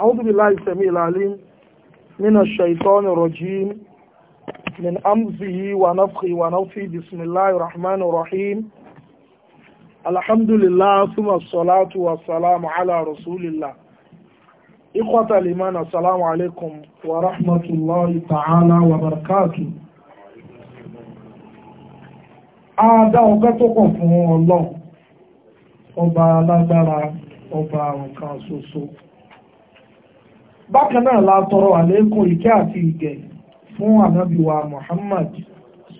أعوذ بالله السميع العليم من الشيطان الرجيم من أمزه ونفخه ونفخه بسم الله الرحمن الرحيم الحمد لله ثم الصلاة والسلام على رسول الله إخوة الإيمان السلام عليكم ورحمة الله تعالى وبركاته Adá ọgá tó pọ̀ fún Ọlọ́run, ọba alágbára, ọba nǹkan ṣoṣo. bákan náà la tọrọ àlékún ìkẹ́ àti ìgẹ̀ fún ànábì Muhammad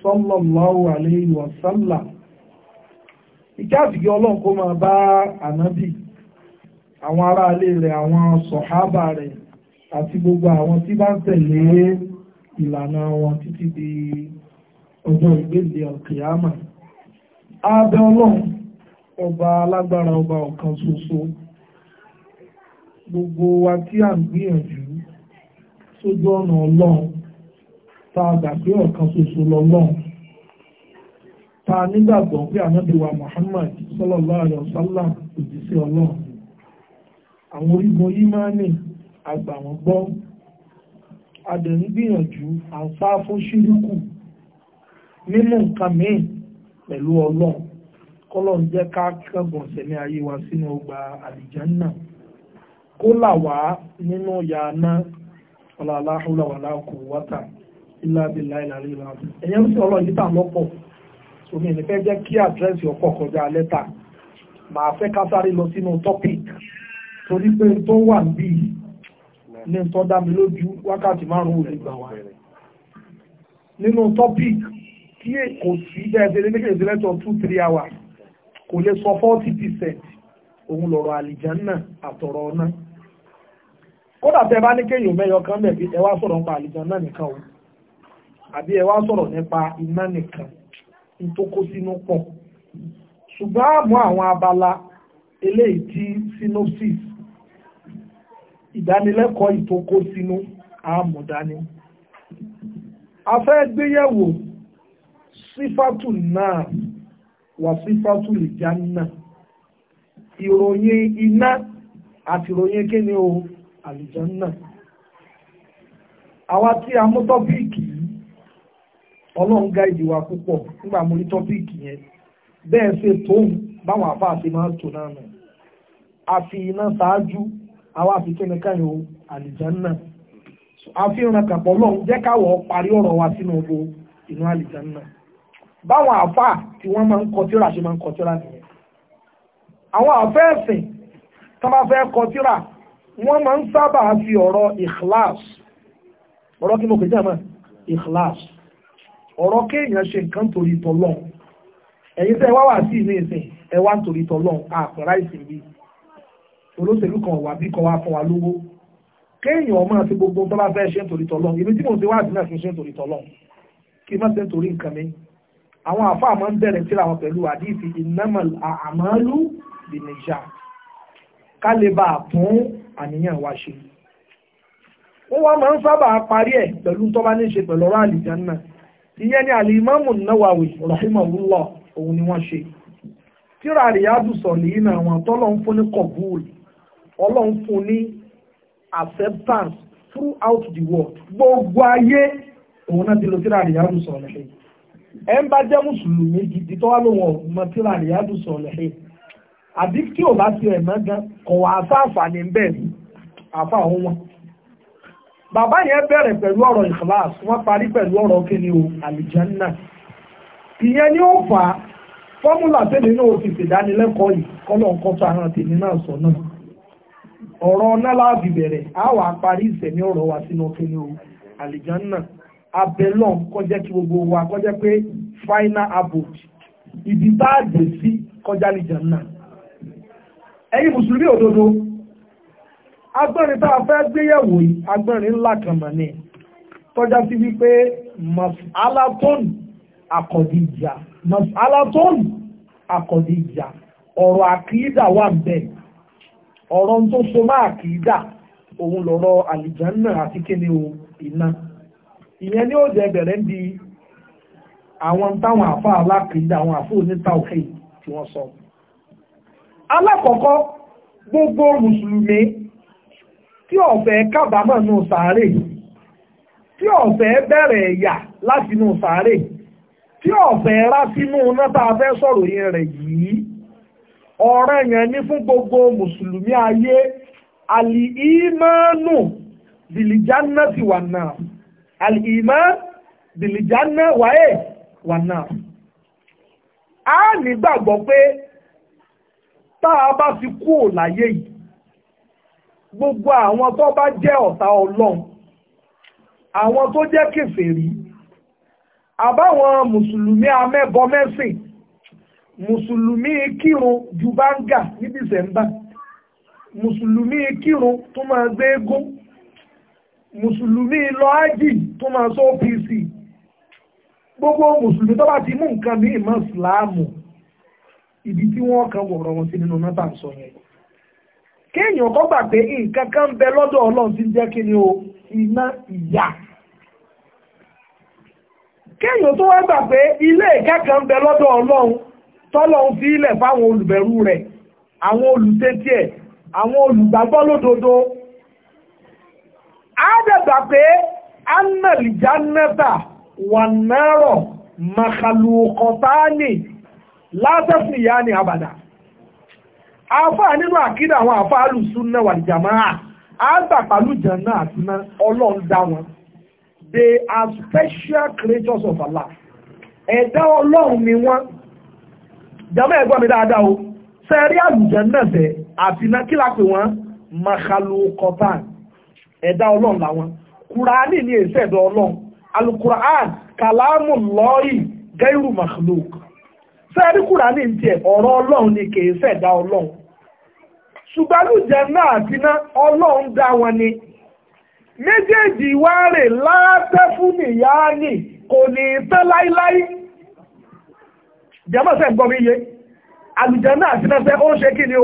sallallahu alayhi wa sallam ìkẹ́ àti ìgẹ̀ ọlọ́run kó máa bá ànábì àwọn aráalé rẹ̀ àwọn sọ̀hábà rẹ̀ àti gbogbo àwọn tí bá ń tẹ̀lé ìlànà wọn títí di ọjọ́ ìgbéǹde alkiyama abẹ́ ọlọ́run ọba alágbára ọba ọ̀kan ṣoṣo gbogbo wa tí a ń gbìyànjú sójú ọ̀nà ọlọ́run tá a ọ̀kan ṣoṣo lọ́lọ́run ta nígbàgbọ́ pé ànábìwà Muhammad sallallahu alaihi wasallam òjíṣẹ́ ọlọ́run àwọn orígun imani àgbà gbọ́ gbìyànjú àǹfà fún ṣíríkù nínú nǹkan pẹ̀lú ọlọ́run kọ́lọ́run jẹ́ kó là wá nínú yàáná ọ̀làlá ọ̀làwàlá kò wọ́tà ilá abilá ilá ilá ẹ̀yẹ́ ń sọ ọlọ́run níta lọ́pọ̀ sómi ẹ̀ní fẹ́ jẹ́ kí àdírẹ́sì ọkọ̀ kọjá lẹ́tà màá fẹ́ ká sáré lọ sínú topic torí pé tó wà níbí ní tó mi lójú wákàtí márùn-ún òní gbà wá nínú topic tí kò sí ẹ̀ẹ́dẹ́gbẹ̀rẹ́ méjèèjì lẹ́tọ̀ two three hours kò lè sọ forty percent òun lọ̀rọ̀ àlìjánná àtọ̀rọ̀ náà kódà tẹ bá ní kéèyàn mẹ́yọ kan bẹ̀ bí ẹ wá sọrọ nípa àlìjọ náà nìkan o àbí ẹ wá sọrọ nípa iná nìkan ìtókó sínú pọ̀ ṣùgbọ́n àmú àwọn abala eléyìí tí synopsis ìdánilẹ́kọ̀ọ́ ìtókó sínú dání a fẹ́ gbéyẹ̀wò sífàtù náà wà sífàtù lìjánà ìròyìn iná àti ìròyìn kíni o. àlìjánná àwa tí a mú tọ́píìkì yìí ọlọ́run gá púpọ̀ nígbà tọ́píìkì yẹn bẹ́ẹ̀ ṣe tóun báwọn àbá àti máa ń tò náà nù a fi iná ṣáájú àwa fi kí nìkan yòó àlìjánná a fi wa sínú ọgbọ inú báwọn tí wọ́n máa ń kọ tíra ṣe máa ń kọ tíra nìyẹn wọ́n máa ń sábà fi ọ̀rọ̀ ikhlas ọ̀rọ̀ kí mo pè jẹ́ ikhlas ọ̀rọ̀ kéèyàn ṣe nǹkan torí tọ́lọ́ ẹ̀yin tẹ́ wá wà sí ìlú ìsìn ẹ wá ń torí tọ́lọ́ àpẹẹrẹ ìsìn bíi olóṣèlú kan wà bí kan wá fún wa lówó kéèyàn máa ti gbogbo tó bá fẹ́ ṣe nítorí tọ́lọ́ ibi tí mo ti wá àtìlẹ́ fún ṣe nítorí tọ́lọ́ kí má ṣe nítorí nǹkan mi àwọn àfáà máa ń bẹ̀rẹ̀ síra wọn pẹ̀lú àdífi innamal a'malu binniyat ká lè bá a tún àníyàn wa ṣe wọ́n wá máa ń sábà parí ẹ̀ pẹ̀lú tó bá ní ṣe pẹ̀lú ọ̀rọ̀ àlìjánná ìyẹn ni àlìmọ́mù náwàwì rahimahullah òun ni wọ́n ṣe tíra àríyádù sọ̀lì yìí náà wọn tọ́lọ́ ń fún ní kọ̀búùl ọlọ́run fún ní acceptance throughout the world gbogbo ayé òun náà ti lo tíra àríyádù sọ̀lì yìí ẹ̀ ń bá jẹ́ mùsùlùmí gidi tọ́wá lòun ọ̀gbọ́n tíra àríyádù sọ̀lì yìí àbí tí ò bá ti ẹ̀ gan kò wá sáfà ní bẹ́ẹ̀ ni àfa òun wọn. bàbá yẹn bẹ̀rẹ̀ pẹ̀lú ọ̀rọ̀ ìkìláàs wọ́n parí pẹ̀lú ọ̀rọ̀ kíni o ni ó fà á fọ́múlà tèmi náà fi ṣèdánilẹ́kọ̀ọ́ yìí kọ́lọ̀ nǹkan tó àwọn tèmi náà sọ náà ọ̀rọ̀ láàbì bẹ̀rẹ̀ á wà á parí ìsẹ̀mí ọ̀rọ̀ wa sínú kíni o kọjá kí gbogbo wa kọjá pé final abode ibi tá a kọjá ẹ̀yin mùsùlùmí òdodo agbẹ́rin tá a fẹ́ gbéyẹ̀wò yìí agbẹ́rin ńlá kan mà ní tọ́já sí wípé masalaton akọ̀dìjà masalaton akọ̀dìjà ọ̀rọ̀ àkìídà wà ń bẹ̀ ọ̀rọ̀ tó so mọ́ àkìídà òun lọ̀rọ̀ àlìjánà àti kíni o iná ìyẹn ní òjò ẹgbẹ̀rẹ̀ ń di àwọn táwọn àfa alákìídà àwọn àfọ onítàwọ̀ tí wọ́n sọ. So alákọ̀ọ́kọ́ gbogbo mùsùlùmí tí ọ̀fẹ́ kábàámọ̀ nù sàárè tí ọ̀fẹ́ bẹ̀rẹ̀ ẹ̀yà láti nù sàárè tí ọ̀fẹ́ rá sínú náta fẹ́ sọ̀rọ̀ yẹn rẹ̀ yìí ọ̀rọ̀ yẹn ní fún gbogbo mùsùlùmí ayé àlì ìmánù bìlìjánà ti wà náà àlì ìmánù bìlìjánà wáyé wà náà a nígbàgbọ́ pé táa bá fi kú ò láyé yìí gbogbo àwọn tó bá jẹ́ ọ̀tá ọlọ́run àwọn tó jẹ́ kèfèrí àbáwọn mùsùlùmí amẹ́bọ mẹ́sìn mùsùlùmí kírun ju báńgà ní dìsẹ́mbà mùsùlùmí kírun tó máa gbé eégún mùsùlùmí lọ tó máa sọ pc gbogbo mùsùlùmí tó bá ti mú nǹkan ní ìmọ̀ ìsìláàmù ibi tí wọ́n kan wọ̀rọ̀ wọn sí nínú nọ́tà ń sọ yẹn kéèyàn kọ́ gbà pé nǹkan kan ń bẹ lọ́dọ̀ ọlọ́run tí ń jẹ́ kí ni o iná ìyá kéèyàn tó wá gbà pé ilé ìkẹ́kọ̀ọ́ ń bẹ lọ́dọ̀ ọlọ́run tọ́lọ́run fi ilẹ̀ fáwọn olùbẹ̀rù rẹ̀ àwọn olùtẹ́tí ẹ̀ àwọn olùgbàgbọ́ lódodo á dẹ̀gbà pé annalìjánẹ́ta wà náírọ̀ màkàlùkọ̀tánì látẹ́sì ìyá ni àbàdà afá nínú àkídà àwọn afá alùsùnnà wal jamaa àgbàpàlù jẹ̀nà àti náà ọlọ́run dá wọn they are special creatures of Allah ẹ̀dá ọlọ́run ni wọ́n jẹ́mọ́ ẹ̀gbọ́n mi dáadáa o sẹ́rí àlùjẹ̀nà bẹ̀ àti náà kí lápè wọn makhalukotan ẹ̀dá ọlọ́run làwọn kùránì ní èsì ẹ̀dá ọlọ́run alukur'an kàlámù lọ́ọ̀yì gairu makhluk sẹ́rí kùránì ń tiẹ̀ ọ̀rọ̀ ọlọ́run ni kì í ọlọ́run ṣùgbọ́n lùjẹ́ náà ọlọ́run dá wọn ni méjèèjì wá rè láàtẹ́ fún nìyá ni kò ní láíláí sẹ́ gbọ́ mi yé àlùjẹ́ náà ni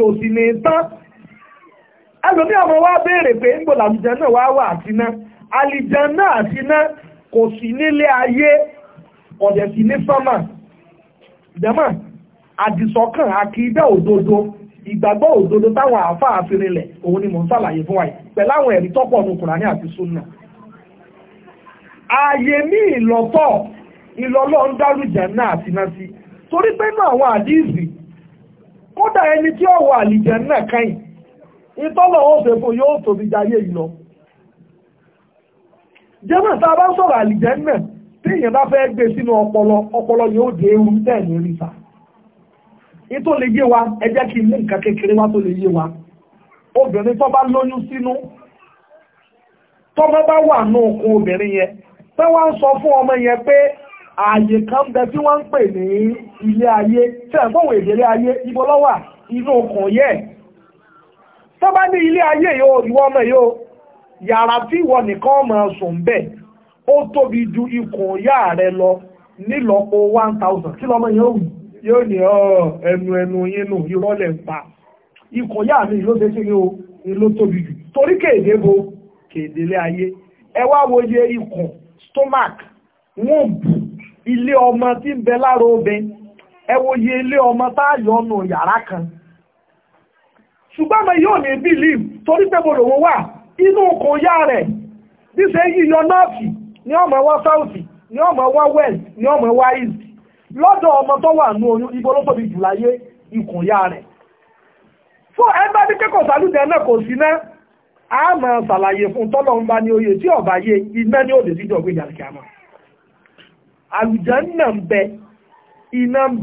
ó ń tán ẹlòmí ọmọ wa béèrè pé ńgbò làlùjẹ́ náà wá wà àti ná àlùjẹ́ náà ọ̀dẹ̀ sí ní sánmà jẹ́mọ̀ àdìsọ́kàn àkìdá òdodo ìgbàgbọ́ òdodo táwọn àáfàá àfinilẹ̀ òun ni mò ń fún wa yìí pẹ̀lú àwọn ẹ̀rí tọ́pọ̀ àti Súnà ààyè ní ìlọ́tọ̀ ìlọ́lọ́ ń náà àti náà sí torí pé náà àwọn kódà ẹni tí wọ àlìjẹ náà ìtọ́lọ̀ ó fẹ́ fún yóò tóbi ìlọ jẹ́mọ̀ tá a téèyàn bá fẹ́ gbé sínú ọpọlọ ọpọlọ yóò dé ewu tẹ́ẹ̀mí ríta ètò lè yé wa ẹ jẹ́ kí ilé nǹkan kékeré wá tó lè yé wa obìnrin tó bá lóyún sínú tọ́mọ bá wà ní okun obìnrin yẹn pé wọ́n ń sọ fún ọmọ yẹn pé ààyè kan bẹ tí wọ́n ń pè ní ilé ayé tí ẹ̀ fọ́wọ́ ìdílé ayé ibo ló inú okùn yẹn tó bá ní ilé ayé yóò ìwọ ọmọ yóò yàrá tí ìwọ nìkan ọmọ sùn bẹ́ẹ̀ ó tóbi ju ikùn ìyá rẹ lọ nílọ́po one thousand kí lọ́mọ yẹn yóò ní ẹnu ẹnu yín nù ìrọ́lẹ̀ ń pa ikùn ìyá mi ló ṣe ṣe o ni ló tóbi jù torí kéde bo kédele ayé ẹ wá wo iye ikùn stomach womb ilé ọmọ tí ń bẹ lára obìnrin ẹ wo iye ilé ọmọ tá a yọ ọnù yàrá kan ṣùgbọ́n àmọ́ yóò ní believe torí pé mo lòun wà inú okùn ya rẹ̀ bí ṣe yọ náà Ni ọmọ wá south ni ọmọ wá west ni ọmọ wá east lọ́dọ̀ ọmọ tó ní oyún ibo ló jù láyé ikùn ya rẹ̀ fún ẹgbẹ́ bí náà kò sí náà a máa ṣàlàyé fún tọ́lọ̀ ní tí yé iná ní òde síjọ́ ń bẹ iná ń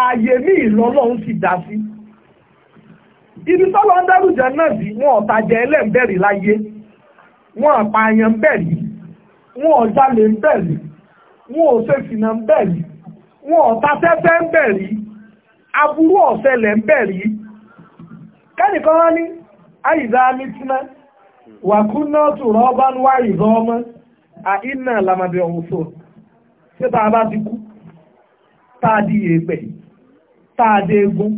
ààyè ní ìlọ́lọ́ ń dá ibi ń náà sí wọn ọ̀tajà wọn ò jalè ń bẹ̀ rí wọn ò ṣe sìnà ń bẹ̀ rí wọn ò ta tẹ́tẹ́ ń bẹ̀ rí aburú ọ̀sẹ̀lẹ̀ ń bẹ̀ rí kẹ́nìkan wá ní àyíká mítíná wàkúnná tùrọ̀ ọba ń wá ìzọ ọmọ àìnà làmàbí ọ̀wọ̀sọ ṣé tá a bá ti kú tá a di èèpẹ̀ tá a dé egun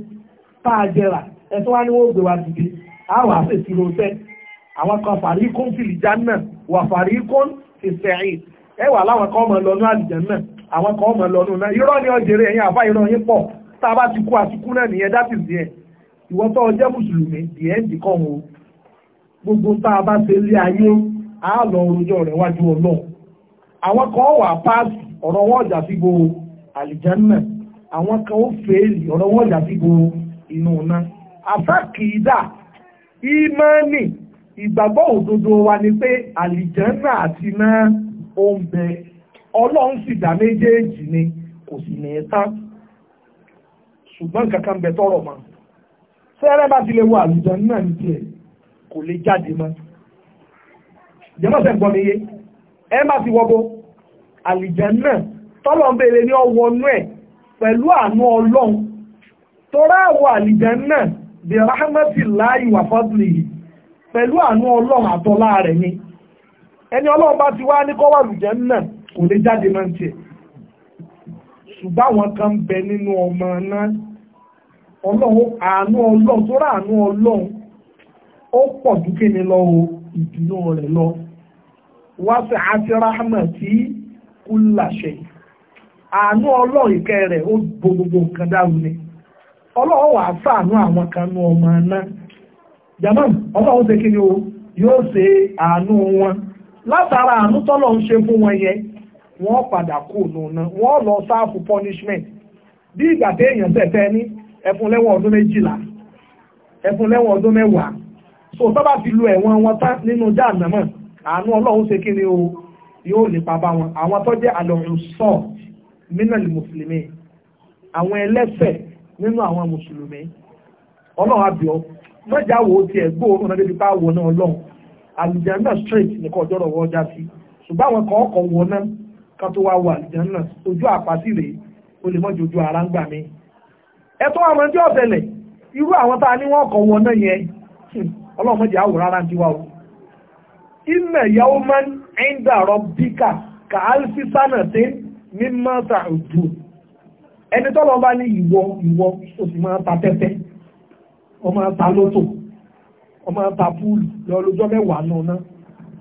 tá a jẹrà ẹ̀tún wá ní wọ́n gbé wa dìde àwọn àfẹ́sìrò fẹ́ àwọn kan fàrí kún fìlìjà wà fàrí ìsẹ̀yìn ẹwà láwọn kan mọ̀ lọ́nú náà àwọn kan ọmọ lọ́nú náà irọ́ ni ọjẹ́rẹ́ ẹ̀yìn àbá irọ́ yín pọ̀ tá a bá ti kú àtikú náà nìyẹn dátì sí ìwọ́n tó ọjẹ́ mùsùlùmí the end o gbogbo tá a bá ṣe lé ayé á lọ rẹ̀ wájú àwọn kan wà páàsì ọ̀rọ̀ wọn sí àwọn kan ó fèèlì ọ̀rọ̀ wọn sí ìgbàgbọ́ òdodo wa ni pé àlìjẹ́nà àti iná ó ń bẹ ọlọ́run sì dá méjèèjì ni kò sì ní í tán ṣùgbọ́n kankan bẹ tọrọ mọ́ sẹ́rẹ́ bá ti lè wọ àlìjẹ́nà ní tiẹ̀ kò lè jáde mọ́ jẹ́mọ́sẹ̀ gbọ́ mi yé ẹ má ti wọ́gbó àlìjẹ́nà tọ́lọ̀ ń bèèrè ní ọwọ́nú ẹ̀ pẹ̀lú àánú ọlọ́run tó ráàwọ̀ àlìjẹ́nà bí rahmatillahi wa fadlihi pẹ̀lú àánú ọlọ́run àtọ́lá rẹ̀ ni ẹni ọlọ́run bá ti wá ní kọ́wà lùjẹ́ náà kò lè jáde máa ń tiẹ̀ ṣùgbọ́n àwọn kan bẹ nínú ọmọ náà ọlọ́run àánú tó rà àánú ó pọ̀ dúkẹ́ ni lọ o ìdùnnú lọ wá sí tí kú làṣẹ àánú ọlọ́run ìkẹ́ rẹ̀ ó gbogbo ni ọlọ́run wà àwọn kan ọmọ jaman ọlọ́run ṣe kí ni o yóò ṣe àánú wọn látara àánú tọ́lọ̀ ń ṣe fún wọn yẹn wọ́n padà kú nùnà wọ́n lọ sáàfù punishment bí ìgbà tí èèyàn tẹ̀tẹ̀ ní ẹ̀fún lẹ́wọ̀n ọdún méjìlá ẹ̀fún lẹ́wọ̀n ọdún mẹ́wàá so tọ́ bá ti lu ẹ̀wọ̀n wọn tán nínú jáàmù àánú ọlọ́run ṣe kí ni o yóò nípa bá wọn àwọn tó jẹ́ àlọ́run sọ mínàlì mùsùlùmí àwọn ẹlẹ́ṣẹ̀ nínú àwọn mùsùlùmí ọlọ́run àbíọ́ mọ́jà wo tiẹ̀ gbóòórùn náà débi páwọ̀ náà lọ́hùn àlùjánnà straight nìkan ọjọ́rọ̀ wọ́n já sí ṣùgbọ́n àwọn kan ọkọ̀ wọ náà kan tó wá wọ àlùjánnà ojú àpàtì rèé o lè ojú ara ń gbà mí. àwọn ọ̀tẹ̀lẹ̀ irú àwọn tá a ní wọ́n ọkọ̀ wọ náà hmm, ka ọmọ ta lótò ọmọ ta púùlù lọ lójọ́ mẹ́wàá nù ná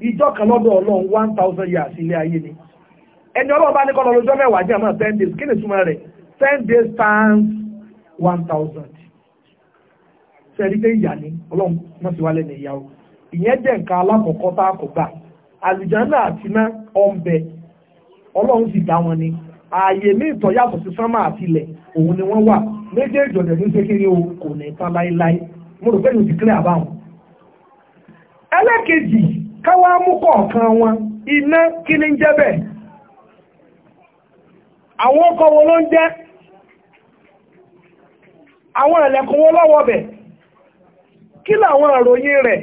ìjọ kan lọ́dọ̀ ọlọ́run one thousand years ilé ayé ni ẹni ọlọ́run bá ní kọ́ lọ lójọ́ mẹ́wàá jẹ́ àmọ́ ten days kí ni ìtumọ̀ rẹ̀ ten days times one thousand sẹ́rí pé ìyá ni ọlọ́run mọ̀ sí wálé ní ìyàwó ìyẹn jẹ́ nǹkan alákọ̀ọ́kọ́ tá a kò gbà àlùjáná àti iná ọ̀nbẹ ọlọ́run sì dá wọn ni ààyè ní ìtọ́yàtọ̀ sí sánmà àtilẹ̀ òun ni wọ́n wà méjèèjì ọ̀dẹ̀ ní sékéré o kò ní tán láíláí mo rò pé mo ti ẹlẹ́kejì káwá mú kọ̀ọ̀kan wọn iná kí ni ń jẹ́ bẹ́ẹ̀ àwọn ọkọ̀ wo ló ń jẹ́ àwọn ẹ̀lẹ́kùn wọn lọ́wọ́ bẹ̀ kí làwọn àròyìn rẹ̀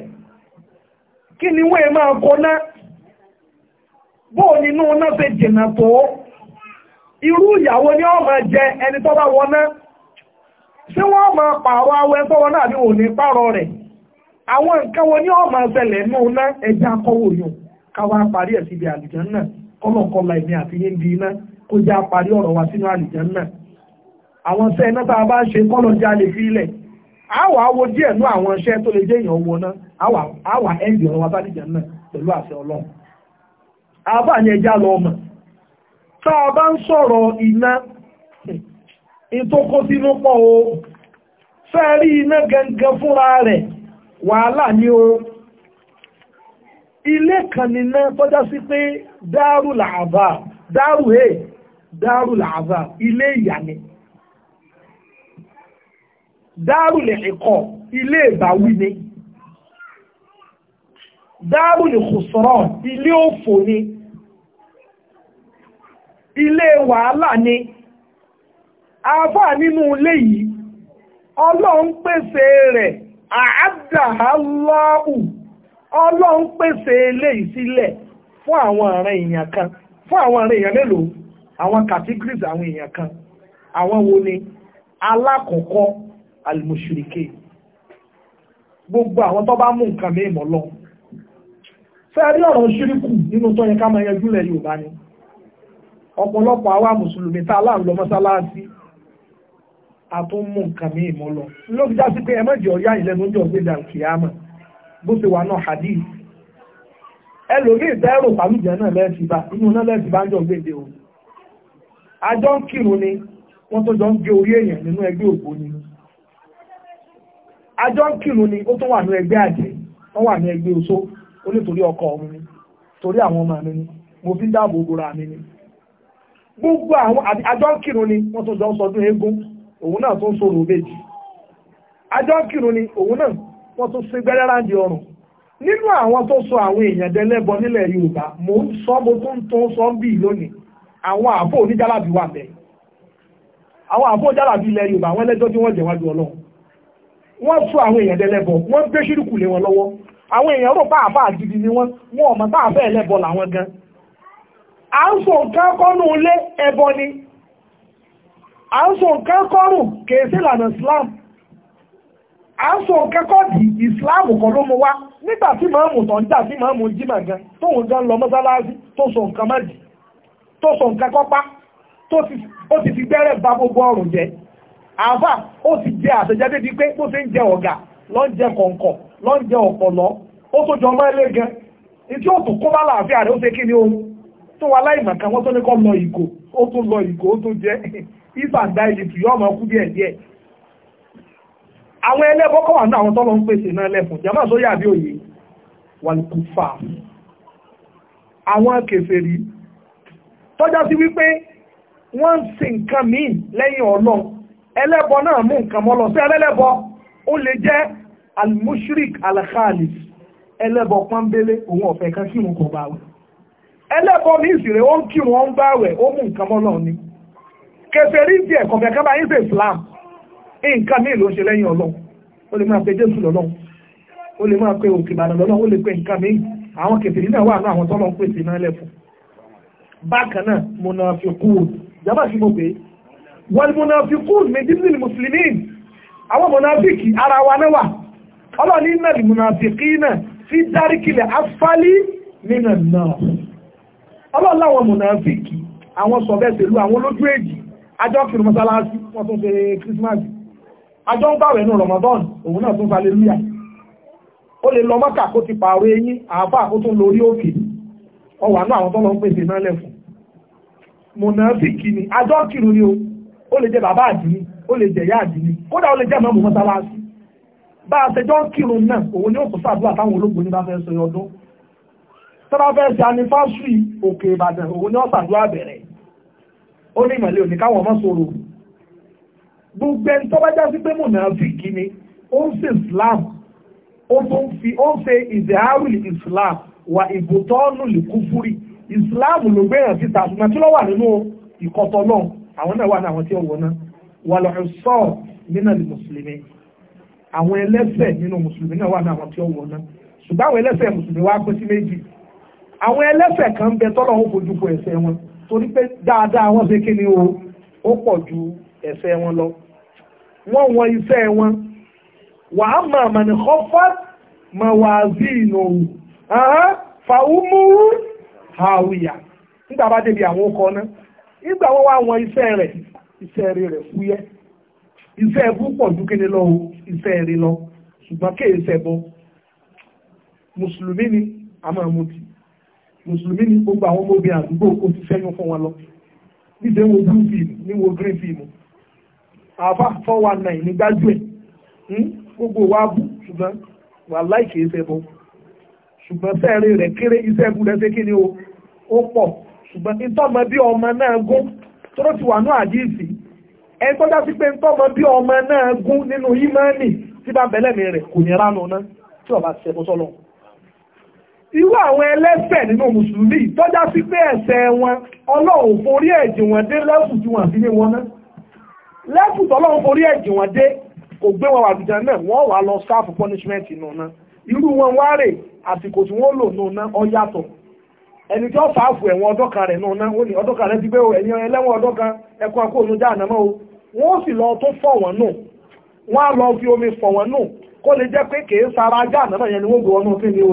kí ni wọ́n máa nínú náà ṣé wọ́n máa awọ ẹ náà ò ní rẹ̀ àwọn nǹkan ni wọ́n máa ṣẹlẹ̀ nù ná ẹja akọ́wò yòó káwá parí ẹ̀ síbi àlùjánnà kọ́lọ̀kọ́lọ̀ ẹ̀mí àti yín di iná kó já parí ọ̀rọ̀ wa sínú àwọn iná tá a bá ṣe kọ́lọ̀ já wo díẹ̀ nú àwọn iṣẹ́ tó lè jẹ́ èèyàn náà ẹ̀ǹdì ọ̀rọ̀ wa pẹ̀lú àṣẹ ọlọ́run àbá ni ẹja fẹ́ẹ̀rí iná gangan fúnra rẹ̀ wàhálà ni o ilé kan níná tọ́já sí pé dáàrú làbà dáàrú ẹ̀ dáàrú làbà ilé ìyà ni dáàrú lè ẹ̀kọ́ ilé ìbáwí ni dáàrú lè kòsọ̀rọ̀ ilé òfò ni ilé wàhálà ni àfáà nínú ilé yìí ọlọ́run pèsè rẹ̀ àádáhàlọ́hù ọlọ́run pèsè eléyìí sílẹ̀ fún àwọn ọ̀ràn èèyàn kan fún àwọn ọ̀ràn èèyàn mélòó àwọn categories àwọn èèyàn kan àwọn wo ni alákọ̀ọ́kọ́ alimusirike gbogbo àwọn tó bá mú nǹkan mìíràn lọ fẹ́ẹ́rí ọ̀rọ̀ ṣíríkù nínú tó yẹ ká máa yanjú lẹ̀ Yorùbá ni ọ̀pọ̀lọpọ̀ àwa mùsùlùmí tá a láà mọ́sálásí a nǹkan míì mú lọ ló fi já sí pé ẹmọ́jì ọ̀yá ìlẹ́nu oúnjẹ ọ̀gbẹ́dà kìámà bó ṣe wà náà hadith ẹlòmíì tẹ́rù pàlújẹ náà bá inú náà lẹ́ẹ̀sì bá ń jọ o ajọ́ ń ni wọ́n tó jọ ń gé orí èèyàn nínú ẹgbẹ́ ògbó ni ni ó tún wà ní ẹgbẹ́ àjẹ́ wọ́n wà ní ọkọ ni torí ọmọ mi ni mo fi ń dáàbò gbogbo àwọn ni wọn jọ ń òun náà tún sóòrùn méjì ajọ́ kírun ni òun náà wọ́n tún sí gbẹ́rẹ́ ráńdì ọrùn nínú àwọn tó sọ àwọn èèyàn dẹlẹ́bọ nílẹ̀ Yorùbá ń sọ mo tún tún sọ ń bì lónìí àwọn àbó oníjàlábì wà bẹ́ẹ̀ àwọn àbó jàlábì ilẹ̀ Yorùbá àwọn ẹlẹ́jọ́ tí wọ́n jẹ̀wájú Ọlọ́run wọ́n sọ àwọn èèyàn wọn lọ́wọ́ àwọn a ń so nǹkan kọrùn kìí sí ìlànà Islam a ń so nǹkan kọ́ di Islam kan ló mu wá nígbà tí gan tóun gan lọ mọ́sálásí tó so nǹkan má dì tó so nǹkan kọ́pá ó ti fi gbẹ́rẹ́ ba gbogbo ọrùn jẹ́ àáfà ó ti jẹ àtẹ̀jáde pé ń jẹ ọ̀gà ń jẹ gan etí ó kó bá láàfin ni tó wà láì màkà wọ́n tó ní kọ́ lọ ìgò ó lọ ìgò ó jẹ́ ifá dá ilé tù yọ́ ọmọ kú díẹ̀ díẹ̀ àwọn ẹlẹ́bọ́ kọ́ wà ní àwọn tọ́lọ́ ń pèsè náà lẹ́fún jama sórí àbí òye wà ní kùfà àwọn kèfèrí tọ́já sí wípé wọ́n ń sin nǹkan míì lẹ́yìn ọlọ́run ẹlẹ́bọ náà mú nǹkan mọ́ lọ sí ẹlẹ́lẹ́bọ ó lè jẹ́ almushrik alkhalis ẹlẹ́bọ pọ́nbélé òun ọ̀fẹ́ kan kírun kò bá wẹ̀ ẹlẹ́bọ mi ìsìrè ó ń kírun ó ń bá wẹ̀ ó mú nǹkan mọ́ lọ́run ni kẹfẹ́ rí tiẹ̀ kọ̀fẹ́ kábà yín sí Islam nǹkan míì ló ń ṣe lẹ́yìn ọlọ́run ó lè máa pe Jésù lọ́lọ́run ó lè máa pe òkè Ìbàdàn lọ́lọ́run ó lè pe nǹkan míì àwọn kẹfẹ́ nínú àwọn àwọn tọ́lọ́ ń pèsè náà lẹ́fọ̀ bákan náà munafiqun jábà sí mo pé wal munafiqun min dimnil muslimin àwọn munafiki ara wa náà wà ọlọ́ọ̀ni innal munafiqina fi dárìkìlẹ̀ afálí nínú náà ọlọ́ọ̀láwọn munafiki àwọn sọ̀bẹ́sẹ̀lú àwọn olójú ajọ́ kìrì mọ́sálásí wọ́n tún ṣe Christmas ajọ́ ń bàwẹ̀ ní Ramadan òun náà tún fa aleluya ó lè lọ mọ́kà kó ti pààrọ̀ eyín àáfà kó tún lórí òkè ọwà náà àwọn tó lọ ń pèsè náà lẹ́fún mọ̀nàfíkì ni ajọ́ kìrì ni o ó lè jẹ bàbá àdìní ó lè jẹ ìyá àdìní kódà ó lè jẹ mọ́mù mọ́sálásí bá a ṣe jọ ń kírun náà òun ni ó kò sàdúrà táwọn ológun ní bá fẹ́ ṣe ọdún tọ́lá fẹ́ ṣe anifásùn òkè Ìbàdàn òun ni ó sàdúrà bẹ̀rẹ̀ ó ní ìmọ̀lẹ́ òní káwọn ọmọ sọ̀rọ̀ gbogbo ẹni tó bá já sí pé mùnàfíkì ni ó ń ṣe Islam ó tún fi ó ń ṣe ìdíhárùlì Islam wà ìbòtọ́nù lìkúfúrì Islam ló gbéyàn síta ṣùgbọ́n tí wọ́n wà nínú ìkọ̀tọ̀ náà àwọn náà wà ní àwọn tí ó wọ̀ náà wà lọ́ọ́ sọ nínú mùsùlùmí àwọn ẹlẹ́sẹ̀ nínú mùsùlùmí náà wà ní àwọn tí ó wọ̀ ṣùgbọ́n àwọn ẹlẹ́sẹ̀ mùsùlùmí wá pín sí méjì àwọn ẹlẹ́sẹ̀ kan ń bẹ tọ́lọ́hún fojú fo ẹ̀ṣẹ̀ wọn torí pé dáadáa wọ́n ṣe kí ni o ó pọ̀ ju ẹ̀ṣẹ̀ wọn lọ wọ́n wọn iṣẹ́ wọn wàá mọ̀ àmàlẹ̀ kọ́fà mọ̀ wàá sí ìnòwò fàúmúrú hàwìyà nígbà bá débi àwọn ọkọ̀ náà nígbà wọ́n wá wọn iṣẹ́ rẹ̀ iṣẹ́ rẹ̀ rẹ̀ fúyẹ́ iṣẹ́ ẹ̀bú pọ̀ ju kí ni lọ o iṣẹ́ rẹ̀ lọ ṣùgbọ́n kéèṣẹ́ bọ́ mùsùlùmí ni àmọ́ àmúti mùsùlùmí ní gbogbo àwọn ọmọ obìnrin àdúgbò ó ti fẹ́yún fún wọn lọ níṣẹ́ wo blue film ní wo green film àbá four one nine ní gbájú ẹ̀ hmm? gbogbo wa bù ṣùgbọ́n wà láìkè ẹsẹ̀ bọ́ ṣùgbọ́n sẹ́ẹ̀rì rẹ̀ kéré iṣẹ́ ẹ̀bù rẹ̀ ṣe ni o ó pọ̀ ṣùgbọ́n ìtọ́mọ bí ọmọ náà gún tóró ti wà ní àdíìsì ẹ tọ́já sí pé ìtọ́mọ bí ọmọ náà gún nínú yímánì tí bá bẹ̀lẹ̀ mi rẹ̀ kò ní ránù náà tí ọba ṣẹ̀bọ́ sọ́lọ́run irú àwọn ẹlẹ́ṣẹ̀ nínú mùsùlùmí tọ́já sí pé pe wọn ọlọ́run forí ẹ̀jì wọn dé lẹ́fù tí wọ́n fi ní wọn náà lẹ́fù tọ́lọ́run forí ẹ̀jì wọn dé kò gbé wọn wàdùjà náà wọ́n wà lọ sáàfù punishment nù náà irú wọn wá rè àsìkò tí wọ́n lò nù náà ọ yàtọ̀ ẹni tí ó sáàfù ẹ̀wọ̀n ọdọ́ rẹ̀ nù náà ó ní rẹ̀ ti o lọ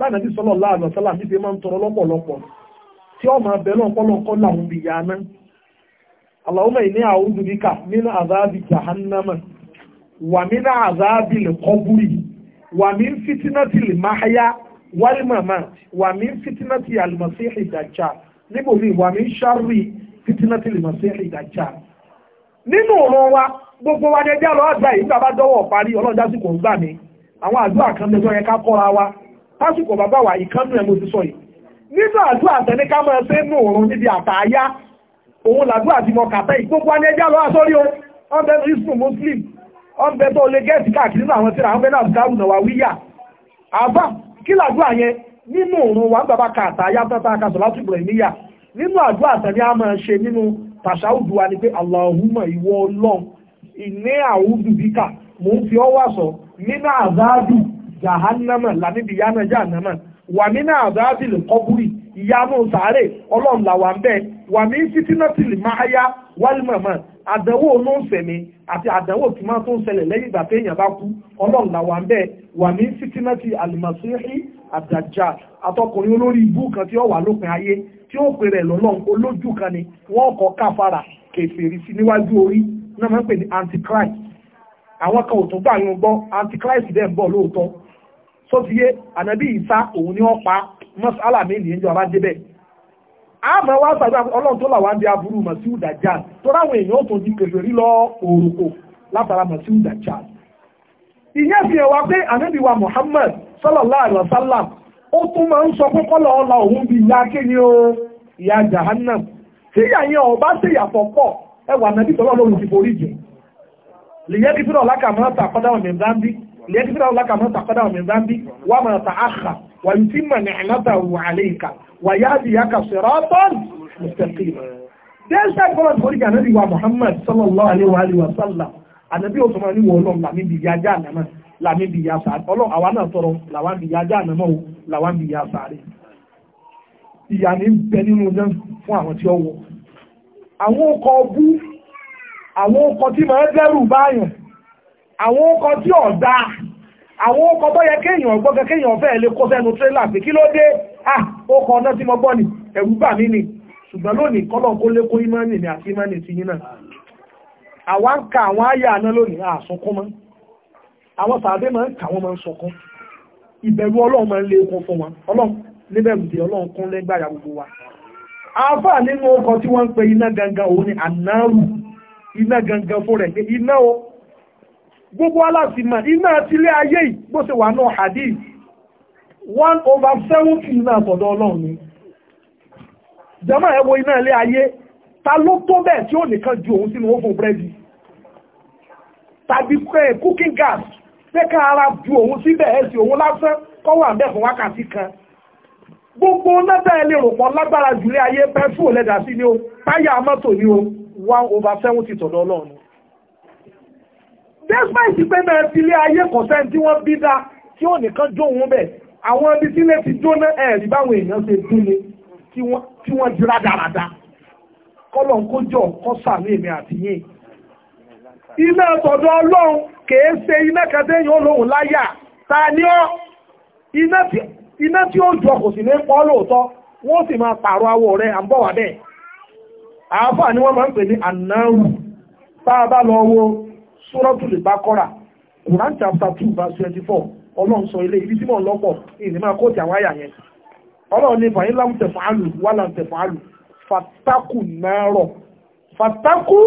báyìí nàbí sallallahu alaihi wasallam níbi máa ń tọrọ lọ́pọ̀lọpọ̀ tí ó máa bẹ̀rẹ̀ ọ̀pọ̀lọpọ̀ làwọn bí yà ná Allahumma inni a'udhu bika min azabi jahannama wa min azabi al-qabri wa min fitinati al-mahya wal mamat wa min fitinati al-masihi dajjal níbo ni wa min sharri fitinati al-masihi dajjal nínú ọ̀rọ̀ wa gbogbo wa ni ẹjẹ́ lọ́wọ́ àgbà yìí bàbá dọ́wọ́ parí ọlọ́dásí ń gbà mí àwọn àdúrà kan lẹ́jọ́ yẹn ká kọ́ra wa pásìkò bàbá wa ìkánú ẹ̀ mo ti sọ yìí nínú àdúrà tẹ́lẹ̀ ká máa ṣe nù òun níbi àtàyá òun làdúrà tí mo kàtẹ́ ìgbógun ní ẹjá lọ́wọ́ sórí o wọ́n bẹ muslim wọ́n bẹ tó lè gẹ́ẹ̀sì káàkiri nínú àwọn tíra àwọn bẹ náà gáwù náà wà wíyà àbá kí làdúrà yẹn nínú òun wà ń bàbá ka àtàyá tata ka sọ̀lá tìbọ̀ ìníyà nínú àdúrà tẹ́lẹ̀ á máa ṣe nínú tàṣàwùdù wa ni pé Allahumma ìwọ ọlọ́run ìní àwùdù bíkà mò ń fi ọwọ́ àṣọ nínú àzáàdù jahannama lànàbí yánà jahannama wàmínà àdáàbìlì kọ́búrì ìyanu sàárè ọlọ́run làwà ń bẹ́ẹ̀ wàmí sítínátìlì máa yá wálìmọ̀mọ̀ àdánwò ló ń sẹ̀mí àti àdánwò tí máa tó ń ṣẹlẹ̀ lẹ́yìn ìgbà téèyàn bá kú ọlọ́run làwà ń bẹ́ẹ̀ wàmí sítínátì àlùmọ̀síhì àdàjà àtọkùnrin olórí ibú kan tí ó wà lópin ayé tí ó pè rẹ̀ lọ́lọ́run olójú kan ni wọ́n kọ́ káfara kèfèrí sí níwájú orí náà máa ń pè ní antichrist àwọn kan ò tún gbà yín gbọ́ antichrist dẹ̀ ń bọ̀ lóòótọ́ Sofie, Anabi, ìsá òun ni wọ́n pa mọ́sálà mi nìyẹn jọ àbá débẹ̀ àmọ́ wá sàdúrà ọlọ́run tó là wá di aburú mọ̀síù dàjà tó ráwọn èèyàn ó di lọ òrùkò látara ìyẹn fi hàn wá wa Muhammad sallallahu alaihi ó tún máa ń sọ pé òun bí ìyá kéde o ìyá ọba ṣe ẹwà tọ́lọ́ ti forí jẹ lèyẹ́ kí fúnra lẹ́gbẹ̀rẹ̀ ọlákà mọ́ tàkọ́dà ọmọ ìbámbí wà máa ta àkà wà yìí tí mọ̀ ní àìnáta wà àlẹ́ìkà wà yá di yàkà siratan mustaqim. dẹ́sẹ̀ gbọ́dọ̀ tó ríjà náà wà Muhammad sallallahu alaihi wa alihi wa sallam ànábì ó tún máa ní wọ́ọ́lọ́ làmì bìí yá já ànámà làmì bìí yá sàárẹ̀ ọlọ́ àwa náà tọrọ làwa bìí yá já ànámà o làwa bìí yá sàárẹ̀. ìyá ní bẹ nínú náà fún àwọn tí ó wọ àwọn ọkọ̀ bú àwọn ọkọ̀ tí máa ń dẹ́rù báyàn àwọn ọkọ̀ tí ọ̀dá àwọn ọkọ̀ tó yẹ kéèyàn gbọ́gẹ́ kéèyàn fẹ́ lè kó sẹ́nu kí ló dé ah ọkọ̀ ọ̀nà tí mo gbọ́ ni ẹ̀rù bà ni ṣùgbọ́n lónìí kọ́lọ̀ kó lé kó ni àti ti yín ka àwọn ayé àná lónìí àsunkún mọ́ àwọn máa ń wọ́n máa ń sọkún ìbẹ̀rù ọlọ́run máa ń lé okun fún wa àfà nínú ọkọ̀ tí wọ́n pe iná gangan òun ni iná gangan fún rẹ̀ iná o gbogbo aláti mọ̀ iná ti lé ayé yìí bó ṣe wà náà hadith one over seventy iná àtọ̀dọ̀ ọlọ́run ni jama ẹ wo iná ilé ayé ta ló tó bẹ́ẹ̀ tí ó nìkan ju òun sínú oven búrẹ́dì tàbí cooking gas pé ká ara ju òun síbẹ̀ ẹ̀sìn òun lásán kọ́ wà bẹ́ẹ̀ fún wákàtí kan gbogbo nọ́tà ẹ lè rò pọ̀ lágbára jùlé ayé pẹ́fù lẹ́dà sí ni ó táyà mọ́tò ni ó one over seventy tọ̀dọ̀ ọlọ́run despite pé náà ti lé ayé kọ̀sẹ́ tí wọ́n bí dá tí ò nìkan jó òun bẹ̀ àwọn ibi sílé ti jóná ẹ̀rí báwọn èèyàn ṣe dúnlé tí wọ́n di rádaràda kọ́lọ̀ ń kójọ kọ́ sàánú èmi àti yín iná ọ̀tọ̀dọ̀ ọlọ́run kèé ṣe iná kẹtẹ́yìn olóhùn láyà ta ni ọ́ iná tí ó jọ kò sì ní pọ́ lóòótọ́ wọ́n sì máa pààrọ̀ awọ rẹ̀ à ń bọ̀ wá bẹ́ẹ̀ àáfà ni wọ́n máa ń pè ní ànáwù tá a bá lọ wo Suratul Baqara Quran chapter two verse twenty four ọlọ́run sọ ilé ibi tí mò ń lọ́pọ̀ ìní máa kóòtù àwọn àyà yẹn ọlọ́run ní fàyín láwùtẹ̀ fàálù wà láwùtẹ̀ fàálù fàtàkù náírọ̀ fàtàkù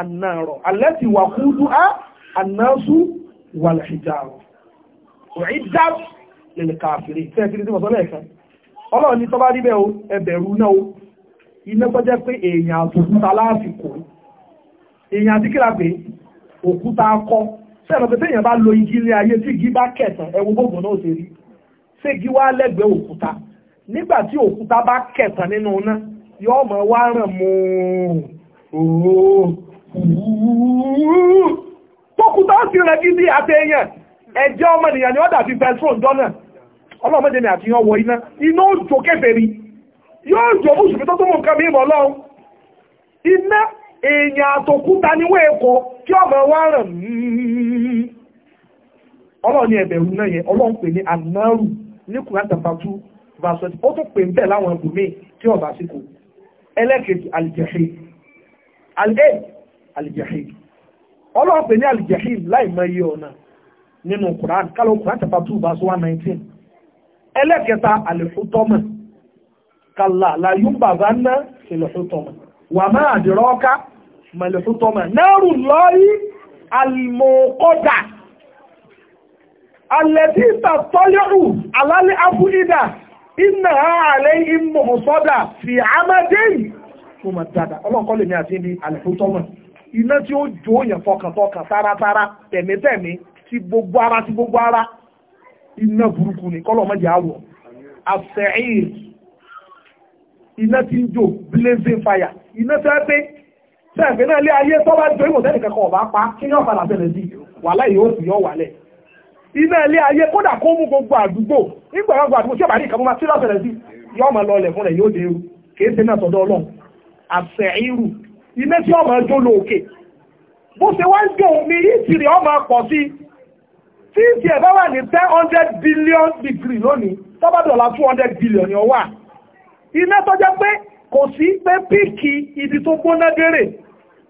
ànáírọ̀ alẹ́ ti wà kúndú á ànáṣú wà láìjáàrọ̀ ìdá lè kàfìrí tẹ́ẹ̀tì tí mo sọ lẹ́ẹ̀kan ọlọ́run ní tọ́ba níbẹ̀ o ẹbẹ̀rù náà o iná tó jẹ́ pé èèyàn àtòkúta láàfikò èèyàn àti kílápé òkúta akọ sẹ́nu pé téèyàn bá lo igi ilé ayé tí igi bá kẹ̀tàn ẹ̀wù gbogbo náà ṣe rí ṣé igi wá lẹ́gbẹ̀ẹ́ òkúta nígbà tí òkúta bá kẹ̀tàn nínú iná yóò mọ̀ wá ràn mú tókúta ó sì rẹ̀ gidi àtẹ̀yàn ẹ̀jẹ̀ ọmọnìyàn ni wọ́n dàbí petrol dọ́nà ọlọ́mọdé ni àti yan wọ iná iná ó jò kèfèrí yóò jò fún ṣùgbọ́n tó tó mú nǹkan mímọ́ lọ́hùn iná èèyàn àtòkúta níwé ẹ̀kọ́ kí ọmọ wa ràn ọlọ́ọ̀ni ẹ̀bẹ̀rù náà yẹn ọlọ́run pè ní anáàrù ní kùnrin àtàfàtú verse ó tún pè ń bẹ̀ láwọn ẹ̀kọ́ míì tí ọba sí kò ẹlẹ́kẹ̀ẹ́jì alìjẹ̀hìn alẹ́ alìjẹ̀hìn ọlọ́run pè ní alìjẹ̀hìn láì mọ iye ọ̀nà nínú kùnrin kálọ̀ kùnrin àtàfàtú verse one nineteen ẹlẹ́kẹta alìfútọ́mọ̀ kàlà làyúmbàbá ná ìlọ̀fútọ́mọ̀ wà máa dìrọ́ọ́ká mẹ̀lẹ̀fútọ́mà náàrù lọ́rí alìmọ̀ọ́kọ́dà alẹ́bí ìtàtọ́lẹ́rù alálẹ́ afúnidà iná ààrẹ ìmọ̀ọ́sọ́dà fi àmàdé fún mọ̀tàdà ọlọ́kọ́ lè ní àti ní alìfútọ́mà iná tí ó jó yẹn fọkàntọkàn táratára tẹ̀mítẹ̀mí ti gbogbo ara ti gbogbo ara iná burúkú ni kọ́lọ̀ mọ́jà àwọ̀ àfẹ́yìn iná tí ń jó blazing fire iná tí pé sẹ́ẹ̀fẹ́ náà lé ayé tó bá dorí mọ̀tẹ́nì kankan ọ̀bá pa kí ní ọ̀padà tẹ̀lé sí wàhálà yóò sì yọ wàlẹ̀ iná ilé ayé kódà kó mú gbogbo àdúgbò nígbà tí ọ̀bá ní ní ìtìrì tí ìtì iná tó jẹ́ pé kò sí pé píìkì ibi tó gbóná dérè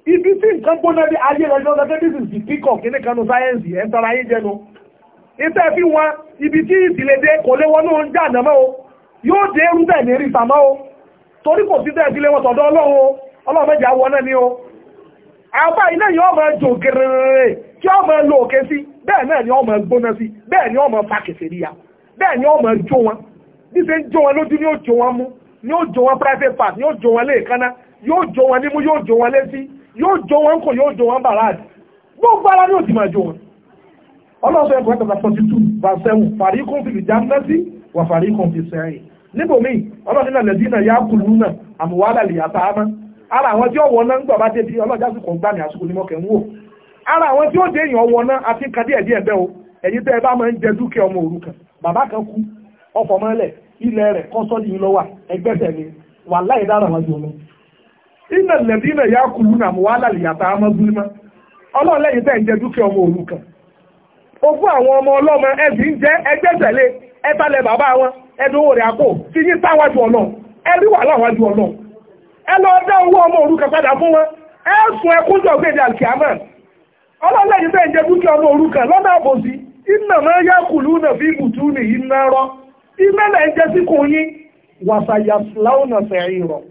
ibi tí nǹkan gbóná bí ayé rẹ̀ lọ́dọ̀ pé this is the peak of kíní kanu sáyẹ́ǹsì ẹ̀ ń ayé fi wọn ibi tí ìsìlédé kò lé wọnú ń jà o yóò dé irú bẹ́ẹ̀ ní rí o torí kò sí bẹ́ẹ̀ sílé wọn tọ̀dọ̀ ọlọ́run o ọlọ́run náà ni o yóò jó wọn kò yóò jó wọn bàrádì gbogbo ara ní òtì máa jó wọn ọlọ́sọ̀ ẹ̀kọ́ ẹ̀kọ́ forty two verse seven fàrí kún fi jannati wà fàrí fi sẹ́yìn níbo lè ara àwọn tí ó náà ń gbọ̀ bá dé bí ọlọ́jà ara àwọn tí ó dé èèyàn o ẹ̀yin tẹ́ ẹ bá máa ń jẹ dúkìá ọmọ òrukàn bàbá kan kú ọkọ̀ mọ́lẹ̀ ilẹ̀ rẹ̀ kọ́sọ́ọ̀dì yìí lọ́wà ẹgbẹ́sẹ̀ ina na náà yá kùlù náà mú wàhálà ìyàtà amágúnmá ọlọ́ọ̀lẹ́yìn tẹ́ ń jẹ dúkìá ọmọ òrukàn ogún àwọn ọmọ ọlọ́mọ ẹbí ń jẹ ẹgbẹ́ tẹ̀lé ẹtàlẹ̀ bàbá wọn rẹ̀ àpò tí yín ọ̀nà wà láwájú ọ̀nà ẹ lọ dá owó ọmọ òrukàn padà fún wọn ẹ sùn ẹkún gbèdé àlùkìámà ọlọ́ọ̀lẹ́yìn ń jẹ dúkìá ọmọ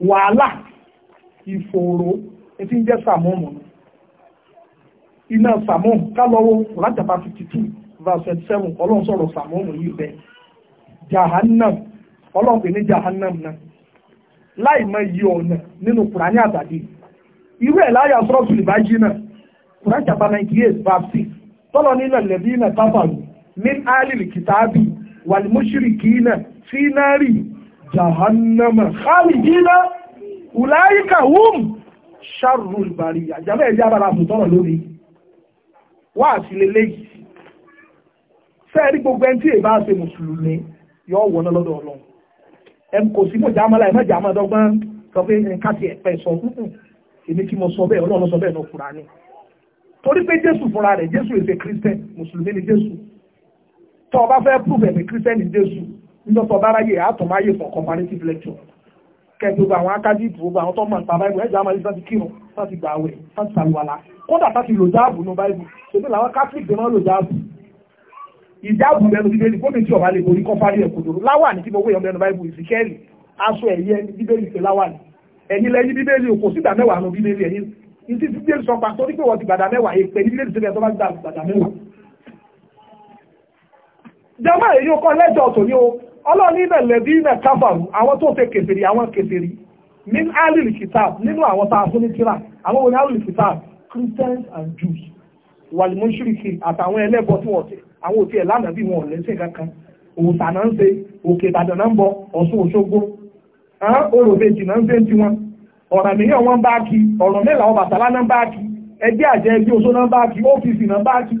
wàhálà ìfòòró etí ń jẹ́ sàmúmù iná sàmúmù kálọ́wọ́ rájàpá fifty verse 7 seven ọlọ́run sọ̀rọ̀ sàmúmù yìí bẹ́ẹ̀ jahannam ọlọ́run pè ní jahannam náà láì mọ iye ọ̀nà nínú kùránì àtàdé irú ẹ̀ láyà sọ́ọ̀tù ìbájí náà kùránì chapter ninety eight verse six tọ́lọ́ nínú lẹ́bí náà tábàlù jahannama khalidina ulaika hum sharrul bariya jàmẹ́ ẹ̀jẹ̀ abala àbùtọ́rọ̀ lórí wá àtìlẹ́ lẹ́yìn sẹ́ẹ̀rí gbogbo ẹni tí èbá ṣe mùsùlùmí yọ wọ̀nà lọ́dọ̀ ọlọ́run ẹn kò sí mọ̀jà àmàlà ẹ̀mọ́jà àmàdọ́gbọ́n sọ pé ẹn káti ẹ̀pẹ́ sọ èmi kí mo sọ bẹ́ẹ̀ ọlọ́run sọ bẹ́ẹ̀ náà fura ni torí pé jésù fúnra rẹ̀ jésù èsè kírísítẹ́n mùsùlùmí ni jésù tó o bá fẹ́ prove ẹ̀mí kírísítẹ́n ni jésù níjọ́tọ̀ bára yìí àtọ̀máyé for comparative lecture kẹ́ẹ̀tì àwọn akádìbò gbogbo àwọn tọ́mọ̀ nípa báìbù ẹ̀jẹ̀ àmọ́ kírun láti gbà àwẹ̀ láti kódà láti lò jáàbù báìbù ṣèlú làwọn catholic dẹ̀ máa lò ìjáàbù lẹnu bíbélì gómìn tí ọba lè borí kọ́ parí ẹ̀ kòdòrò láwà ní tí wéyàn lẹnu báìbù ìsìkẹ́ẹ̀lì aṣọ ẹ̀yẹ bíbélì pé láwà ní ọlọ́ọ̀ni ibẹ̀ lẹ́bí ibẹ̀ káfàrú àwọn tó ṣe kèfèrí àwọn ní alìlì nínú àwọn tá a fún ní and Jews àtàwọn ẹlẹ́bọ tí wọ́n àwọn òtí kankan òòtà náà ń ṣe òkè ìbàdàn náà ń bọ òṣogbo náà ń ṣe ti wọn mìíràn wọn bá kí náà bá kí ẹgbẹ́ ẹgbẹ́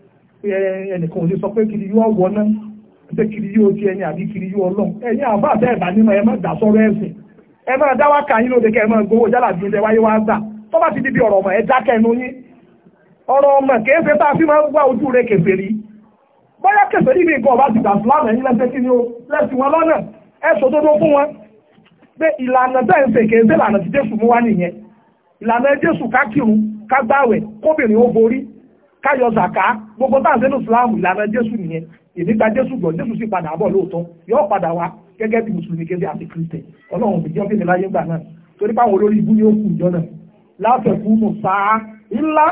ẹnìkan ò lè sọ pé kiri yóò wọ náà ṣe kiri yóò ti ẹni àbí kiri yóò lọ ẹ̀yin àbá àti ẹ̀bà nímọ̀ ẹ má dà sọ́rọ̀ ẹ̀sìn ẹ má dá wákà yín lóde kẹ́ ẹ má gbowó jálà bí ẹ wáyé wá gbà tó bá ti di bí ọ̀rọ̀ ọmọ ẹ dákẹ́ nu yín ọ̀rọ̀ ọmọ kìí ṣe tá a fi máa ń gbá ojú rẹ kèfèrí bóyá kèfèrí mi gan ọba ti gbà fúlàmù ẹ̀yin lẹ́sẹ̀ kí ni o lẹ́sìn wọn lọ́nà ẹ sòdodo fún wọn pé ìlànà bẹ́ẹ̀ ń ṣe kìí ṣe ìlànà tí Jésù mú wá nìyẹn ìlànà Jésù ká kírun ká gbáwẹ̀ kóbìnrin ó borí káyọ zaka gbogbo tá à ń sẹ́nu islam ìlànà jésù nìyẹn èmi gba jésù gbọ́ jésù sì padà bọ̀ lóòótọ́ yóò padà wá gẹ́gẹ́ bí mùsùlùmí kéde àti kristẹ ọlọ́run òbí jẹ́ fèmí láyé gbà náà torí báwọn olórí ibú ni ó kù ìjọ náà láfẹ̀ fún mu sáá ńlá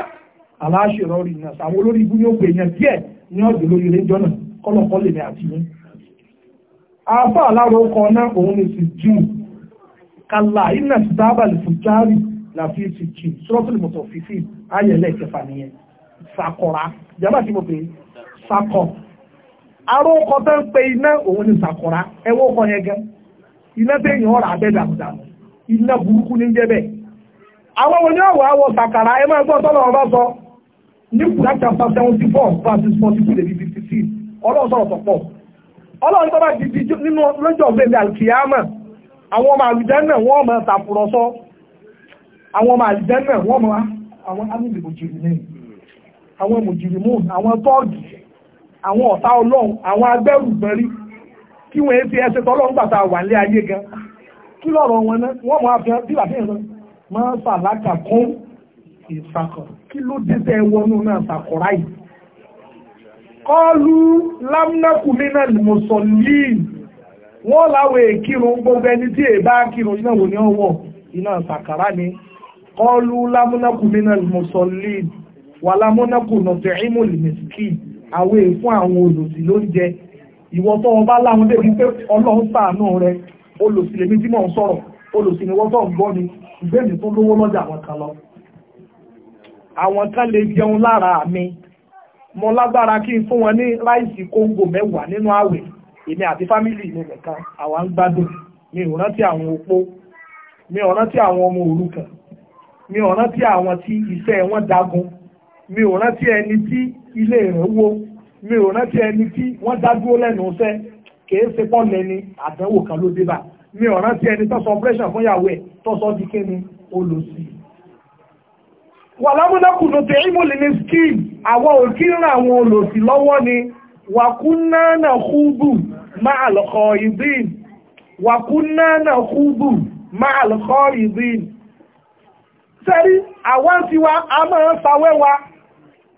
aláṣẹ rọrì náà àwọn olórí ibú ni ó pè yẹn díẹ̀ ní ọ̀dọ̀ lórí ilé ìjọ náà kọ́lọ́kọ́ lè ní àti yín. afọ aláwọ ọkọ náà òun ni sì jù kàlà iná sì dábàlì fún jáàrì làfi sì jù sọ́tùlùmọ̀tò fífi ayẹlẹ́ ìkẹfà nìyẹn sàkọ̀rá jàmbá tí mo pè é sàkọ̀ ọkọ̀ tó ń pe iná òun ni sàkọ̀rá ẹwọ́ ọkọ̀ yẹn gan iná tó yàn ọ̀rà abẹ́ dàmùdàmù iná burúkú ní jẹ́ bẹ́ẹ̀ àwọn wo ni ọ̀wọ́ àwọ̀ sàkàrà ẹ máa gbọ́ sọ́lọ́ ọ̀rọ̀ sọ ní kùdà seventy four verses forty two fifty six ọlọ́run sọ̀rọ̀ ọlọ́run tó àwọn mùjìrìmù àwọn tọ́ọ̀gì àwọn ọ̀tá ọlọ́run àwọn agbẹ́rùgbẹ́rí kí wọ́n fi ẹsẹ̀ tọ́lọ́run gbàtà wà lé ayé gan kí lọ́rọ̀ wọn náà wọ́n mọ̀ àfihàn bí bàbá ìran máa ń fàlákà kún ìsàkọ̀ kí ló dé tẹ́ wọnú náà sàkọ̀rá yìí kọlu lámnákùmínà mùsọ̀lì wọ́n láwẹ̀ kírun gbogbo ẹni tí èbá kírun iná wò ní ọwọ́ iná sàkàrà ni kọlu lámnákùmínà mùsọ̀lì wà lámọ́nàkù nọ̀tẹ̀ ìmọ̀ lìmẹ̀sìkì àwọn èèfún àwọn olòṣì lóúnjẹ ìwọ tó ọba láwọn débi pé ọlọ́run ṣàánú rẹ olòṣì lèmi tí mò ń sọ̀rọ̀ olòṣì ni wọ́n tó ń gbọ́ ni ìgbẹ́ni tó lówó lọ́jà àwọn kan lọ. àwọn kan lè jẹun lára mi mo lágbára kí n fún wọn ní ráìsì kóńgò mẹ́wàá nínú àwẹ̀ èmi àti fámìlì mi nìkan àwa ń gbádùn mi ò rántí àwọn opó mi ò rántí àwọn ọmọ òrukàn mi ò rántí àwọn tí iṣẹ́ wọn dagun mi ò rántí ẹni tí ilé rẹ̀ wó mi ò rántí ẹni tí wọ́n dá dúró lẹ́nu iṣẹ́ kìí ṣe pọ́ lẹ́ni àdánwò kan ló dé bá mi ò rántí ẹni tó sọ operation fún ìyàwó ẹ̀ tó sọ di kíni ó lò sí. wà lámúnákù ló tẹ ìmọ̀lẹ̀ ní skin àwọn òkè ń ra àwọn olòṣì lọ́wọ́ ni wàkúnnáànà kúbù máa lọ́kọ̀ ìdín wàkúnnáànà kúbù máa lọ́kọ̀ ìdín. sẹ́rí àwọn tiwa a máa ń sawẹ́ wa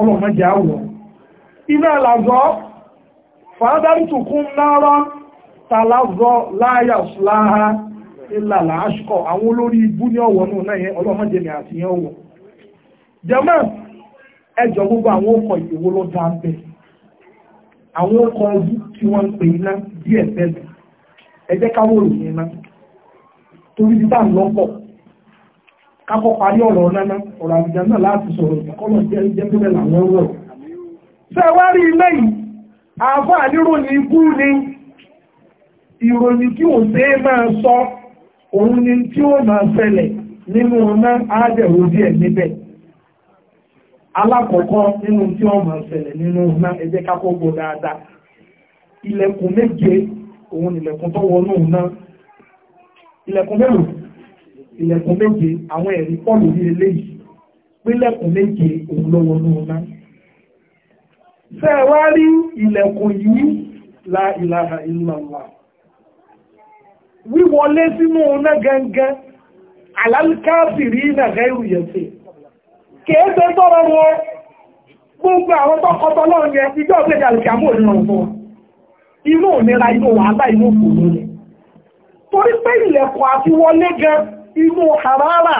ọlọ́mọdé àwọ̀ iná làzọ́ fàádárìtùkún náírà tàlázọ́ láyà ṣùláhá ilà làásùkọ̀ àwọn olórí ibú ní ọ̀wọ̀ náà náà yẹn ọlọ́mọdé ní àtìyàn ọ̀wọ̀ jẹ́mọ́ ẹjọ́ gbogbo àwọn ọkọ̀ ìwò ló dá bẹ́ẹ̀ òyìn iná torí ti lọ́pọ̀ kákọ́ parí ọ̀rọ̀ nánà ọ̀rọ̀ àbújá náà láti sọ̀rọ̀ ìkọ́lọ̀ jẹ́ jẹ́ tó bẹ̀rẹ̀ àwọn ọ̀rọ̀. ṣé wá rí ilé yìí àfọ́ àníròyìn ikú ni ìròyìn tí ò sé máa sọ òun ni tí ó máa ṣẹlẹ̀ nínú ọ̀nà àádẹ́rò díẹ̀ níbẹ̀. alákọ̀ọ́kọ́ nínú tí ó máa ṣẹlẹ̀ nínú ọ̀nà ẹgbẹ́ kákọ́ gbọ́ dáadáa ilẹ̀kùn méje òun ilẹ̀kùn tó wọnú ọ̀nà ilẹ̀kùn mélòó ilẹ̀kùn méje àwọn ẹ̀rí pọ́ọ̀lù ní eléyìí pínlẹ̀kùn méje òun lọ́wọ́ lóhùnmá. fẹ́ẹ̀ wá rí ilẹ̀kùn yìí la ilaha illallah wíwọlé sínú ọ̀nà gangan alálùkáàfìrí nàgá ìrùyẹ̀sẹ̀ kìí ṣe tọ́rọ wọn gbogbo àwọn tọ́kọtọ́ lọ́rùn yẹn ìjọ òṣèjà ìkàmù òníran fún wọn inú ònira inú wàhálà inú òkú lónìí torí pé ilẹ̀kùn àti wọlé gan-an inú harara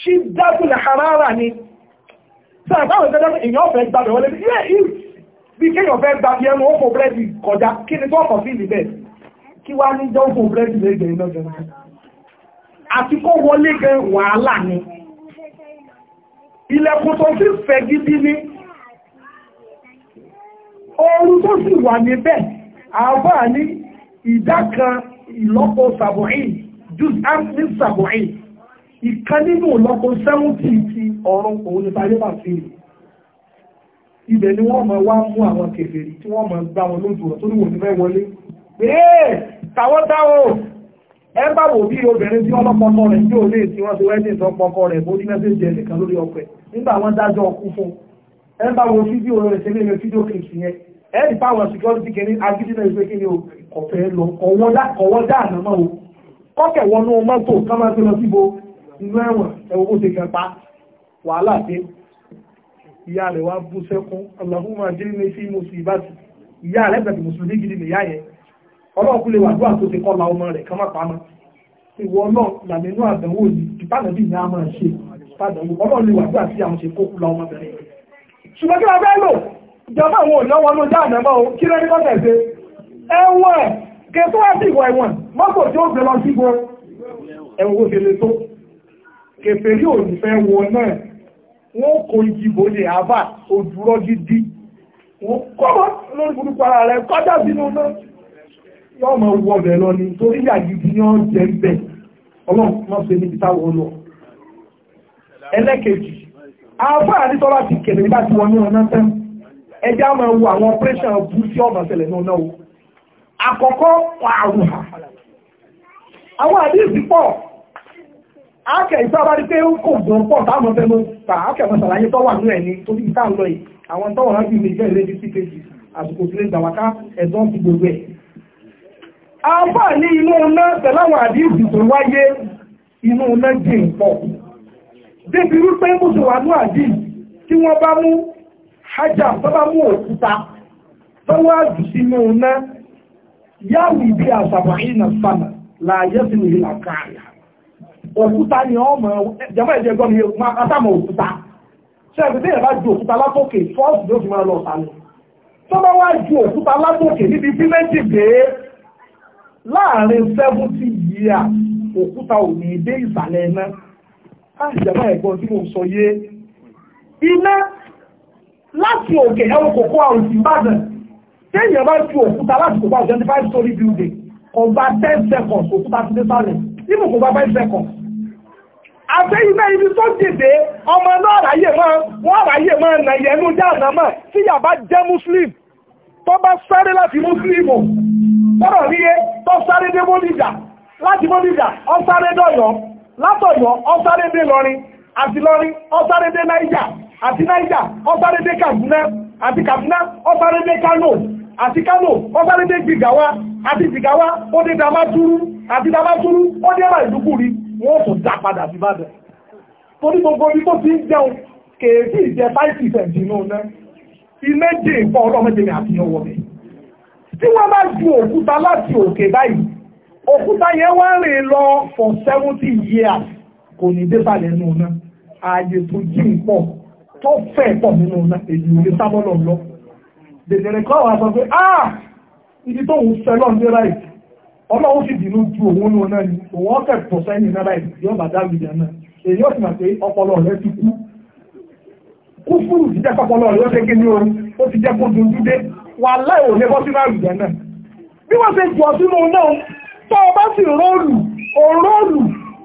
ṣídágùn harara ni sáàbáwọn ìgbẹ́jọ́ èèyàn fẹ́ gbàbẹ̀ wọlé yẹ́ ìlú bí kéèyàn fẹ́ gbàbẹ̀ ẹnu ó kò búrẹ́dì kọjá kí ni tó kọ̀ sí ìlú bẹ́ẹ̀ kí wá ní jọ́ kò búrẹ́dì lẹ́gbẹ̀ẹ́ lọ́jọ́ àti kó wọlé gan wàhálà ni ilẹ̀kùn tó sì fẹ́ gidi ni ooru tó sì wà níbẹ̀ àbá ní ìdá kan ìlọ́pọ̀ jùs áfírín sàbọ̀ẹ́ ìkan nínú ọlọ́pọ̀ sẹ́wọ́ntì ti ọ̀rọ̀ òun ní tayé bá fi rè ibẹ̀ ni wọ́n máa wá mú àwọn kèfèrí tí wọ́n máa gbá wọn lójú ọ̀rọ̀ tó ní wọ́n ti fẹ́ wọlé ee tàwọ́ táwọ́ ẹ bá wò bí obìnrin tí wọ́n lọ́pọ̀kọ rẹ̀ tí ò lè tí wọ́n ti wẹ́dí ìtọ́pọ̀kọ rẹ̀ bó ní mẹ́sẹ̀jì ẹnìkan lórí ọkọ̀ ẹ̀ nígbà wọn dájọ́ ọkú fún ẹ bá wo fídíò rẹ̀ ṣe léèrè fídíò kìrìsì yẹn ẹ ní fáwọn security kìíní agídí náà ìgbé kìíní o kọ̀fẹ́ lọ kọ̀wọ́ dáàmú o kọ́kẹ̀ wọnú mọ́tò kọ́mọ́ sí lọ síbo inú ẹ̀wọ̀n ẹ̀wọ̀n ó ti kẹ pa wàhálà dé ìyá rẹ̀ wá bú sẹ́kún ọlọ́fúnmọ́ jírí ní sí mùsùlùmí ìbátì ìyá rẹ̀ bẹ̀rẹ̀ mùsùlùmí gidi nìyá yẹn ọlọ́ọ̀kú lè wàdúrà tó ti kọ́la ọmọ rẹ̀ kọ́mọ́ pamọ́ ìwọ náà làmì inú àdánwò yìí ìpàdánwò ìyá máa ṣe ìpàdánwò ọlọ́ọ̀ lè wàdúrà sí àwọn ṣe kókú la ọmọbìnrin ṣùgbọ́n kí la fẹ́ lò ìjọba àwọn òyìnbó wọn ló dá àdámọ́ o kí lórí kọ́tẹ̀ ṣe ẹ̀wọ̀n kẹtọ́ àti ìwọ̀ ẹ̀wọ̀n mọ́tò tí ó gbé lọ síbo ẹ̀wọ̀n òṣèlè tó kẹfẹ́ rí òrùfẹ́ wọn náà wọ́n kò ìdìbò lè àbá òdúrọ́ gidi wọ́n kọ́mọ́ lórí burúkú ara ni torí àgìdì ni wọ́n jẹ́ bẹ̀ ọlọ́pàá ṣe níbi táwọn lọ ẹlẹ́kẹ̀jì àbá àdítọ́lá ti kẹ̀lé nígbà tí wọ́n ní ọ̀nà tán ẹjá máa wo àwọn operation bú sí ọ̀nà ṣẹlẹ̀ náà náà àkọ́kọ́ pààrùn àwọn àdíìsì pọ̀ ákẹ̀ ìsáwá rí pé ó kò gbọ́n pọ̀ táwọn fẹ́mọ́ pa ákẹ̀ wọn sàlàyé tọ́wà ní ẹni torí ìta ń lọ yìí àwọn tọ́wọ̀ rájú mi jẹ́ ìrẹ́jú sí kejì àsìkò sílé ìgbàwáká ẹ̀dọ́ ti gbogbo ẹ̀. àbá ní inú iná pẹ̀láwọn àdíìsì tó wáyé inú iná jìn pọ̀ débi wípé mùsùlùmí àdíìsì tí wọ́n bá mú hajjá tó bá mú òkúta tọ́wọ́ àjù sínú iná yáwì sánà láàyè sí ní ìlà káàyà òkúta ni ọmọ jẹ́mọ́ ẹ̀jẹ̀ gbọ́ mi atámọ̀ òkúta ṣẹ́ẹ̀bí tí ìyẹ̀bá ju òkúta látòkè fọ́ọ̀sì ló fi máa lọ sálẹ̀ tó bá wá ju òkúta látòkè níbi fílẹ́jì dé láàrin seventy years òkúta ò ní dé ìsàlẹ̀ iná ah, àìjẹ̀mọ́ ẹ̀gbọ́n tí mo sọ yé iná láti òkè ẹ̀rọ kòkó àrùn ìbàdàn tí ìyẹ̀bá ju òkúta láti kòkó àrùn twenty five story building Over ten seconds òkú bá ti dé sálẹ̀ ibù five seconds. àtẹ́yìnbẹ́ ibi tó dìde ọmọ náà ráyè mọ́ wọ́n ráyè mọ́ nàyẹ̀nú dáàná mọ́ tí yàbá jẹ́ muslim tó bá sáré láti muslim o tọ́rọ̀ níye tó sáré dé bódìjà láti bódìjà ó sáré dọ̀yọ́ látọ̀yọ́ ó sáré dé lọrin àti lọrin ó sáré dé náíjà àti náíjà ó sáré dé kaduna àti kaduna ó sáré dé kano àti Kánò ó sáré dé jìgáwá àti jìgáwá ó dé Damaturu àti Damaturu ó dé ẹ̀rọ ìdúkù rí wọ́n tún dá padà sí Ìbàdàn torí gbogbo ibi tó ti ń jẹun kèéfì jẹ five percent nínú náà ilé jẹ ìpọ̀ ọlọ́mọdé àti ọwọ́ mi tí wọ́n bá ju òkúta láti òkè báyìí òkúta yẹn wá rìn lọ for seventy years kò ní dé balẹ̀ nínú náà ààyè tó jí ń pọ̀ tó fẹ́ pọ̀ nínú náà èyí ò dèdèrè kọ́ wà sọ pé ah ibi tó ń fẹ́ lọ́n dé láì ọlọ́run sì dìínú ju òun nù náà ni òun ọ̀kẹ́ pọ̀ sẹ́yìn náà láì yóò bá dáwìdì náà èyí ó sì mà pé ọpọlọ rẹ ti kú kú fúrù ti jẹ́ pọpọlọ rẹ ó ṣe kí ni o ó ti jẹ́ kó dundú dé wà láì ò lè bọ́ sínú àwùjọ náà bí wọ́n ṣe jù ọ sínú náà tó o bá sì róòlù òróòlù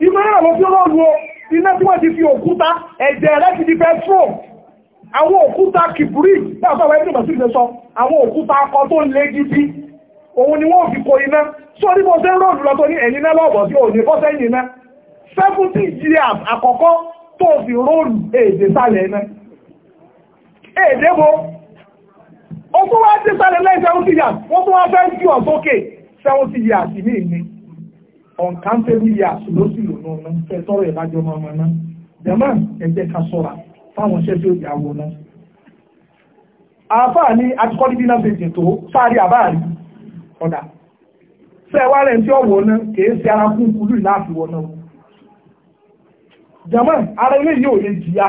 ìmọ̀ náà ló fi róòlù o iná tí wọ́n ti fi òkúta ẹ̀jẹ̀ rẹ ti di pẹ́trò àwọn òkúta kìbúrì pàtàkì ẹgbẹ́ ìbàsí ìfẹ́ sọ àwọn òkúta akọ tó lé gidi òun ni wọ́n fi kó iná sórí bó ṣe ń rọ́ọ̀dù lọ tó ní ẹ̀yìn náà lọ́ọ̀bọ̀ sí òní bọ́ sẹ́yìn iná seventy years àkọ́kọ́ tó fi róòlù èdè sálẹ̀ iná èdè bo ó tún wá dé sálẹ̀ lẹ́yìn seventy years wọ́n tún wá fẹ́ seventy years ní ìní uncountable years ló sì lò náà fẹ́ sọ́rọ̀ ìbájọ́ mọ́mọ́ náà jẹ́mọ́ ẹ̀jẹ̀ fáwọn iṣẹ́ tí ó yà wọ̀ náà àfáà ní atikọ́lí bí náà fèsì tó sáàrí àbáàrí ọ̀dà fẹ́ wá rẹ̀ tí ó wọ̀ náà kìí ṣe ara fún kúlù láti wọ̀ náà jẹ́mọ́ ara ilé yìí ò lè jìyà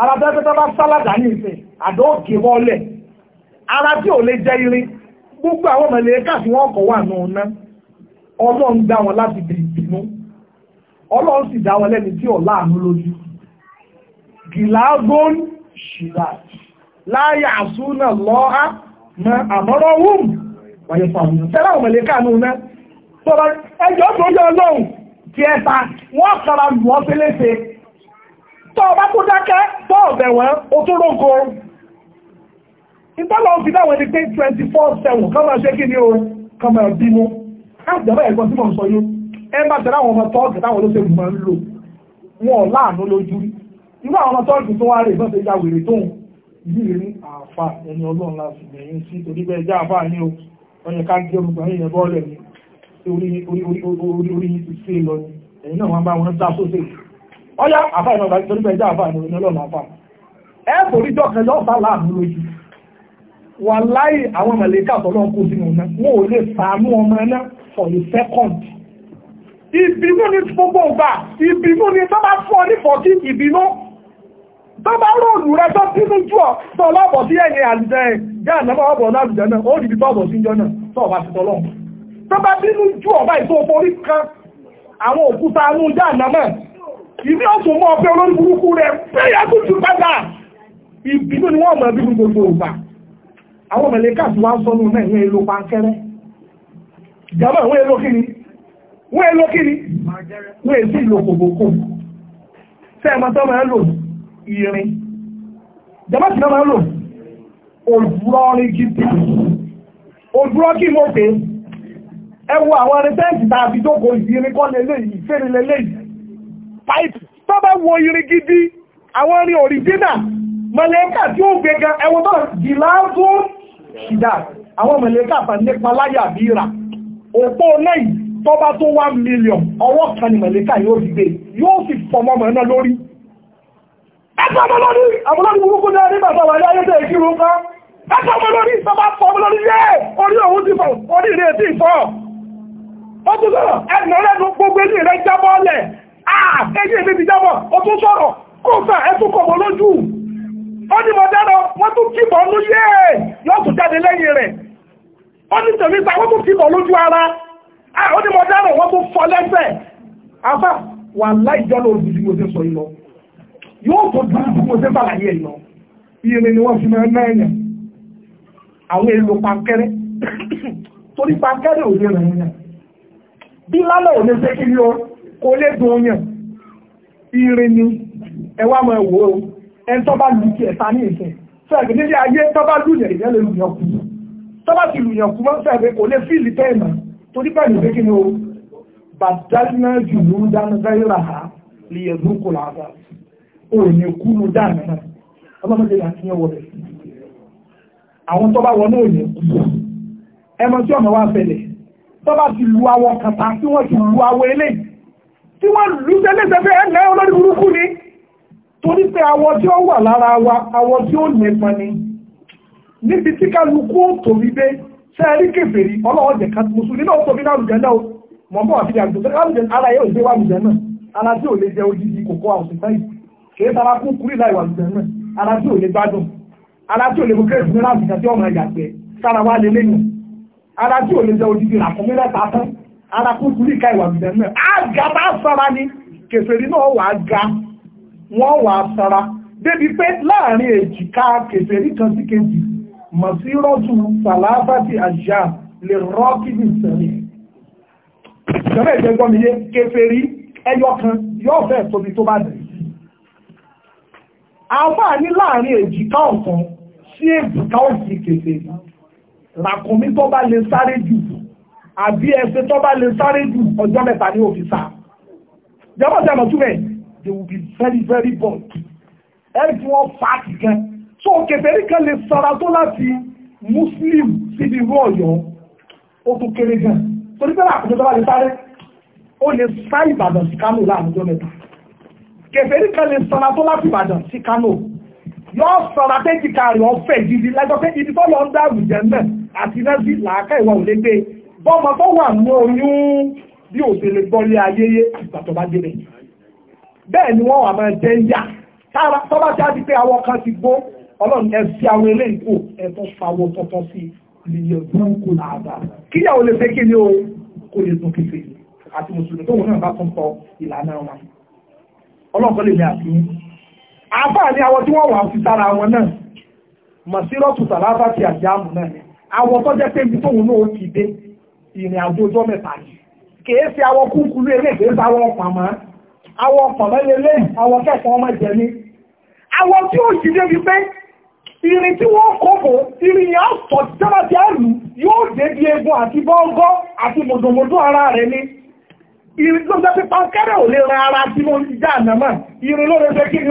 ara tẹ́tẹ́tẹ́ bá sálàdà ní ìfẹ́ àdó òkè wọlẹ̀ ara tí ò lè jẹ́ irin gbogbo àwọn mẹ̀lẹ́kà tí wọ́n kọ̀ wà náà náà ọlọ́run dá wọn láti bèrè ìbínú ọlọ́run sì dá wọn lẹ́ni tí ọ̀la àánú lójú gìlágún ṣìlá láyé àsúnà lọ́ha na àmọ́rọ̀ wùm wáyé fàwọn tẹ́lá òmìnir kánú náà tó bá ẹjọ́ tó yọ lóhùn tí ẹ ta wọ́n kọ́ra lù ọ́ pélése tó bá kó dákẹ́ tó ọ̀bẹ̀ wọ́n ó tó rógo ìtọ́lọ́ fi dáwọn ẹni pé 24/7 kọ́mọ̀ ṣe kí ni o kọ́mọ̀ bímú àjọba ẹ̀gbọ́n tí mò ń sọ yó ẹ bá tẹ̀lé àwọn láàánú lójú irú àwọn ọmọ tọ́ọ̀kì tó wá rè bọ́n ṣe ya wèrè tóun ìlú ìrí àfà ẹni ọlọ́run la sì gbẹ̀yìn sí torí bẹ́ẹ̀ jẹ́ àfà ní o ọyẹ ká gé orúkọ yẹn bọ́ọ̀lẹ̀ ni orí yìí ti sí lọ ni ẹ̀yìn náà wọ́n bá wọn dá sóṣè ọyá àfà ìmọ̀ ìbájú torí bẹ́ẹ̀ jẹ́ àfà ní ọlọ́run àfà ẹ kò rí dọ́kẹ́ lọ́ọ̀bá láàmú lójú wà láì àwọn mẹ̀lẹ́kà tọ́lọ́ kó sínú ọ̀nà wọn ò lè sàánú ọmọ ẹ̀ná for a second ìbínú ni gbogbo ọgbà ìbínú ni sábà fún ọ ní 14 ìbínú tó bá ròòlù rẹ tó bínú jù ọ tó lọ́bọ̀ sí ẹ̀yìn àlùjẹ jẹ́ ànábọ̀ ọ̀bọ̀ náà àlùjẹ náà ó dìbí tọ́bọ̀ sí jọ náà tó bá ti tọ́lọ́ tó bá bínú jù ọ báyìí tó forí kan àwọn òkúta anú jẹ́ ànámọ̀ ìbí ọ̀sùn mọ́ ọ̀pẹ olórí burúkú rẹ péyà tó ti padà ìbínú ni wọ́n mọ̀ bí gbogbo ògbà àwọn mẹ̀lẹ́kà tí wọ́n sọ́nù náà ìwé èlò pankẹ́rẹ́ ìjọba ìwé èlò kíni wọ́n èlò kíni wọ́n èsì ìlò kòkòkò sẹ́ẹ̀mọ́tọ́ máa ń lò irin jẹ́mọ́sí náà máa lò òdúrọ́ orin gidi òdúrọ́ kí mo pè ẹ wo àwọn arìtẹ́ǹtì tá a fi jókòó irin kọ́ lélẹ́yìí ìfèrè lélẹ́yìí pipe tó bá wo irin gidi àwọn irin òrìjínà mọ̀lẹ́kà tí ó gbẹ̀gà ẹwọ́n tó jìláàtú ṣìdá àwọn mọ̀lẹ́kà bá nípa láyà bí ra òpó náà tó bá tó 1 million ọwọ́ kan ni mọ̀lẹ́kà yóò fi gbé yóò fi fọmọmọ̀ náà lórí Ẹgbẹ́ ọmọ lórí, àbúlọ́rí gbogbo náà rí bàbá wà ní ayẹ́tẹ̀ ìkírù ń kọ́. Ẹgbẹ́ ọmọ lórí, bàbá fọ́ ọmọ lórí yẹ́ orí òun ti fọ́, orí rẹ̀ ti fọ́. Ó tún sọ̀rọ̀, ẹ̀nà rẹ̀nu gbogbo ẹni rẹ̀ jábọ́ lẹ̀. Àà, ẹni èmi ti jábọ̀, ó tún sọ̀rọ̀, kó fà ẹtún kọ̀mọ̀ lójú. Ó ní mo dáná, wọ́n tún kíbọ̀ ló yẹ́ yóò tún jáde lẹ́yìn rẹ̀. Ó ní tèmi ta, wọ́n tún kíbọ̀ lójú ara. Ó ní mo dáná, wọ́n tún fọ lẹ́sẹ̀. Àfà, wà láìjọ́ lórí bí mo ti sọ yìí lọ yóò tó dúró fún mo sẹ́fà láyé ẹ̀ lọ irin ni wọ́n fi máa ń náà yàn àwọn èlò pankẹ́rẹ́ torí pankẹ́rẹ́ ò lè ràn yàn bí lálẹ́ ò lè ṣe kí yọ kó lè dùn yàn irin ni ẹ wá máa wò ó ẹ tó bá lu ti ẹ̀ta ní ìsìn sẹ́ẹ̀kì nílé ayé tó bá lu yàn ìyẹn lè lu yàn kú tó bá ti lu yàn kú mọ́ sẹ́ẹ̀kì kò lè fíìlì tẹ́ẹ̀mà torí pẹ̀lú pé kí ni o bàdánná jùlọ dáná dáyé rà á lè yẹ dúró kó làá dáa òní kúrú dáàmì náà ọlọ́mọdé àti yẹn wọlé àwọn tó bá wọnú òní kúrú ẹmọ tí ọmọ wa fẹlẹ̀ tó bá ti lu awọ kàtà tí wọ́n ti lu awọ eléyìí tí wọ́n lù sẹ́lẹ̀sẹ̀fẹ́ ẹ̀lẹ́ olórí burúkú ni torí pé awọ tí ó wà lára wa awọ tí ó nìpọn ni níbi tí kálukú tòbí dé sẹ́ẹ̀rí kèfèrí ọlọ́wọ́ jẹ̀ ká mùsùlùmí náà tóbi náà lùjẹ́ náà mọ̀ mọ́ àfihàn àgbẹ̀sẹ̀ ara yóò gbé wà lùjẹ́ náà ara tí ò lè jẹ odidi kòkó àwọn sòsáìtì kìí tara kún kúrì láì wà lùdẹ̀ náà ara tí ò lè gbádùn ara tí ò lè bókè ìsinmi láti ìgbà tí ọmọ ẹ̀yà pẹ̀ sára wá lé lẹ́yìn ara tí ò lè jẹ odidi ràkúnmí lẹ́ta tán ara kún kúrì ká ìwà lùdẹ̀ náà á ga bá sára ni kèfèrí náà ìjọba ìjẹgbọ́n mi yé kèfèrí ẹyọ kan yóò fẹ́ tóbi tó bá dẹ̀ àfáà ní láàrin èjìká ọ̀kan sí èjìká òsì kèfè ràkùnmí tó bá lè sáré jù àbí ẹsẹ̀ tó bá lè sáré jù ọjọ́ mẹ́ta ní òfìsà jẹ́mọ́ jẹ́mọ́ túmẹ̀ they will be very very bored ẹ̀rí wọn fàákì gan so kèfèrí kan lè sara tó láti muslim síbi irú ọ̀yọ́ ó tó kéré gan torí pé ràkùnmí tó bá lè sáré ó lè sá Ìbàdàn sí Kánò láàrin ọjọ́ mẹ́ta kẹfẹ́rí kan lè sara tó láti Ìbàdàn sí Kano yóò sara tẹ́jì kárì ọ̀fẹ́ gidi lájọ pé ibi tó lọ ń dá àwùjẹ mẹ́ àti nẹ́sì làákà ìwà ò lè gbé bọ́mọ tó wà ní oyún bí òṣèlè gbọ́lé ayẹyẹ ìgbà tó bá délé bẹ́ẹ̀ ni wọ́n wà máa jẹ́ ń yà tára tó bá jáde pé àwọn kan ti gbó ọlọ́run ẹ fi àwọn eléyìí kò ẹ tó fawọ́ tọ́tọ́ sí lìyẹ burúkú làádá kíyàwó lè fẹ́ kí ni o kò lè tún kéfèé àti mùsùlùmí tó wọn náà bá tún tọ ìlànà wọn ọlọ́kọ́ lè ní àfihàn àfáà ní àwọn tí wọ́n wà fi sára wọn náà màsírọ́tù sàlábà ti àjáàmù náà ni àwọn tó jẹ́ pé ibi tóun náà ti dé ìrìn àjò ọjọ́ mẹ́ta yìí kìí ṣe àwọn kúkúrú eré kìí ṣe àwọn pàmò àwọn pàmò lélẹ̀ àwọn kẹfọ́ irin tó jẹ́ pípa kẹ́rẹ̀ ò lè ra ara tí mo ti já àná mọ́ irin ló rẹ̀ kí ni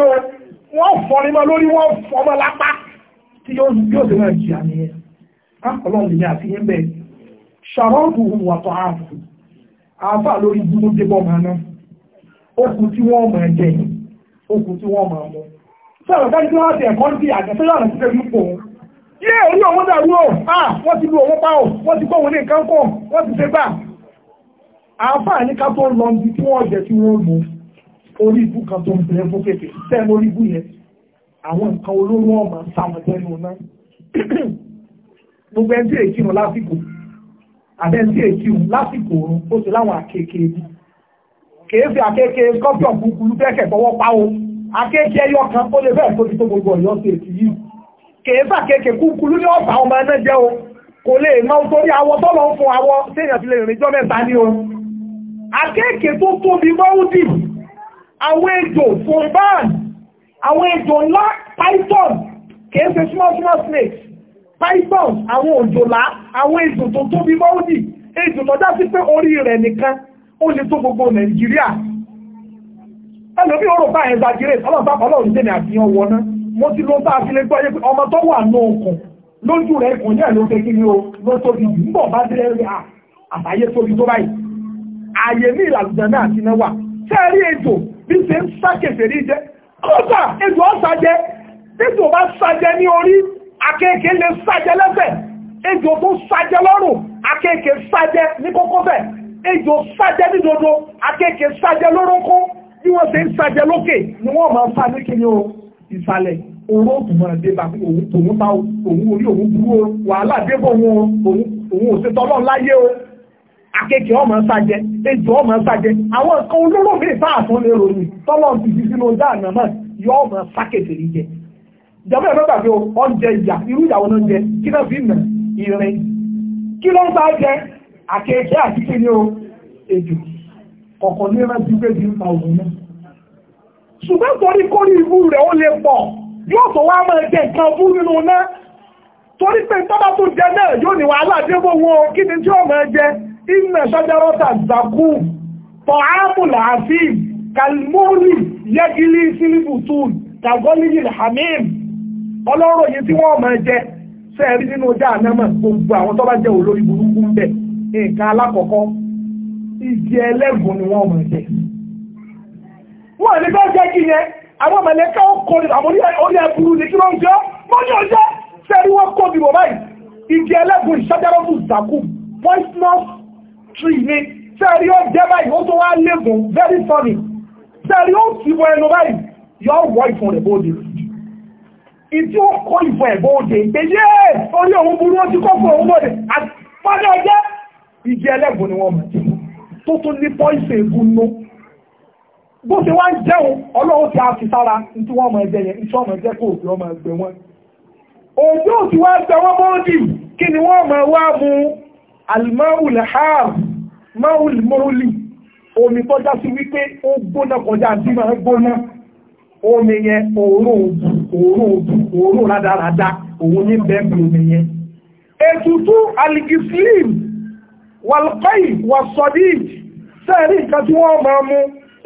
wọ́n fọrin mọ́ lórí wọ́n fọmọ lápá tí yóò yóò ti máa jìyà ní ẹ̀ ah, ọlọ́run ní àti yín bẹ́ẹ̀ ṣàrọ́ọ̀bù wà tó ààbò àbá lórí bí mo débọ̀ máa ná okùn tí wọ́n máa jẹ okùn tí wọ́n máa mọ sọ̀rọ̀ dájú tí wọ́n ti ẹ̀kọ́ ah, ti àjẹsẹ́yọ̀ àáfàá ní ká tó lọ bí tí wọ́n jẹ́ tí wọ́n mú orí ibú kan tó ń bẹ̀rẹ̀ fún kéèké sẹ́ẹ̀mù orí ibú yẹn àwọn nǹkan olóró ọmọ sàmùtẹ́nu náà gbogbo ẹni tí èkìrùn lásìkò àbẹ́ni tí èkìrùn lásìkò òun ó sì láwọn àkèké ibi kèé fi àkèké kọ́píọ̀ kúkúrú bẹ́ẹ̀kẹ̀ fọwọ́ pa o àkèké ẹyọ kan ó lè bẹ́ẹ̀ tóbi tó gbogbo ọ̀yọ́ sí èkì yìí kèé fà kéèké kúkúrú ní ọ̀sà ọmọ ẹ̀nà jẹ́ o kò lè mọ nítorí awọ tọ́lọ́ fún awọ séèyàn ti lè rìn jọ́ mẹ́ta ní o akéèké tó tóbi mọ́údì àwọn ejò forban àwọn ejò ńlá python kìí ṣe small small snakes python àwọn òjòlá àwọn ejò tó tóbi mọ́údì ejò tó dá sí pé orí rẹ̀ nìkan ó lè tó gbogbo nàìjíríà ẹlòmí ọ̀rọ̀ bá ẹ̀ zagire ọlọ́pàá ọlọ́run tẹ́lẹ̀ àfihàn wọná mo ti lọ bá afilẹ̀ gbọ́ yé pé ọmọ tó wà náà ọkùn lójú rẹ̀ kùn ní ẹ̀ ló fẹ́ kí ni o ló tóbi àbáyé tóbi tó báyìí ààyè ní ìlàlùjọ náà ti náà wà sẹ́ẹ̀rí ètò bí ṣe ń sákèsè rí jẹ́ kọ́sà ètò ọ̀sàjẹ́ ètò bá sàjẹ́ ní orí akéèké lè sàjẹ́ lẹ́sẹ̀ ètò tó sàjẹ́ lọ́rùn akéèké sàjẹ́ ní kókósẹ̀ ètò sàjẹ́ ní dodo akéèké sàjẹ́ lórókún bí wọ́n ṣe ń sàjẹ́ lókè ni wọ́n máa ń sa ní kiri o ìsàlẹ̀ owó òkú máa dé bá òun bá òun orí òun burú o wàhálà dé bọ̀ òun òun òṣètọ́ ọlọ́run láyé o akéèké ọmọ ṣàjẹ ejò ọmọ ṣàjẹ àwọn nǹkan olóró mi fà àtún lè ròyìn tọ́lọ́ ti fi sínú ọjà àná náà yọ ọmọ ṣàkètè rí jẹ ìjọba ẹ̀rọ gbàgbé oúnjẹ ìyà irú ìyàwó náà jẹ kí náà fi nà ìrìn kí ló ń bá jẹ akéèké àti kí ni o ejò kọ̀ọ̀kan ní rántí pé ti ń pa òun náà ṣùgbọ́n torí kórí ibú rẹ̀ ó lè pọ̀ yóò tó wá máa jẹ nǹkan bú nínú náà torí pé tọ́lá tó jẹ náà yóò ní wàhálà dé gbogbo kí ni tí ó máa jẹ inna shajarata zakum ta'amul asim kalmuli yagili silibutun kagoliyil hamim ọlọ́rọ̀ yìí tí wọ́n máa jẹ sẹ́ẹ̀rí nínú ọjà ànámà gbogbo àwọn tó bá jẹ́ olórí burúkú ń bẹ nǹkan alákọ̀ọ́kọ́ ìdí ẹlẹ́gùn ni wọ́n máa jẹ wọ́n ní bá jẹ́ kí yẹn àwọn mẹ̀lẹ́ká ó kọ́ àwọn orí ẹ̀bùrú ní kí wọ́n jẹ́ wọ́n ní ọjọ́ sẹ́ẹ̀rí wọ́n kó bí bọ̀ báyìí ìdí ẹlẹ́gùn ìṣájárọ́bù zakum poisonous tree ni sẹ́ẹ̀rí ó jẹ́ báyìí ó tó wá lẹ́gùn very funny sẹ́ẹ̀rí ó ti wọ ẹnu báyìí yọ wọ ìfún rẹ̀ bóde ìtí ó kó ìfún ẹ̀ bóde èyí orí òun burú ó ti kó fún òun bóde àtúpàdé ọjọ́ ìdí ẹlẹ́gùn ni wọ́n mọ̀ tó tún ní pọ́ìsì ègún nú bó ṣe wá ń jẹun ọlọ́run ti á fi sára ní tí wọ́n mọ̀ ẹgbẹ́ yẹn iṣẹ́ ọmọ ẹgbẹ́ kò fi ọmọ ẹgbẹ́ wọn òjò tí wọ́n gbẹ wọ́n bóde kí ni wọ́n mọ̀ wá mu alimawul haam máwùl mọ́rùlì omi tó já sí wípé ó gbóná kọjá bí máa gbóná omi yẹn òórùn òbù òórùn òbù òórùn rádaràda òun ní bẹ́ẹ̀bù omi yẹn ètùtù aligislim wàlùkọ́ì wàsọ̀díj sẹ́ẹ̀rí nǹkan tí wọ́n máa mú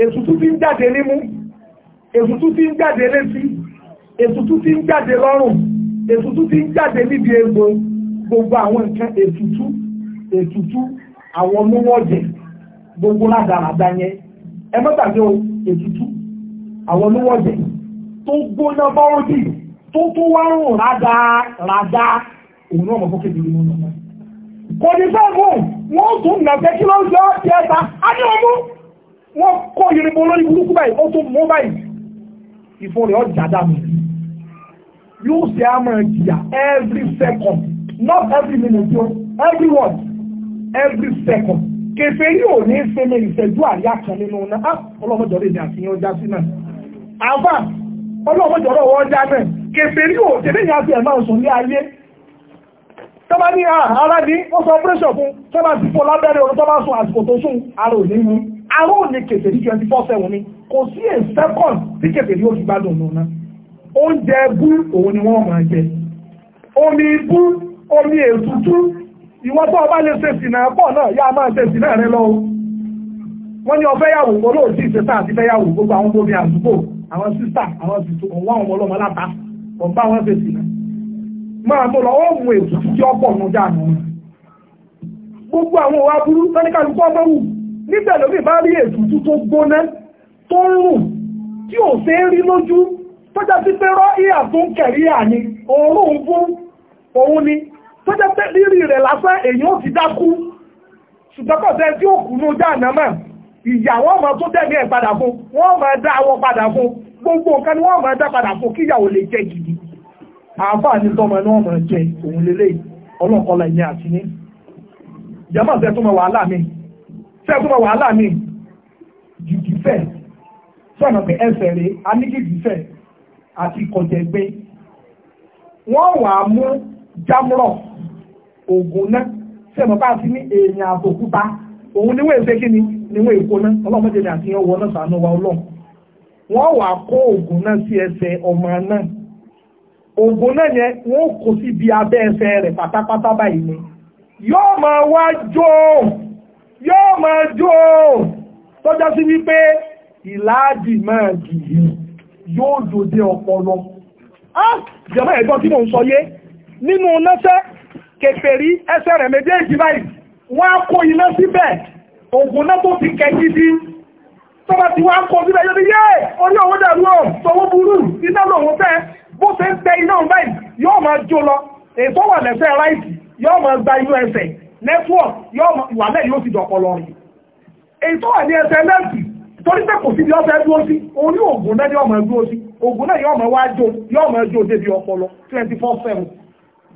ètùtù tí ń jáde nímú ètùtú tí ń jáde létí ètùtú tí ń jáde lọ́rùn ètùtú tí ń jáde níbi egbò gbogbo àwọn nǹkan ètùtú ètùtú àwọn oníwọ̀jẹ̀ gbogbo ládàradà yẹn ẹ mọ́tàbí o ètùtù àwọn oníwọ̀jẹ̀ tó gbóná bọ́ọ̀dì tó tó wá ń rùn rádáradá òun náà mọ̀ fún kébìrì wọn náà kò ní sẹ́gun wọ́n tún nàfẹ́ kí ló ń yọ ti ẹ̀ta á ní ọmú wọ́n kọ́ ìrìnbó lórí burúkú báyìí ó tún mú báyìí ìfún rẹ̀ ọjà dànù yóò ṣe àmọ̀ ìjìyà every second not every minute every one every second kẹfẹ́ yóò ní sinmi ìṣẹ́jú àríyá kan nínú náà ah, ọlọ́mọdé ọ̀rẹ́ mi àti yẹn ọjà sí náà àbá ọlọ́mọdé ọ̀rọ̀ wọ́n já náà kẹfẹ́ yóò tẹ̀lé ìyá sí ẹ̀ máa sùn ní ayé tọ́bá ní ah, ara ní ó sọ pẹ́ṣọ̀ fún tọ́bá ti fún lábẹ́rẹ́ orun tọ́bá sùn àsìkò tó sùn ara ò ní mú ara ò ní kèfè ní 24/7 ni kò sí a second tí kèfè ní oṣù gbádùn òun náà oúnjẹ bú òun ni wọ́n máa jẹ omi bú omi ètútú ìwọ́n tó ọba lè ṣe sìnà pọ̀ náà yá máa ṣe sìnà rẹ lọ wọ́n ní ọfẹ́ yàwó kó lóò tí ìṣẹ́ta àti fẹ́ yàwó gbogbo àwọn gbòmí àdúgbò àwọn sísà àwọn tìtò òun wá àwọn ọlọ́mọ láta ọ̀bá wọn ṣe sìnà máa tó lọ ó mú ètò tí ó pọ̀ nù jáà nù gbogbo àwọn òwà burú sẹ́nìkàlùkù ọmọrù níbẹ̀ lómi bá rí ètùtù tó gbóná tó ń rùn tí ò fẹ́ rí lójú tọ́jà sí pé rọ́ ìyà tó ń kẹ̀rí àní òórùn fún òun ni tó jẹ́ pé rírì rẹ̀ lásán èyí ó ti dákú ṣùgbọ́n kò sẹ́ tí ó kù ní ojú àná mọ̀ ìyàwó ọmọ tó tẹ̀lé ẹ̀ padà fún wọ́n máa dá àwọn padà fún gbogbo nǹkan ni wọ́n máa dá padà fún kíyàwó lè jẹ́ gidi àáfàá ní tọmọ náà máa jẹ òun lélẹ̀ ọlọ́kọlá ìyẹn àti ní jẹ́mọ̀ sẹ́ túnmọ̀ wàhálà mi sẹ́ túnmọ̀ wàhálà mi jìjì fẹ́ sọ̀nà pé ẹsẹ̀ rẹ̀ anígìjì fẹ́ àti kọ̀jẹ̀gbé wọ́n wàá mú jámúrọ̀ ògùn náà sẹ́mọ̀ bá ti ní èèyàn àbòkúta òun níwọ̀n èsè kí ni ni níwọ̀n èkó náà ọlọ́mọdé ni àti ọwọ́ náà sànú wa ọlọ́run wọ́n wà kó ògùn náà sí ẹsẹ̀ ọmọ náà ògùn náà yẹn wọ́n kó sí ibi abẹ́ ẹsẹ̀ rẹ̀ pátápátá báyìí ni yóò máa wá jó yóò máa jó tọ́já sí wípé ìlàádì máa dìyí yóò dòde ọpọlọ. á ah! jẹ̀mọ́ ẹ̀gbọ́n tí mò ń sọ yé nínú náṣẹ́ kèfèrí ẹsẹ̀ rẹ̀ méjèèjì báyìí wọ́n á kó iná síbẹ̀ ògùn náà tó ti kẹjí sí tó bá ti wá kó síbẹ̀ yóò ní yé orí owó dàrú ọ̀ tọwọ́ burú iná lòun fẹ́ bó ṣe ń tẹ iná báyìí yóò máa jó lọ èso wà lẹ́sẹ̀ ráìtì yóò máa gba inú ẹsẹ̀ network yóò wà lẹ́yìn yóò ti dọ̀pọ̀ lọ rí èso wà ní ẹsẹ̀ lẹ́sì torí pé kò sí ibi ọ̀fẹ́ dúró sí orí ògùn náà yóò máa dúró sí ògùn náà yóò máa wá jó yóò máa jó débi ọpọlọ twenty four seven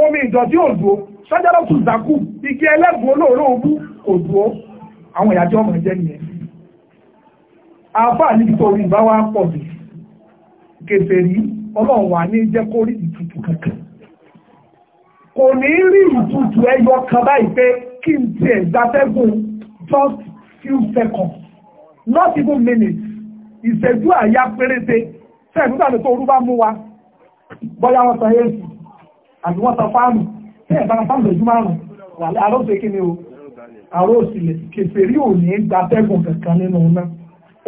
omi ìdọ̀tí òdùó ṣájára tún dákú igi ẹlẹ́gùn olóòrò ogún òdùó àwọn ìyájọ́ ọmọ ẹ̀jẹ̀ nìyẹn àáfàá níbi tó rí ìbá wa pọ̀ jù kèfèrí ọlọ́run wà ní jẹ́ kó rí ìtutù kankan kò ní rí ìtutù ẹyọ kan báyìí pé kí n tiẹ̀ gbafẹ́gùn just few seconds not even minutes ìṣẹ́jú àyà péréte sẹ́ẹ̀dúgbà tó orú bá mú wa bọ́yá wọn sọ yéésù àbí wọ́n tan fáànù tí ẹ̀ bá ra fáànù lójú márùn wà aróòsè kíni o aróòsì lè kèsè rí òní gba tẹ́gùn kankan nínú iná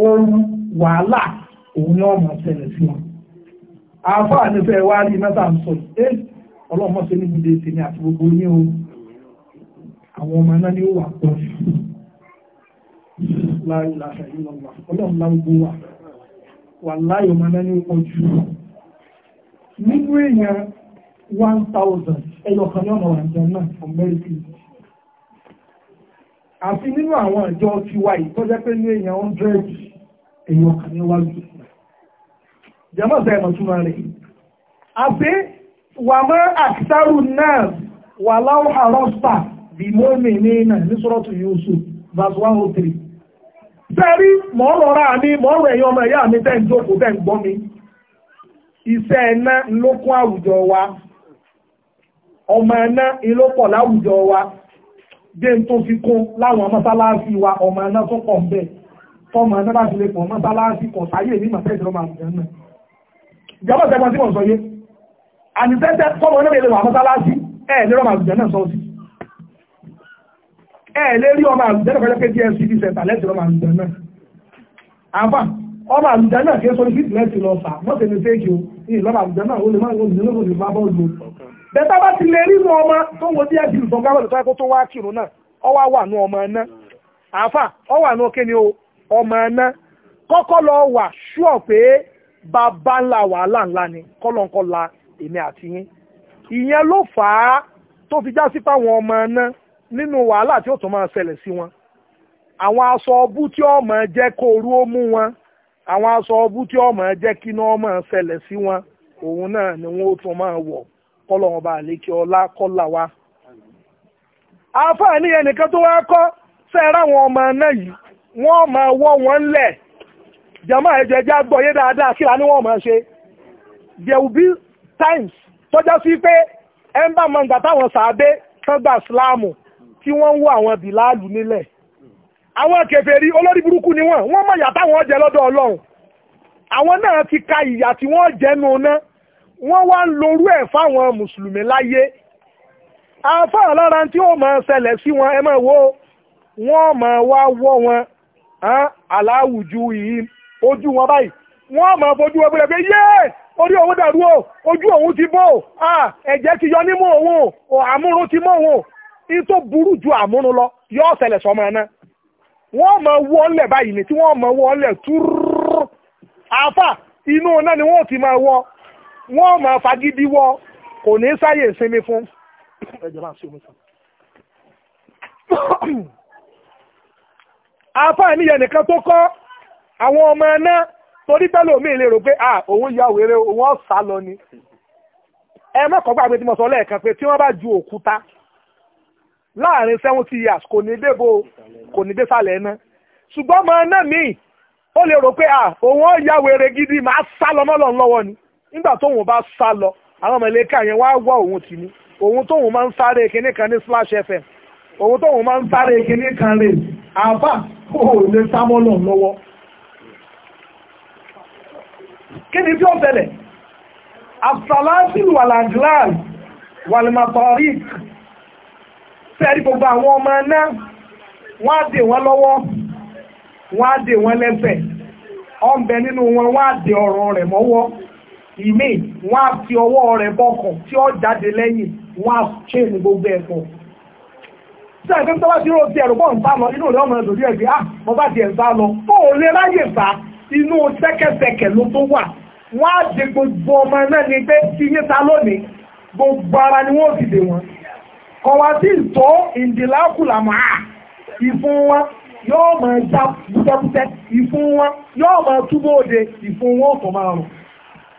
ooru wàhálà òun ni ọmọ ṣẹlẹ̀ sí wọn. àáfàá ni fẹ́ wá rí iná tá à ń sọ yìí ọlọ́mọ sí ní gbèdé tèmi àti gbogbo yín o àwọn ọmọ náà ni ó wà pọ̀ jù láàrín ìlàṣà yìí lọ́wọ́ ọlọ́run láwùgbò wà wà láyọ̀ ọmọ náà ni ó pọ̀ jù nínú èèyàn one thousand ẹyọ kan ní ọ̀nà ọ̀rànjẹ náà for mercy. àfi nínú àwọn àjọ tiwa yìí tó jẹ́ pé ní èèyàn hundred èèyàn kan ní wájú. jẹ́mọ̀ sẹ́yìn mọ̀ túmọ̀ rẹ̀. àfi wàmọ́ àkítárù náà wà láwọn àrọ́sà bìmọ́mì ní iná ní sọ́rọ́tù Yusuf verse one oh three. sẹ́rí mọ̀ ọ́ lọ́ra mi mọ̀ ọ́ ẹ̀yin ọmọ ẹ̀yà mi tẹ́ ń jókòó tẹ́ ń gbọ́ mi. iṣẹ́ ẹ̀ àwùjọ wa ọmọ ẹ̀nà ìlọ́pọ̀ láwùjọ wa dé tó fi kún láwọn mọ́sálásí wa ọmọ ẹ̀nà tó pọ̀ bẹ́ẹ̀ fọ́mọ ẹ̀nà bá fi lè pọ̀ mọ́sálásí kọ̀ sáyé ní màtẹ́jọ́ máa jẹ́ náà ìjọba ìjọba tí wọ́n sọ yé ànìtẹ́tẹ́ fọ́mọ ẹ̀nà lè wà mọ́sálásí ẹ̀ lérò máa jẹ́ náà sọ́ọ̀sì ẹ̀ lérí ọmọ àlùjẹ́ náà kọjá pé DSCD center lẹ́sìn ọmọ àlùjẹ́ náà àbá ọmọ àlùjẹ́ náà kí ó sọ ní fíìtì lẹ́sìn lọ sà mọ́sẹ̀ ní fẹ́ẹ̀kì o ìlọ́mọ àlùjẹ́ náà ó lè má ó lè má bọ́ọ̀lù bẹta bá ti lè ọmọ tó wo díẹ̀ bí ìsọ̀n gáwọ́ tó wá kírun náà ọ wá wà ní ọmọ ẹ̀ná àfà ọ wà ní ọkẹ́ ni o ọmọ ẹ̀ná kọ́kọ́ lọ wà ṣúọ̀ pé bàbá ńlá wàhálà ńlá ni la èmi àti yín ìyẹn ló fà á tó fi ọmọ ẹ̀ná nínú wàhálà tí ó tún máa ṣẹlẹ̀ sí wọn àwọn aṣọ ọbú tí ọmọ jẹ́ kí kọ́lọ́wọ́n bá lékè ọlá kọ́là wa. àfààní ẹnìkan tó wá kọ́ sẹ́ẹ̀rẹ́ àwọn ọmọ náà yìí wọ́n máa wọ́ wọn lẹ̀ jẹ́mọ́ ẹ̀jẹ̀ ẹ̀jẹ̀ agbọ̀yé dáadáa kíra ni wọ́n máa ṣe there will be times tọ́jọ́ sí pé ẹ ń bá mọ ìgbà táwọn sàábé tán gba síláàmù tí wọ́n ń wọ àwọn bìláàlù nílẹ̀ àwọn kèfèrí olórí burúkú ni wọ́n wọ́n mọ̀ ìyà táwọn jẹ lọ́dọ̀ ọlọ́run àwọn náà ti ka ìyà tí wọ́n jẹ́ nu náà wọ́n wá ń lorú ẹ̀ fáwọn mùsùlùmí láyé àfáà lára tí ó máa ṣẹlẹ̀ sí wọn ẹ máa wo wọ́n máa wá wọ́ wọn aláwùjú yìí ojú wọn báyìí wọ́n máa fojú wọn pé yé orí òun dàrú o ojú òun ti bó ẹ̀jẹ̀ ti yọ nímú òun àmúrun ti mú òun ní tó burú ju àmúrun lọ yóò ṣẹlẹ̀ sọmọ náà wọ́n máa wọ́ ọ́n lẹ̀ báyìí ni tí wọ́n máa wọ́ ọ́n lẹ̀ túrúrú àfà inú náà ni wọ́n ti máa wọ́ ọ́ wọ́n ma fagídí wọ́ kò ní sáyè ìsinmi fún àfáà níyẹn nìkan tó kọ́ àwọn ọmọ ẹ̀nà torí pẹ́lú omi lè rò pé à òun ya òwèrè òun ọ̀sà lọ ni ẹ mọ́kàn gbàgbé tí mo sọ lẹ́ẹ̀kan pé tí wọ́n bá ju òkúta láàrin seventy years kò ní débò kò ní désàlẹ̀ ẹ̀nà ṣùgbọ́n ọmọ ẹ̀nà míì ó lè rò pé à òun ọ̀ya òwèrè gidi máa sá lọ́mọ́lọ́ lọ́wọ́ ni nígbà tóun bá sá lọ àwọn mọ̀lẹ́kà yẹn wá wá òun tì ní òun tóun máa ń sáré kinní kan ní Slash FM òun tóun máa ń sáré kinní kan rè àbá kò lè sámọ́lọ̀ lọ́wọ́ kí ni tí ó tẹ̀lẹ̀ absalafil walaglan walmatorik sẹ́rí gbogbo àwọn ọmọ náà wọ́n á dè wọ́n lọ́wọ́ wọ́n á dè wọ́n lẹ́sẹ̀ ọ̀nbẹ nínú wọn wọ́n á dè ọ̀rọ̀ rẹ̀ mọ́wọ́ ìmíì wọ́n á fi ọwọ́ rẹ̀ bọ́kàn tí ó jáde lẹ́yìn wọ́n á chain gbogbo ẹ̀kọ́ tí ẹ̀fẹ́ tó bá ti rò sí ẹ̀rù bọ́ ń bá lọ inú rẹ̀ ọmọ ẹ̀dọ̀ díẹ̀ bí ah mo bá ti ẹ̀ ń bá lọ ó lè ráyè bá inú sẹ́kẹ̀sẹ̀kẹ̀ ló tó wà wọ́n á de gbogbo ọmọ náà ní pé iye ta lónìí gbogbo ara ni wọ́n ti dè wọ́n kọ̀ wá sí ìtọ́ ìdìlákùlàmọ́ à ah, ìfún wọn yóò máa já bútẹ́bútẹ́ ìfún wọn yóò máa túbọ̀ òde ìfún wọn ọ̀tọ̀ máa rùn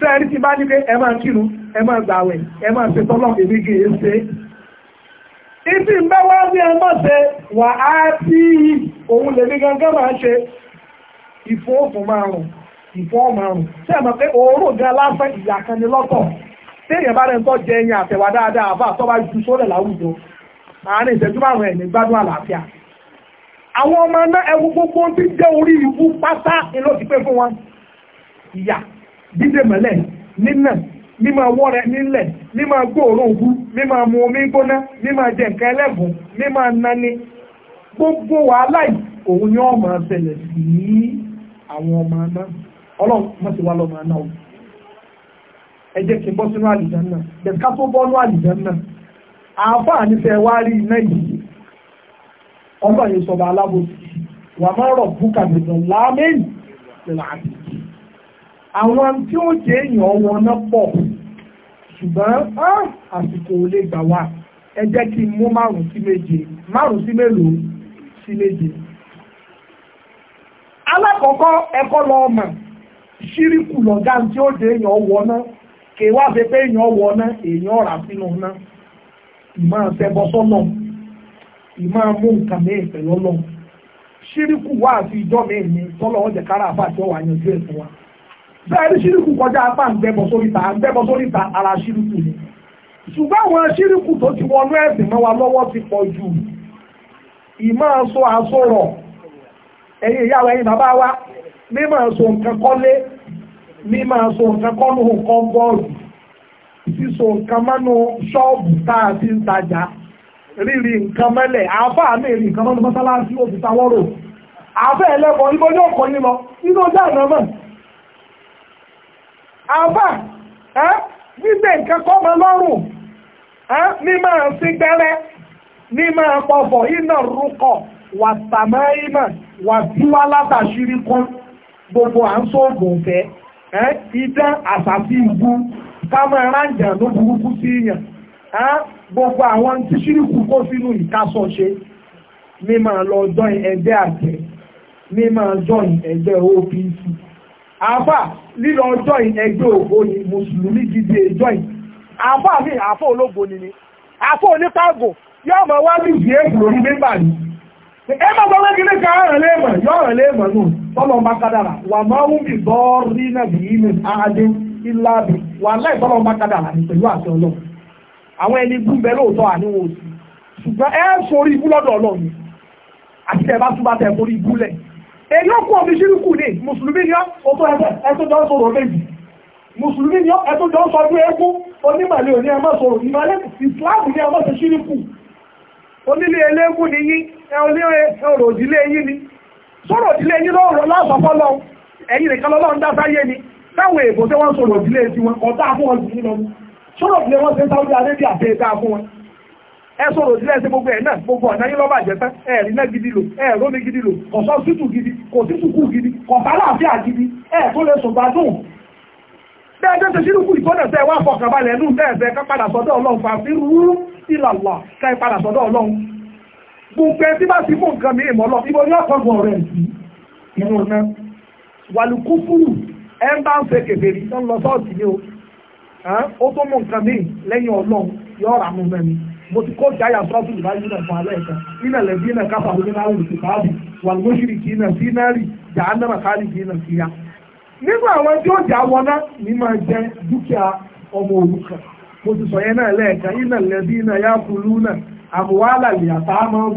sẹ́ẹ̀rí ti bá ní pé ẹ máa ẹ máa gbàwẹ̀ ẹ máa ṣe tọ́lọ̀ èmi ṣe. wá ní wà á tí òun lèmi gangan máa ṣe márùn márùn tí ẹ mọ̀ pé òórùn ìyà kan ni lọ́tọ̀ tí èèyàn bá rẹ̀ ń tọ́ jẹ ẹyin àtẹ̀wà dáadáa àbá tó bá ju sólẹ̀ láwùjọ àárín ẹ̀mí gbádùn dídè mọ́lẹ̀ nínà mímọ wọ́rẹ́ nílẹ̀ mímọ gbòòrò òkú mímọ mu omi gbóná mímọ jẹ nǹkan ẹlẹ́bùn mímọ nani gbogbo wàhálà yìí òun ni ọmọ ṣẹlẹ̀ sí àwọn ọmọ aná ọlọ́run má ti wá lọ́mọ aná o ẹ jẹ́ kí n bọ́ sínú àlìján náà bẹ̀rẹ̀ ká tó bọ́nú àlìján náà àáfàá nífẹ̀ẹ́ wá rí iná yìí ọlọ́run yìí sọ̀rọ̀ alábòsí wàá má rọ̀ bùkà nìkan láàmì lẹ́la àbí àwọn tí ó jẹ́ èèyàn wọn náà pọ̀ ṣùgbọ́n àsìkò olè gbà wá ẹ jẹ́ kí n mú márùn-ún sí méje márùn-ún sí mélòó sí méje. alákọ̀ọ́kọ́ ẹ̀kọ́ lọ ọmọ ṣíríkù lọ́gá tí ó jẹ́ èèyàn wọn náà wọn náà èèyàn rà sínú náà ìmọ̀ àtẹ́bọ́ sọ́nà ìmọ̀ nǹkan ṣíríkù wá àti ìjọ́ yanjú bẹ́ẹ̀ni ṣíríkù kọjá apá ń bẹ́bọ sóríta ń ara ṣíríkù ni ṣùgbọ́n àwọn ṣíríkù tó ti wọnú ẹ̀sìn mọ́ wa lọ́wọ́ ti pọ̀ jù ìmọ̀ sọ ẹ̀yìn ẹ̀yin ìyáwó ẹ̀yin bàbá wa mímọ̀ sọ nǹkan kọ́lé mímọ̀ nǹkan nǹkan bọ́ọ̀lù nǹkan ṣọ́ọ̀bù tá a ti ń tajà rírì nǹkan mẹ́lẹ̀ mi àbá gbígbé nǹkan kọ́ mọ lọ́rùn ní máa sí gbẹ́rẹ́ ní máa pọ̀fọ̀ iná rúkọ̀ wà sàmọ́ ìmọ̀ wà tíwá látàṣírí kún gbogbo à ń sóògùn fẹ́ idán àsàtì ìbú ká máa ráǹjà ló burúkú sí yàn gbogbo àwọn tí ṣíríkù kó sínú ìkásọ ṣe ní máa lọ jọyìn ẹgbẹ́ àgbẹ̀ ní máa jọyìn ẹgbẹ́ OPC àfà lílọ ọjọ́ ẹgbẹ́ ògbó ni mùsùlùmí gidi ẹjọ́ yìí àfà mi àfà olóògbò ni ni àfà onípàgò mọ̀ wá ní ìdí èkùrò ní mímbà ni ẹ má gbọ́ lẹ́gbẹ́ ní ká rẹ̀ léèmọ̀ yóò nù tọ́lọ̀ wà máa náà bí wà láì tọ́lọ̀ ní pẹ̀lú àti ọlọ́run àwọn ẹni bẹ èyí ó kú ọ̀bí ṣírùkù ní musulmi ni ọ̀tọ́ ẹ̀tọ́ jọ ń sọ̀rọ̀ méjì mùsùlùmí ni ẹ̀tọ́ jọ ń sọ ọdún ẹkú onímọ̀lẹ́ òní ẹmọ́ sọ̀rọ̀ ìmọ̀lẹ́ ìsìláàmù ni ẹmọ́ ṣe ṣírùkù onílé eléégún ni yí ọ̀rọ̀ òdílé ni sọ̀rọ̀ òdílé lọ́rọ̀ ẹ sọ̀rọ̀ ìdílé ẹsẹ̀ gbogbo ẹ̀ náà gbogbo ọ̀nà yín lọ́ba àjẹsán ẹ̀ rí náà gidi lò ẹ̀ rómi gidi lò kò sọ tútù gidi kò sí sùkú gidi kò bá láàfíà gidi ẹ̀ tó lè sùn gbádùn. bẹ́ẹ̀ tẹ́tẹ́ sínú kú ìtọ́nà tẹ́ wá fọkànbalẹ̀ ẹnu tẹ́ẹ̀fẹ́ ká padà sọ́dọ̀ ọlọ́run fà fi rú ìlàlà ká padà sọ́dọ̀ ọlọ́run. gbogbo ẹ tí bá ti fún nǹkan mi ìmọ̀ lọ ibo ni ọ̀kọ̀gbọ̀n rẹ̀ sí inú ọ̀nà wàlúkúfúrù ẹ ń bá ń fẹ́ kèfèrí ń lọ sọ́ọ̀tì ni o ó tó mú nǹkan mi lẹ́yìn ọlọ́run yọ̀ọ̀rà mú mẹ́mi mo ti kó jáyà sọ́ọ̀tù ìbá yìí náà fún alẹ́ ẹ̀ka iná lẹ́bí iná káfà omi náà wùdù kìkà ábù wà lóṣìrì kì í náà sí náà rì jà á náà káàlì kì í sí ya. nínú àwọn tí ó jà wọná ní máa jẹ dúkìá ọmọ òrukàn mo ti sọ yẹn náà lẹ́ẹ̀ka iná lẹ́bí iná yá kulú náà àtà máa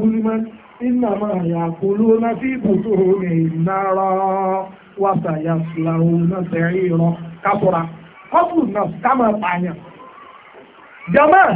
mọ́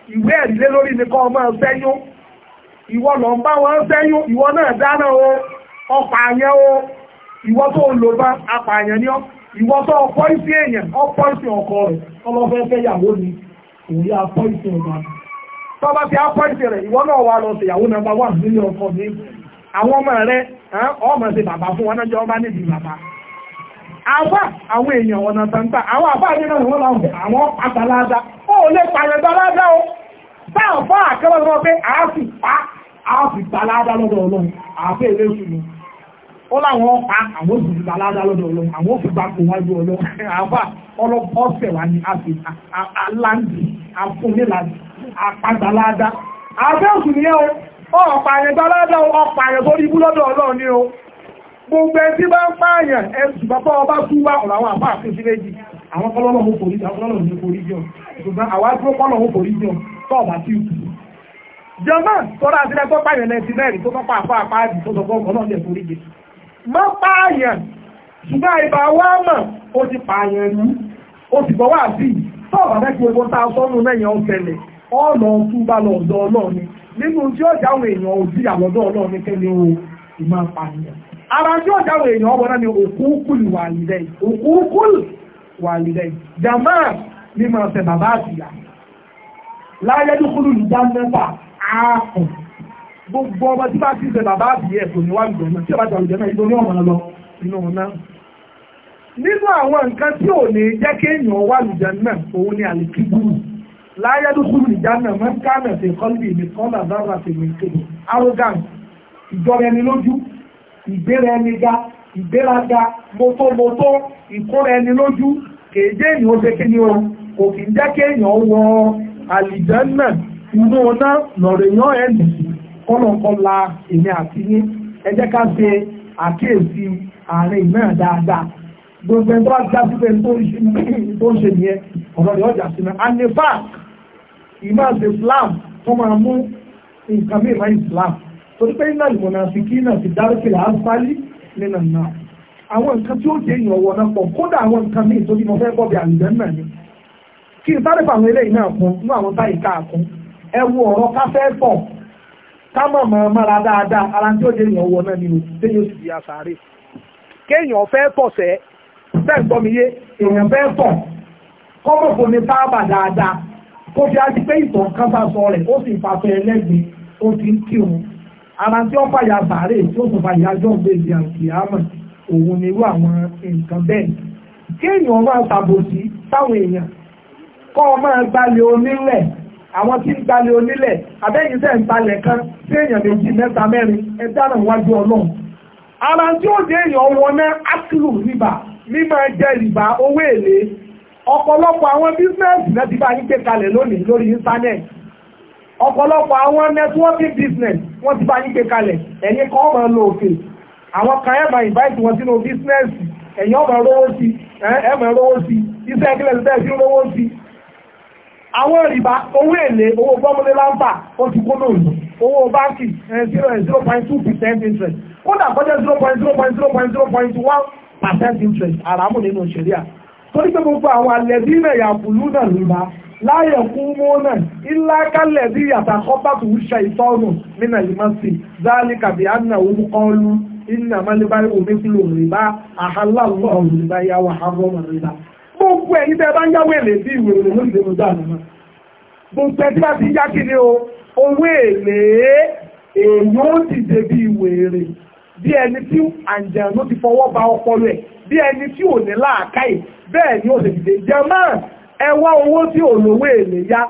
ìwé ẹ̀rí lé lórí ni kọ́ ọmọ ṣẹ́yún ìwọ lọ ń bá wọn ṣẹ́yún ìwọ náà dáná o ọpààyàn o ìwọ tó ń lò bá apààyàn ni ọ ìwọ tó ọpọ́ ìsí èèyàn ọpọ́ ìsí ọkọ rẹ̀ ọlọ́fẹ́fẹ́ yàwó ni òun yà apọ́ ìsí ọba tó bá ti apọ́ ìsí rẹ̀ ìwọ náà wà lọ sí ìyàwó nàmbà wà nílé ọkọ mi àwọn ọmọ rẹ ọmọ sí bàbá fún wọn náà jẹ́ ọba nídìí bàbá àbá àwọn èèyàn ọ̀nà tàǹtà àwọn àbá àdínà wọn làwọn àtàládá ó lè pàyàn dáadáa o báà bá àkẹ́wọ́ sọ pé àáfì pa àáfì dáadáa lọ́dọ̀ ọlọ́run àáfẹ́ ilé oṣù ni ó láwọn pa àwọn òbí dáadáa lọ́dọ̀ ọlọ́run àwọn òbí gbapò wájú ọlọ́run àáfà ọlọ́pọ̀ọ́sẹ̀ wá ní àfi aláǹdì afúnilàdì àpàdàláàdá àáfẹ́ oṣù ni ẹ o ọ̀pàyàn dáadáa ọ̀pàyàn tó rí ibú lọ́dọ̀ ọlọ́run ni o gbogbo ẹ tí bá ń pààyàn ẹ ṣùgbọ́n bá ọba túbà ọ̀rọ̀ àwọn àbá àfihàn méjì àwọn kọ́lọ́lọ́ mú forí àwọn kọ́lọ́lọ́ mú forí jọ ṣùgbọ́n àwọn àdúró kọ́lọ́ mú forí jọ tó ọ̀bà tí ì kú. jọmọ tọ́lá àtìlẹ́ tó pààyàn náà ti mẹ́rin tó kọ́ pa àpá apá àdì tó sọ fún ọkọ̀ náà lè forí jẹ. mọ́ pààyàn ṣùgbọ́n ìbá wa mọ̀ ó ti pààyàn ní ó sì bọ́ wá sí i tó ọ̀bà fẹ́ kí epo tá a sọ́nù náà yẹn ó tẹ̀lẹ̀ ọ̀nà túbà lọ́dọ̀ ọlọ́ọ̀ni nínú tí ó jáwé èèyàn òbí àlọ́dọ̀ ọlọ́ọ̀ni kẹ́lẹ́ o ìmọ̀ pààyàn. ara tí ó jáwé èèyàn ọ̀bọ̀n náà ni òkú kùlù wà nílẹ̀ òkú kùlù wà lílẹ̀ jàmá ní máa fẹ́ bàbá àtìyà láyé dúkúrú ní dáńdẹ́fà ààkùn gbogbo ọmọ tí bá ti fẹ́ bàbá àtìyà ẹ̀kọ́ ní wà lùdọ̀ náà tí ó bá ti àlùjẹ́ náà ìlú ní ọ̀mọ̀ lọ inú ọ̀nà nínú àwọn nǹkan tí ò ní jẹ́ kí èèyàn wà lùjẹ́ náà òun ni àlèkígbùrù láyé dúkúrú ní dáńdẹ́ mọ́ kánà fi kọ́lbì mi kọ́là dára fi mi kéde arrogant ìjọra ẹni lójú ìgbéra ẹni ga ìgbéraga mọ́tò mọ́tò ìkóra ẹni lójú kéèjé èyàn ó ṣe kí ni o kò kì í jẹ́ kí èyàn wọ àlìjánà inú ọ̀nà lọ̀rọ̀ èyàn ẹ̀dùn sí kọ́lọ̀kọ́lá èmi àti yín ẹ ká ṣe àkíyèsí àárín náà dáadáa gbogbo ẹgbẹ́ ajájú tó ń ṣe nìyẹn ọ̀rọ̀ ni ọjà sínú anifa imam islam tó máa mú nǹkan mìíràn islam torí pé iná ìmọ̀nà àfikí náà ti dárúkìlà asfali nínú náà àwọn nǹkan tí ó jẹ́ èèyàn ọwọ́ náà pọ̀ kódà àwọn nǹkan míì tó ní mo fẹ́ bí àlùjẹ́ ni kí n sáré fàwọn eléyìí náà kún ní àwọn táyì káàkún ẹ ọ̀rọ̀ ká fẹ́ pọ̀ ká mọ̀ mọ̀ mọ́ra dáadáa ara ni o yóò sì di àṣàrè kéèyàn fẹ́ pọ̀ sẹ́ bẹ́ẹ̀ gbọ́ mi yé èèyàn fẹ́ pọ̀ kọ́mọ̀ kò ní dáadáa kó fi pé ìtàn ó òun ni irú àwọn nǹkan bẹ́ẹ̀ kéèyàn máa ṣàbòsí táwọn èèyàn kọ́ ọ máa gbalẹ̀ onílẹ̀ àwọn tí ń gbalẹ̀ onílẹ̀ abẹ́yìn tẹ̀ ń gbalẹ̀ kan tí èèyàn méjì mẹ́ta mẹ́rin ẹ dára wájú ọlọ́run ara tí ó dé èèyàn wọn náà ákìlù rìbá mímọ jẹ rìbá owó èlé ọ̀pọ̀lọpọ̀ àwọn bísínẹ́sì náà ti bá yín gbé kalẹ̀ lónìí lórí íńtánẹ́ẹ̀tì ọ̀pọ̀lọpọ̀ àwọn nẹ́tíwọ́kì bísínẹ́sì wọ́n ti bá yín gbé kalẹ̀ ẹ̀yin kan máa lo òkè àwọn kan ẹ̀ máa invite wọn sínú bísínẹ́sì ẹ̀yìn ọmọ rówó sí ẹ̀ máa rówó sí iṣẹ́ ìpínlẹ̀ ìṣẹ́ ìṣẹ́ rówó sí. àwọn ìrìbá owó èlé owó gbọ́mọdé láǹfà ó ti kó lóòlù owó báńkì zero point two percent interest kódà kọjá zero point zero point zero point zero point one percent interest àràmù nínú òṣèré à torí pé gbogbo àwọn àlẹ́bí rẹ̀ yà bùlú náà lóba láyẹ̀ kú mọ́nà ilá kálẹ̀ bí yàtàkọ́ bá tòun ṣe ìtọ́nù nínú ìmọ̀sí záàlì àná òun kọ́ iná amalibari omi riba, lòun rí riba ya lọ́ọ̀rùn rí bá yá wà áwọ̀ ọmọ rí bá gbogbo ẹ̀yin tẹ́ bá ń yáwó èlé sí ìwé òun ló ń dèrò dáná mọ́ gbogbo ẹ̀tí ti yá kí o owó èlé èèyàn ó sì dé bí wèrè bí ẹni tí àǹjẹ̀ ló ti fọwọ́ ba ọpọlọ ẹ̀ bí ẹni tí ò ní láàkáì bẹ́ẹ̀ ni ó sì dìde jẹ́mọ́ ẹ wá owó tí ò lówó èlé yá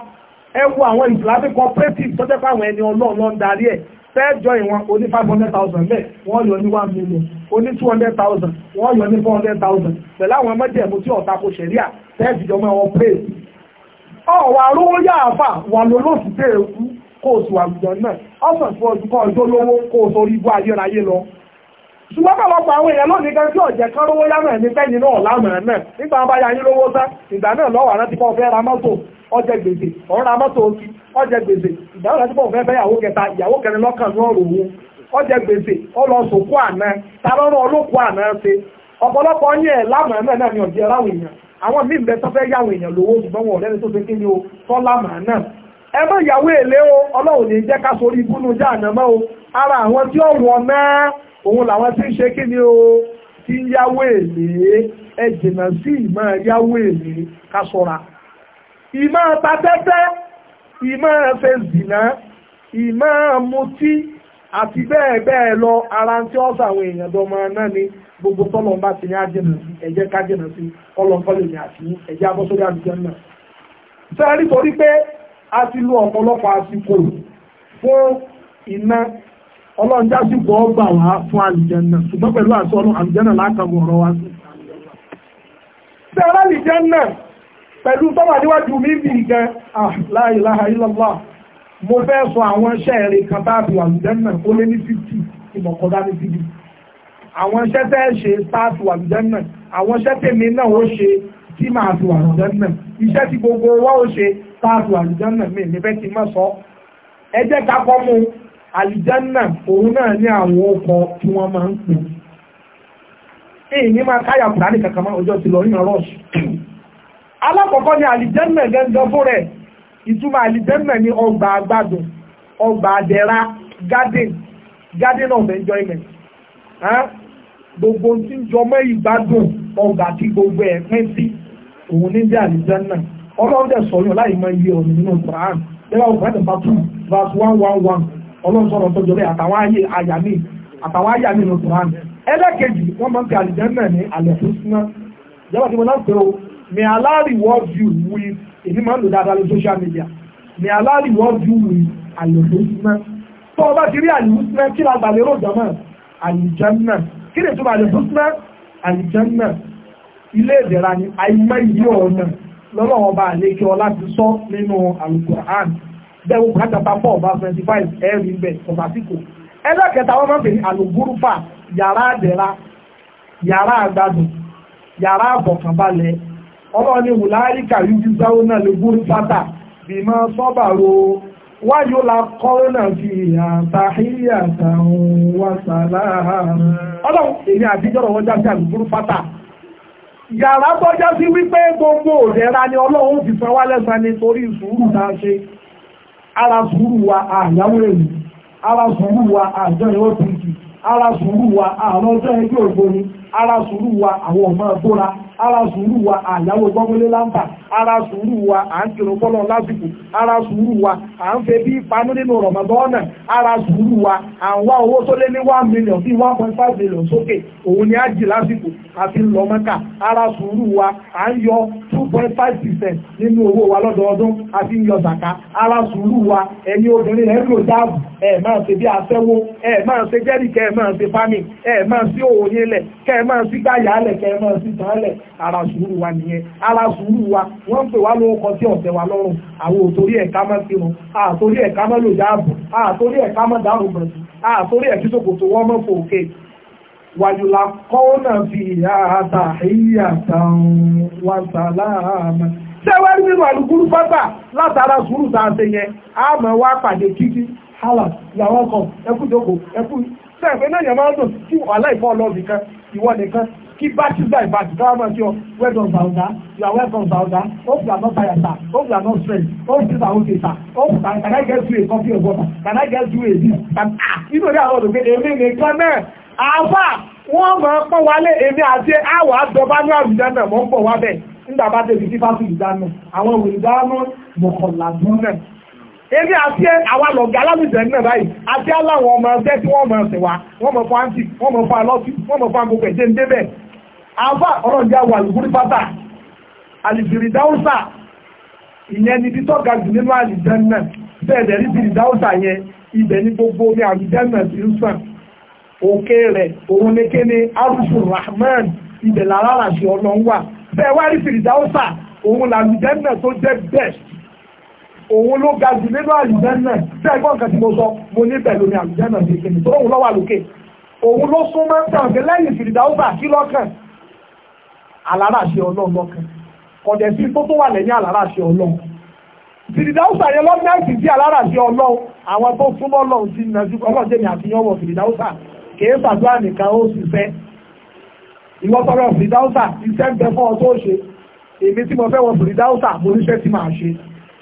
ẹ wo àwọn Islamic cooperative tó jẹ́ ẹni ọlọ́run ń darí ẹ̀ third join wọn oní five hundred thousand bẹ́ẹ̀ wọ́n yọ ní one million oní two hundred thousand wọ́n yọ ní four hundred thousand pẹ̀lú àwọn mọ́jẹ̀mú tí ọ̀tá kò ṣẹ̀ríà third jọmọ́ ẹ̀wọ̀n pray. ọ̀wà rówó yá àfà wà lólóòtú tẹ̀ ẹ̀kú kóòtù àwùjọ náà ọ̀sán fún ọdún kan ọjọ́ lówó kóòtù orí ibú ayérayé lọ ṣùgbọ́n pọ̀lọpọ̀ àwọn èèyàn lónìí kan tí ọ̀jẹ̀ kan lówó yámẹ̀ ní fẹ́yìn náà nígbà bá ya yín lówó tán ìgbà náà lọ́wọ́ rántí pọ̀ fẹ́ ra mọ́tò ọjẹ́ gbèsè ọ̀rọ̀ ra mọ́tò oṣù ọjẹ́ gbèsè ìgbà náà rántí pọ̀ fẹ́ fẹ́ kẹta ìyàwó kẹrin lọ́kàn ní ọ̀rọ̀ ọjẹ́ gbèsè òun làwọn tí ń ṣe kí ni o tí ń yáwó èlé ẹ jìnnà sí ìmọ̀ yáwó èlé ká ṣọ́ra ìmọ̀ ta tẹ́tẹ́ ìmọ̀ ṣe zìnà ìmọ̀ mutí àti bẹ́ẹ̀ bẹ́ẹ̀ lọ ara tí ó sàwọn èèyàn dọmọ náà ni gbogbo tọ́lọ̀ bá ti ní ajẹ́nà sí ẹ̀jẹ̀ kájẹ́nà sí ọlọ́kọ́lẹ̀ ní àti ẹ̀jẹ̀ abọ́sọ́dé àdìjẹ́ náà. sẹ́ẹ̀rí torí pé a ti lo ọ̀pọ̀lọpọ̀ àsìkò fún iná ọlọ́run jásí bọ́ gbà wá fún àlìjẹ́nà ṣùgbọ́n pẹ̀lú àti ọlọ́run àlìjẹ́nà látàgbọ̀ ọ̀rọ̀ wá sí bẹ́ẹ̀rẹ́ pẹ̀lú tọ́wà níwájú mi gẹ ah, la ilaha mo fẹ́ sọ àwọn iṣẹ́ rẹ̀ kan bá àlìjẹ́nà ó lé ní fífì ìmọ̀kọ́dá ní fífì àwọn iṣẹ́ tẹ́ ṣe sáàtù àlìjẹ́nà àwọn iṣẹ́ tèmi náà ó ṣe tí máa fi àlìjẹ́nà iṣẹ́ tí gbogbo wa ó ṣe sáàtù àlìjẹ́nà mi nífẹ̀ẹ́ ti mọ́ sọ ẹ jẹ́ ká kọ́ mu àlìjánà òun náà ní àwọn ọkọ̀ tí wọ́n máa ń pè èyí ní máa káyà kùránì kankan máa ọjọ́ ti lọ ní ọlọ́ọ̀ṣù alákọ̀ọ́kọ́ ni àlìjánà gẹ́gẹ́ fún rẹ̀ ìtumọ̀ àlìjánà ní ọgbà àgbàdùn ọgbà àdẹ̀ra garden garden of enjoyment gbogbo tí ń jọmọ́ ìgbádùn ọgbà tí gbogbo ẹ̀ pín sí òun ní bí àlìjánà ọlọ́run dẹ̀ sọ̀rọ̀ láì mọ iye ọ̀nà nínú kùránì lẹ́wọ̀n kùránì bá tún verse one one one ọlọ́sọ̀rọ̀ tó jọ bẹ́ẹ̀ àtàwọn ayé àyàmì àtàwọn àyàmì ló tún hàn ẹlẹ́kejì wọ́n máa ń pe àlìjẹ́mẹ̀ ní àlẹ́fúnsúná yàrá tí mo náà pé o may Allah reward èmi máa ń lò dáadáa lórí social media may Allah reward you with àlẹ́fúnsúná tó o bá ti rí àlẹ́fúnsúná kí la gbàlẹ́ rò jọmọ́ àlìjẹ́mẹ̀ kí lè túbọ̀ àlẹ́fúnsúná àlìjẹ́mẹ̀ ilé ìdẹ̀ra ni àìmọ́ ìyí ọ̀nà lọ́lọ́wọ́ bá àlékè láti sọ nínú Al-Qur'an bẹ́ẹ̀ wọ́n chapter four verse twenty five ẹ̀rí bẹ̀ ọ̀básíkò ẹlẹ́kẹta wọ́n máa ń pè ní àlùbúrúfà yàrá ni yàrá àgbàdùn yàrá àbọ̀kànbalẹ̀ ọlọ́ọ̀ni wùláríkà náà lè pátá bí mọ́ la kọ́rọ́nà fi àtàhíyàtà wàsàlá ọlọ́run èmi àbíjọ́rọ̀ yàrá tó gbogbo òdẹ́ra ni ọlọ́run fi ara sùúrù wa àyàwó èyí ara sùúrù wa àjọ ìwọ́pìtì ara sùúrù wa àrọ́jọ́ ẹgbẹ́ ògbóni ara sùúrù wa àwọn ọmọ ẹ̀bọ́ra ara sùúrù wa àyàwó gbọ́mọlé láǹbà ara sùúrù wa à ń kírun fọ́lọ́ lásìkò ara sùúrù wa à ń fẹ́ bí ìpanú nínú rọ̀mọ̀dọ́nà ara sùúrù wa à ń wá owó tó lé ní one million bí one point five million sókè òun ni á jì lásìkò àti lọ ara sùúrù wa à ń yọ two point five percent nínú owó wa lọ́dọọdún àti ń yọ zàká ara sùúrù wa ẹ̀yin obìnrin ẹ̀ ń dáàbò ẹ̀ máa ṣe bí aṣẹ́wó ẹ̀ máa ṣe jẹ́rìkẹ́ ẹ̀ máa ṣe fámì ẹ̀ máa ṣe kẹ́ máa sí gbàyà lẹ̀ kẹ́ máa sí tán lẹ̀ ara sùúrù wa nìyẹn ara sùúrù wa wọ́n pè wá lówó kan tí ọ̀tẹ̀ wa lọ́rùn àwọn òtórí ẹ̀ ká má kírun àtórí ẹ̀ ká má lò dáàbò àtórí ẹ̀ ká má dáàbò bẹ̀rẹ̀ àtórí ẹ̀ kíṣòkò wọ́n mọ́ fò òkè wàjùlá kọ́ọ̀nà fi àtà ìyàtàn wa sàlámà sẹ́wọ́n nínú àlùkùrù pátá látara sùúrù tá sẹ́ẹ̀fẹ́ náà yẹn máa ń lò sí aláìfọ́ ọlọ́ọ̀bì kan ìwọ nìkan kí bátígbà ìbàdí tó wá mọ̀ ọ hope you are not tired hope you are not stressed hope are hope get a coffee get a àwọn ah, olùgbé èmi nìkan náà wọ́n máa pọ̀ wálé èmi àti àwọ̀ ní àbújá eré àti àwọn àlọ́gà alábìsẹ̀ náà báyìí àti aláwọn ọmọ ẹgbẹ́ tí wọ́n mọ̀ ẹ̀sìn wa wọ́n mọ̀ fún àǹtí wọ́n mọ̀ fún alọ́tí wọ́n mọ̀ fún agbègbè jẹ́ ń débẹ̀ àfà ọ̀rọ̀ ìjà wà lùkúrí pátá àlìfìrì dáúsà ìyẹn ni bí tọ́ga jù nínú àlìjẹ́ náà bẹ́ẹ̀ dẹ̀ fìrì dáúsà yẹn ibẹ̀ ní gbogbo omi àlìjẹ́ náà ti ń sàn òkè rẹ̀ òun rahman ibẹ̀ lára àṣẹ ọlọ́run wà bẹ́ẹ̀ wá rí fìrì dáúsà òun òun ló ga jù nínú àlùjẹ́nà tí ẹgbọ́n kan tí mo sọ mo ní pẹ̀lú ní àlùjẹ́nà ti kìnnì tó òun lọ́wà lókè òun ló sún máa ń tàn pé lẹ́yìn ìfìdídà ó bà kí lọ́kàn aláràṣẹ ọlọ́run lọ́kàn kọ̀dẹ̀ sí tó tó wà lẹ́yìn aláràṣẹ ọlọ́run ìfìdídà ó sàyẹ lọ́mẹ́ǹtì sí aláràṣẹ ọlọ́run àwọn tó súnmọ́ ọlọ́run ti nàjú ọlọ́jẹ́ni àfihànwọ̀ ìfìdídà ó sà kèé sàdúrà nìkan ó sì fẹ́ ìwọ́sọ̀rọ̀ ìfìdídà ó sà iṣẹ́ ń bẹ fún ọ tó ṣe èmi tí mo fẹ́ wọ ìfìdídà ó sà mo níṣẹ́ tí màá ṣe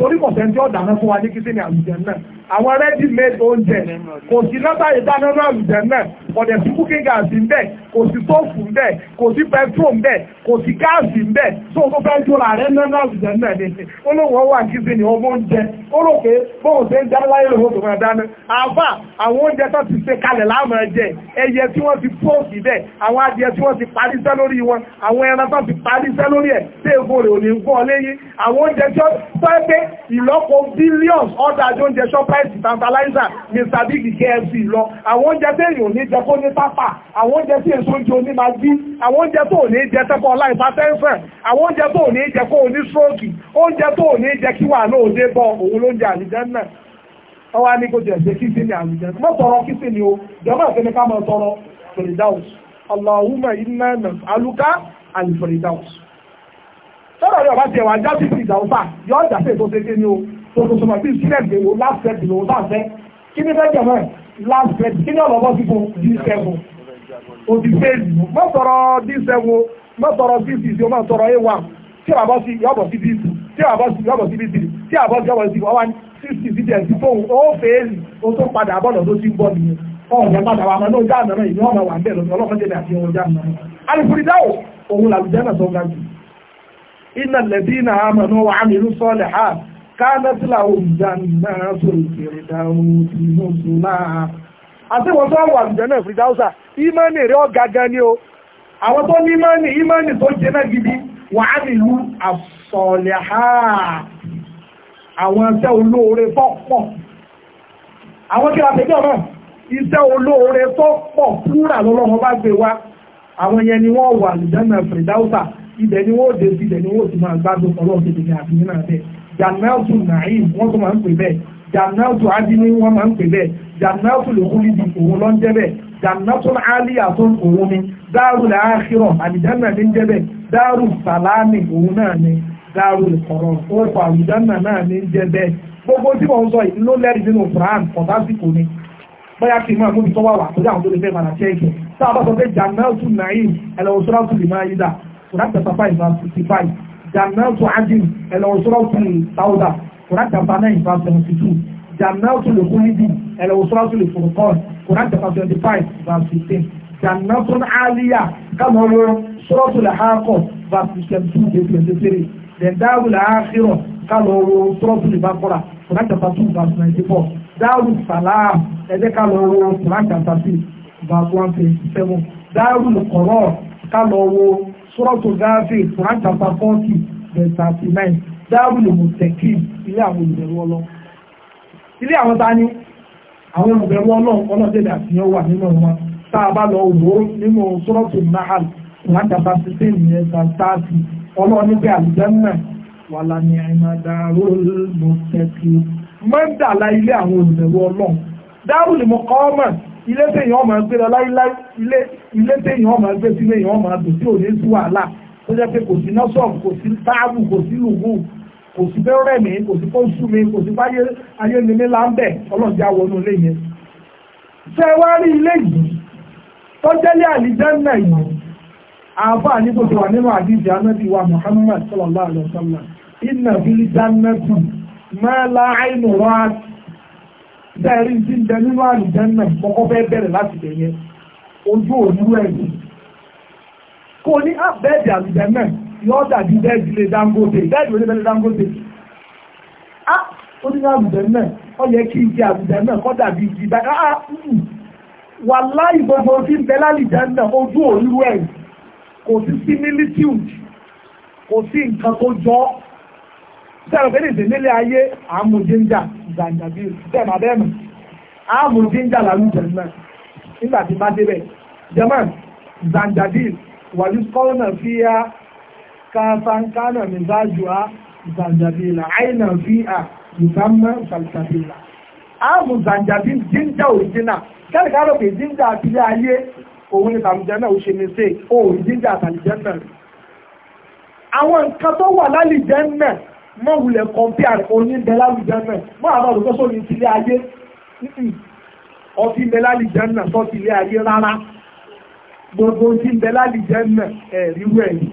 torí kò sẹ́ńtì ọ̀dáná fún wa ní kí sínú àlùjẹ náà àwọn rẹ́dí made oúnjẹ kò sí lọ́tà ìdáná náà àlùjẹ náà kò dẹ̀ sí cooking gas ń bẹ̀ kò sí tófù ń bẹ̀ kò sí petrol ń bẹ̀ kò sí gáàsì ń bẹ̀ tó o tó fẹ́ jó ra rẹ́ náà àlùjẹ náà ní ṣe olóhùn ọwọ́ àti sínú ọmọ oúnjẹ ó rò pé bóun ṣe ń dáná láyé lòun tó máa dáná àfà àwọn oúnjẹ tó ti ṣe kalẹ̀ láàmú ẹ̀jẹ̀ ẹyẹ tí wọ́n ti pọ́ọ̀sì bẹ́ẹ̀ àwọn adìẹ tí wọ́n ti parí sẹ́ lórí wọn àwọn ẹran tó ti parí sẹ́ lórí ẹ̀ tí èèfó rẹ̀ ò ní gbọ́ ọ léyìn àwọn oúnjẹ tó ẹ pé ìlọ́po billions ọ̀dà tó ń jẹ shoprite tantalizer mr big kfc lọ àwọn oúnjẹ tí èèyàn ò ní jẹ kó ní pápá àwọn oúnjẹ tí èso ń jẹ oní máa gbí àwọn oúnjẹ tó ò ní jẹ tẹ́kọ̀ ọlá hypertension àwọn oúnjẹ tó ò ní jẹ kó o ní stroke oúnjẹ tó ò ní jẹ kí wà náà ò dé bọ òun ló ń jẹ àlùjẹ́ náà ọwọ́ ní kò jẹ́ kí sí ní àwùjẹ́ mọ́ tọrọ kí sí ní o jọba ìfẹ́ni ká mọ́ tọrọ fèrèdáus Allahumma inna nas'aluka al-firdaus sọ́dọ̀ yóò bá jẹ wà já sí ìjà ọ̀sà yóò jà sí ètò ṣeṣe ni o tòkòtò bí student èwo last set lòun tá fẹ́ kí ni fẹ́ jẹ̀mọ́ ẹ̀ last set kí ni ọ̀lọ́bọ̀ sí fún d7 òdì fèèlì mọ́ sọ̀rọ̀ d7 mọ́ sọ̀rọ̀ d6 o mọ́ sọ̀rọ̀ a1 tí a bọ́ sí yọ̀bọ̀ sí d2 tí a bọ́ sí yọ̀bọ̀ sí d3 tí a bọ́ sí yọ̀bọ̀ sí ọwá sixty sí dẹ̀ sí fóun ó fèèlì o tó padà bọ́ọ̀lù tó ti ń bọ́ nìyẹn ọ̀rọ̀ padà wà mọ́ ní ọjà àná ìlú ọ̀nà wà ń bẹ̀ lọ́sọ̀ ọlọ́kọ̀ọ́jẹ̀ ní àti ọjà àná alifuridawo òun làlùjẹ́ náà sọ ga jù iná lẹ́bí amanu wa amilu salihat kánẹ́tì làwọn ìjànà sọ̀rọ̀ ìdáhùn ti mú sùlá. àti wọ́n tó wà lùjẹ́ náà ni o àwọn náà gidi wa amilu as-salihat náà iṣẹ́ olóore fọ́pọ̀ kúrà lọ́lọ́wọ́ bá gbé wa àwọn yẹn ni wọ́n wà lùjẹ́ ibẹ̀ ni wọ́n dé ibẹ̀ ni wọ́n ti máa gbádùn ọlọ́run tètè ní àfihàn náà bẹ́ẹ̀ jannatu na'im wọ́n tó máa ń pè bẹ́ẹ̀ jannatu adini wọ́n máa ń pè bẹ́ẹ̀ jannatu lukhulidi òun ló ń jẹ́ bẹ́ẹ̀ jannatu aliyatun òun ni darul akhirah àlìjánà ní ń jẹ́ bẹ́ẹ̀ dáàrù sàlámì òun náà ni dáàrù ìkọ̀rọ̀ orúkọ àlìjánà náà ní ń jẹ́ bẹ́ẹ̀ gbogbo tí mo ń sọ ìlú lẹ́rìí nínú Quran bóyá kí n máa múbi tọ́wọ́ wà tó dáhùn tó lè fẹ́ màdà ṣẹ́ẹ̀kì tá a bá sọ pé jannatu na'im ẹ̀lẹ́wọ̀sọ́rọ̀ tó lè máa yí dáa Quran chapter five verse 55. fifty-five jannatu adin ẹlẹ́wọ̀sọ́rọ̀ tún tàwùdà Quran chapter nine verse seventy-two jannatu lèkúlídì ẹlẹ́wọ̀sọ́rọ̀ tún lèkúlùkọ́n Quran chapter Verse five verse fifteen jannatu aliya kàmọ́rọ́ sọ́rọ́tù làákọ̀ verse twenty-two to twenty-three dẹ̀ndáwù làákìrọ̀ kàmọ́rọ́ sọ́rọ́tù lèbákọ́ra Quran chapter two verse ninety-four dáwù sàlám ẹ̀dẹ́ kàmọ́rọ́ Quran chapter six verse one twenty-seven dáwù kọ̀rọ̀ kàmọ́rọ́ sọ́rọ́tò gáfẹ́ ìtura chapter forty verse thirty nine dáàbùlù mùtẹ̀kì ilé àwọn olùbẹ̀rù ọlọ́ ilé àwọn ta ni àwọn olùbẹ̀rù ọlọ́run ọlọ́dẹ̀dẹ̀ àfihàn wà nínú wọn tá a bá lọ wò ó nínú sọ́rọ́tò nahal ìtura chapter sixteen verse thirty ọlọ́run nígbà àlùjẹ́mẹ̀ wà lánì àìmọ̀dàrú mùtẹ̀kì mọ́ńdàlá ilé àwọn olùbẹ̀rù ọlọ́run ilé téèyàn ọmọ ẹgbẹ́ lọ láíláí ilé téèyàn ọmọ ẹgbẹ́ sí léèyàn ọmọ ẹgbẹ́ tí ò ní sí wàhálà tó jẹ́ pé kò sí nọ́sọ̀m kò sí táàbù kò sí lùgù kò sí bẹ́rẹ̀ mi kò sí kóṣù mi kò sí báyé ayé ni mi láńbẹ̀ ọlọ́jà wọnú ilé yẹn. ṣé wá rí ilé yìí tó jẹ́lé àlìjẹ́nà yìí àáfà níbo wà nínú àdìsí anábì wa Muhammad sallallahu alayhi wa sallam inna fil bẹ́ẹ̀rí ti ń bẹ nínú àlùjẹ́ náà mọ́kọ́ fẹ́ bẹ̀rẹ̀ láti bẹ̀yẹ ojú òwúrú ẹ̀yìn kò ní àbẹ́ẹ̀dì ah, àlùjẹ́ náà yóò dàbí bẹ́ẹ̀dì lè Dangote bẹ́ẹ̀dì lè bẹ́ẹ̀dì Dangote á ah, ó ní àlùjẹ́ náà ó yẹ kí igi àlùjẹ́ náà kọ́ dàbí á wà láì gbogbo ń náà ojú jọ sẹ́rọ̀ pé nìsín nílé ayé àmú jíńjà gbàǹdàbí bẹ́ẹ̀ máa bẹ́ẹ̀ mọ̀ àmú jíńjà làlùjẹ̀ náà nígbà tí bá débẹ̀ jẹ́mọ̀ gbàǹdàbí wàlú kọ́nà fi ya káfáńkánà mi bá ju a gbàǹdàbí là àìnà fi a ìfàmọ́ gbàǹdàbí là àmú gbàǹdàbí jíńjà òjìnà kẹ́ríkà rò pé jíńjà àti ilé ayé òun ni tàlùjẹ́ náà ó ṣe ní sè òun jíńjà àtàlùjẹ́ náà àwọn nǹkan tó wà lálìjẹ́ náà mọ́ wulẹ̀ kọ̀mpíàrì oníbẹ̀ lálùjá náà mọ́ àwọn olùkọ́ sórí ìtìlẹ̀ ayé ọtí ń bẹ lálùjá náà sọ́tì ilé ayé rárá gbogbo tí ń bẹ lálùjá náà ẹ̀ríwú ẹ̀rí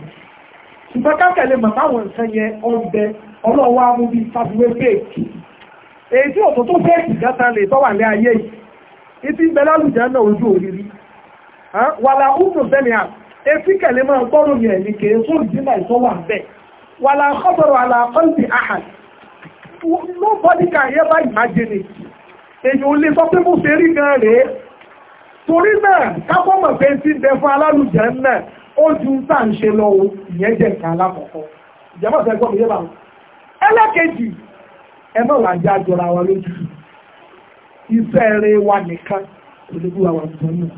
ṣùgbọ́n kákẹ́lẹ́ mọ̀ táwọn nǹkan yẹn ọ̀bẹ ọlọ́wọ́ amúbí fàfiwé fèèkì èyí tí òtún tó fèèkì gátà lè tọ́wà ní ayé yìí ìtì ń bẹ lálùjá náà ojú òrìrí wàlà húnú sẹ́ni à etí kẹ̀lé máa gbọ́rùn yẹn ní kèé sóòjì náà ìtọ́wà bẹ́ẹ̀ wàlà àkọ́bọ̀rọ̀ àlà àkọ́lùbì àhàn nobody can ever imagine it èyí ò lè sọ pé mo ṣe rí gan rèé torí náà kábọ̀mọ̀ pé ti bẹ fún alálùjẹ́ náà ó ju ń ń ṣe lọ o ìyẹn jẹ́ nǹkan alákọ̀ọ́kọ́ ìjọba ṣe gbọ́ mi yé báwọn ẹlẹ́kejì ẹ náà wà jẹ́ àjọra wa lójú iṣẹ́ eré wa nìkan kò lè gbúra wa lùjẹ́ náà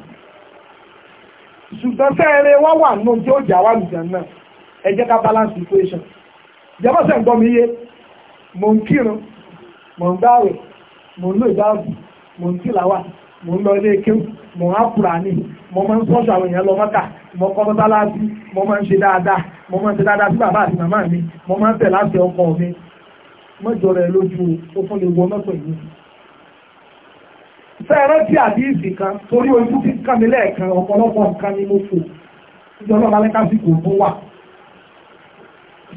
ṣùgbọ́n eré wa wà nù wa lùjẹ́ náà ẹ jẹ́ ká balance situation. ìjọba sẹ́ ń gbọ́ mi yé mò ń kírun mò ń gbáwẹ̀ mò ń lo ìdáàbò mò ń tìlàwà mò ń lọ ilé kéwù mò ń ápùrà ní mo máa ń sọ́ọ̀ṣù àwọn èèyàn lọ mọ́ta mo kọ́ mọ́sálásí mo máa ń ṣe dáadáa mo máa ń ṣe dáadáa sí bàbá àti màmá mi mo máa ń tẹ̀ láti ọkọ mi mọ́jọ rẹ̀ lójú ó fún lè wọ mọ́tò yìí fẹ́ẹ̀rẹ́ tí àdíìsì kan torí ojú kíkan mi lẹ́ẹ̀kan ọ̀pọ̀lọpọ̀ nǹkan ni mo fò ìjọba alẹ́kásíkò tó wà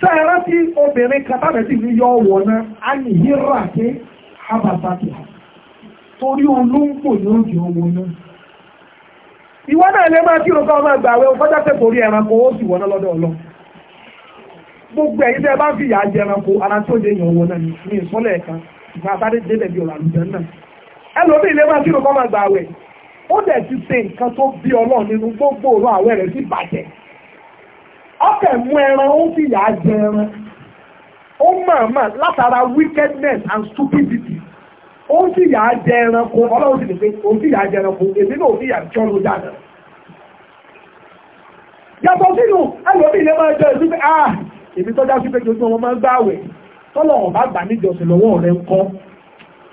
ṣe ẹ̀rọ tí obìnrin kàtàbẹ̀tì ní yọ ọ̀wọ̀ ati a torí olóńgbò ní òjì ọmọ náà ìwọ náà lè máa kí lóka ọmọ ẹgbàá wẹ torí ẹranko ó sì wọná lọ́dọ̀ ọlọ́ gbogbo ẹ̀yin tẹ́ bá fi ìyà jẹ ẹranko ara tí ó jẹ èèyàn ní ìsọ́lẹ̀ ẹ̀ka bí ọ̀rọ̀ náà ọkẹ̀ mú ẹran ó sì yà á jẹ ẹran ó mọ̀ọ́mọ̀ látara wickedness and stupidity ó sì yà á jẹ ẹran kó ọlọ́run sì lè pé ó sì yà á jẹ ẹran kó èmi náà ó sì yà á jọ́ ló dáadáa. yàtọ̀ sínú ẹlòmíì lè máa jẹ ìlú pé ah èmi tọ́já sí pé jòjú ọmọ máa ń gbààwẹ̀ tọ́lọ̀ ọ̀bá gbà níjọsìn lọ́wọ́ rẹ̀ ń kọ́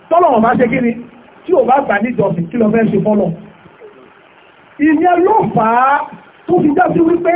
tọ́lọ̀ ọ̀bá ṣe kí ni tí ò bá gbà níjọsìn kí lọ fẹ́ ṣe fọ́lọ̀ ìyẹn ló fà á tó fi dá wípé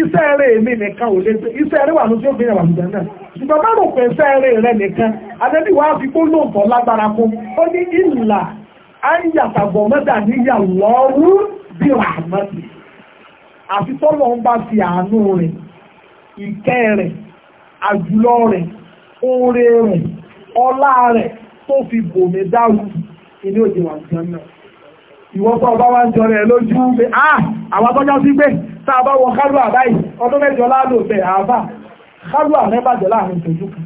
iṣẹ́ eré mi nìkan ò lè ṣe iṣẹ́ eré wà lójú òfin àwọn àbùdá náà ṣùgbọ́n má rò pé iṣẹ́ eré rẹ nìkan adébí wàá fi kó lóòótọ́ lágbára fún ó ní ìlà á ń yàtàgbọ̀ mọ́tà níyà lọ́rú bí ràmọ́tì àfi tọ́lọ̀ ń bá fi àánú rẹ̀ ìkẹ́ rẹ̀ àjùlọ rẹ̀ oore rẹ̀ ọlá rẹ̀ tó fi bòmí dáhù ilé òjò àbùdá náà ìwọ́pọ̀ ọba wa ń jọrẹ̀ lójú pé ah, àwọn tọ́jọ́ sí pé tá a bá wọ kálù àbáyìí ọdún mẹ́jọ láàlò bẹ̀ àbá kálù àmẹ́bàjẹ́ láàrin ìtọ́jú kan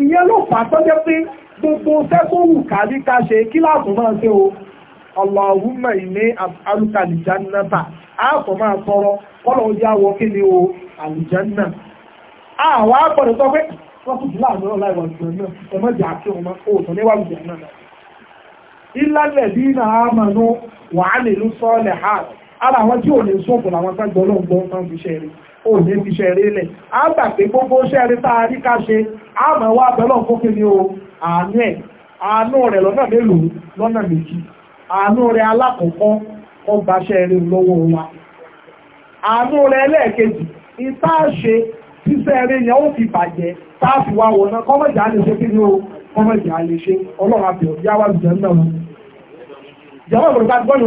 ìyẹn ló fà tó jẹ́ pé gbogbo sẹ́kùnrù kàrí ká ṣe kí láàtún máa ṣe o Allahumma inni as'aluka al-jannata àtọ̀ máa tọrọ kọ́lọ̀ ojú àwọ̀ kí ni o al-janna àwọn àpọ̀dọ̀ sọ ìlànà bí náà máa nú wàhálì ló sọ́ọ̀lẹ̀ hàtì ara àwọn tí ò lè sọ̀kùn làwọn ságbọ́ ọlọ́gbọ́n tán fi rí ò ní fi ṣe rí lẹ̀ á gbà pé gbogbo ṣe rí tá rí ká ṣe á mọ̀ wá bẹ́lọ̀ fókè ní o àánú ẹ̀ àánú rẹ̀ lọ́nà mélòó lọ́nà méjì àánú rẹ̀ alákọ̀ọ́kọ́ kọ́ gba ṣe rí lọ́wọ́ wa àánú rẹ̀ ẹlẹ́ẹ̀kejì ìta ṣe tíṣẹ́ rí yẹn ó fi bàjẹ́ tá a fi wá wọ̀nà kọ́mọ̀jà lè ṣe kí ni o kọ́mọ̀jà lè ṣe ọlọ́run àbẹ̀wò yáwá lùjẹ́ náà jẹ́wọ́ ìgbòrògbà gbọ́nù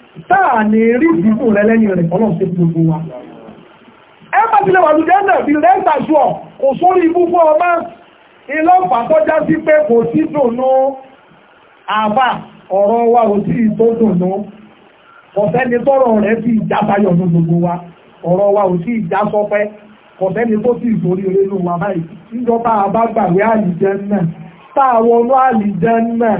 táà ní rí ìdìbò rẹ lẹ́yìn rẹ̀ ọlọ́run ṣe gbogbo wa ẹ bá tilẹ̀ wà lùjẹ́ náà bí lẹ́gbà sọ kò sórí ibú fún ọmọ ìlọ́pàá tó já sí pé kò sí dùnú àbá ọ̀rọ̀ wa ò sí tó dùnú kọ̀sẹ́ni tọ́rọ̀ rẹ̀ sí ìjásáyọ̀ ní gbogbo wa ọ̀rọ̀ wa ò sí ìjásọ́pẹ́ kọ̀sẹ́ni tó sì ìsorí orénú wa báyìí níjọba àbá gbàwé àlìjẹ́ náà táwọn ọlọ́ àlìjẹ́ náà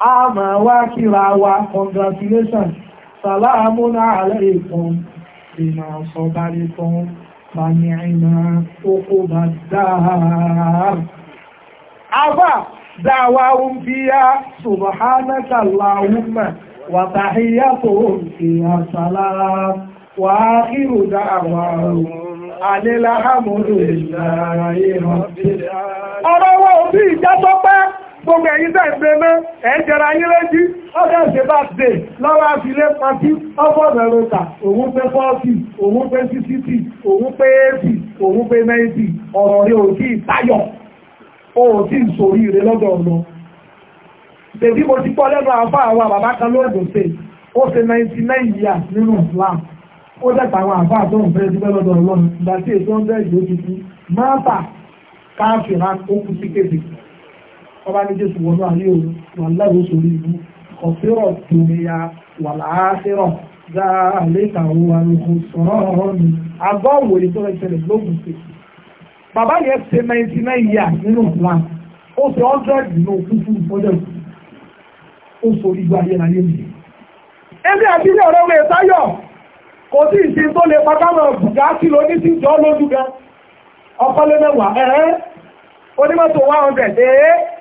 a máa wá kíra wa congratulations salamun alaykum bima sabartum fani'ima uqba dar afa da'wahum fiha subhanaka allahumma wa tahiyyatuhum fiha salam wa akhiru da'wahum alilhamdulillahi rabbil alamin ọ̀rọ̀ wọn bí ìjà tó pẹ́ gbogbo ẹ̀yin tẹ́ ìgbẹ́mẹ́ ẹ̀ẹ́jẹ̀rẹ̀ ayé lẹ́jí ọjọ́ ìṣẹ́ bá dé lọ́wọ́ àfilẹ́ pàtí ọgbọ̀nà rọta òun pé 40 òun pé 60 òun pé 80 òun pé 90 ọ̀rọ̀ rẹ̀ ò tí ìtayọ̀ ó tí ìṣòrí rẹ̀ lọ́dọ̀ lọ tèbí mo ti pọ́ lẹ́nu àfá àwọn àbàbá kan lóògùn pé ó ṣe 99 years nínú Islam ó dẹ̀ta àwọn àfá àtọ́hùn fẹ́ dúpẹ́ lọ́dọ̀ Ọlọ́run ìgbà tí èso 100 yóò ti kú máa bà káàfì rán ó kú sí kéde ọba ní jésù wọnú ayé òun wà láwọn sórí ìlú kọfírọ̀ tòmíyà wà láàáfírọ̀ dáa lẹ́ka òun àrùkù sọ̀rọ̀ ọ̀rọ̀ mi àgọ́ òwòye tó rẹ̀ṣẹ̀lẹ̀ ya sí bàbá yẹn ṣe ninety nine years nínú plan ó ṣe hundred nínú kúkú ìfọ́jọ́ ó sórí ìlú ayé láyé mi. ebi àti ilé ọ̀rọ̀ rẹ̀ sáyọ̀ kò sí ìṣe tó lè pàtàkì bùgátì lóní sí ìjọ lójú gan ọkọ lé mẹ́wàá ẹ̀ẹ́ onímọ̀tò one hundred ẹ̀ẹ́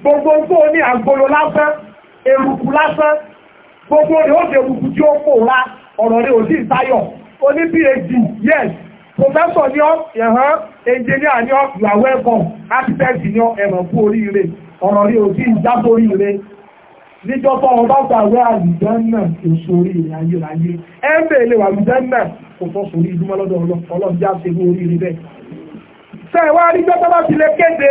gbogbo tó ní àgbòlò lásán èrùkù lásán gbogbo rẹ̀ ó dèrùkù tí ó pò lá ọ̀rọ̀ rẹ̀ ò sí ìtayọ̀ oní phd yes professor ní ọ́ ẹ̀hán engineer ní ọ́ you are welcome architect ní ọ́ ẹ̀ràn kú oríire ọ̀rọ̀ rẹ̀ ò sí ìjábóríire níjọ́ tó ọba gbàwé àlùjẹ́ náà kò sórí ilẹ̀ ayérayé ẹ ń bèèrè àlùjẹ́ náà kò tọ́ sórí ìdúmọ́ lọ́dọ̀ ọlọ́run bí a ṣe ní oríire bẹ́ẹ̀. sẹ́ẹ̀ wá rí gbọ́dọ̀ bá ti lè kéde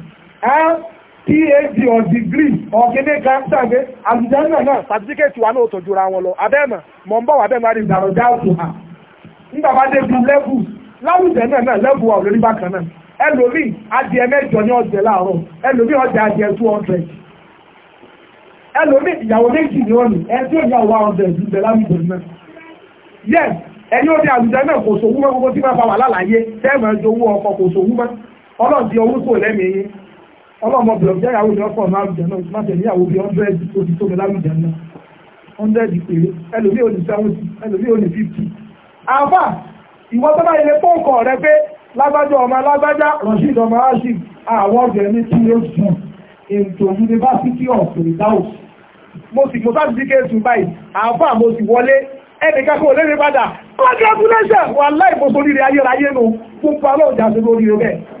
phd or degree ọ̀kẹ́lẹ́ kan náà sàtífíkẹ́tì wa náà tọ́jú ra wọn lọ abẹ́ẹ̀mà mọ̀ ń bọ̀ wà bẹ́ẹ̀ máa rí ìdàrọ̀já òtò nígbà bá dé bi lẹ́bù láwùjẹ́ náà náà lẹ́bù wà lórí bákan náà ẹlòmíì adìẹ mẹ́jọ ní láàárọ̀ ẹlòmíì ọjà adìẹ two hundred ẹlòmíì ìyàwó méjì ni wọ́n ní ọlọ́mọ bìrọ̀ jẹ́ ìyàwó ìjọ fọ̀ máa jẹ̀ náà máa tẹ̀lé ìyàwó bí hundred tó ti tó mi láwùjọ náà hundred péré ẹlòmíì ò ní seventy ẹlòmíì ò ní fifty. àfà ìwọ tó bá ilé fóònkọ rẹ pé lágbájá ọmọ lágbájá Rasheed ọmọ Rasheed àwọn ọgbẹ ní phd into University of Without mo sì mo sáti díkẹ́ ètò báyìí àfà mo sì wọlé ẹnìkan kò lè rí padà congratulations wà láì mo sórí rẹ ayérayé nu fún palọ́ ìjà sí lórí rẹ bẹ́ẹ̀.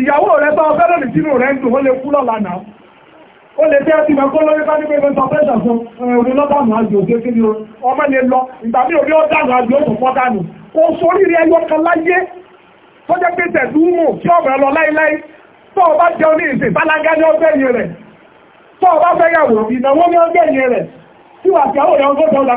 ìyàwó rẹ̀ bá ọgbẹ́ lónìí sínú rẹ̀ ń dùn ó lè kú lọ́la náà ó lè tẹ́ ti mẹ́kọ́ lórí bá ní pé mẹ́ta pẹ́sà sọ ẹ̀rùn lọ́dánù àjò òjò kí ni o ọmọ lè lọ ìgbàmí orí ọdánù àjò òjò fọ́dánù kò sórí rẹ̀ ẹyọ kan láyé tó jẹ́ pé tẹ̀dú mò kí ọ̀rọ̀ lọ láíláí tó o bá jẹ́ orí ìsìn bálágá ní ọgbẹ́ yẹn rẹ̀ tó o bá fẹ́ yàwó ìnáwó ní ọgbẹ́ yẹn rẹ̀ tí wà sí àwọn ọ̀rẹ́ ọgọ́ta ọ̀dà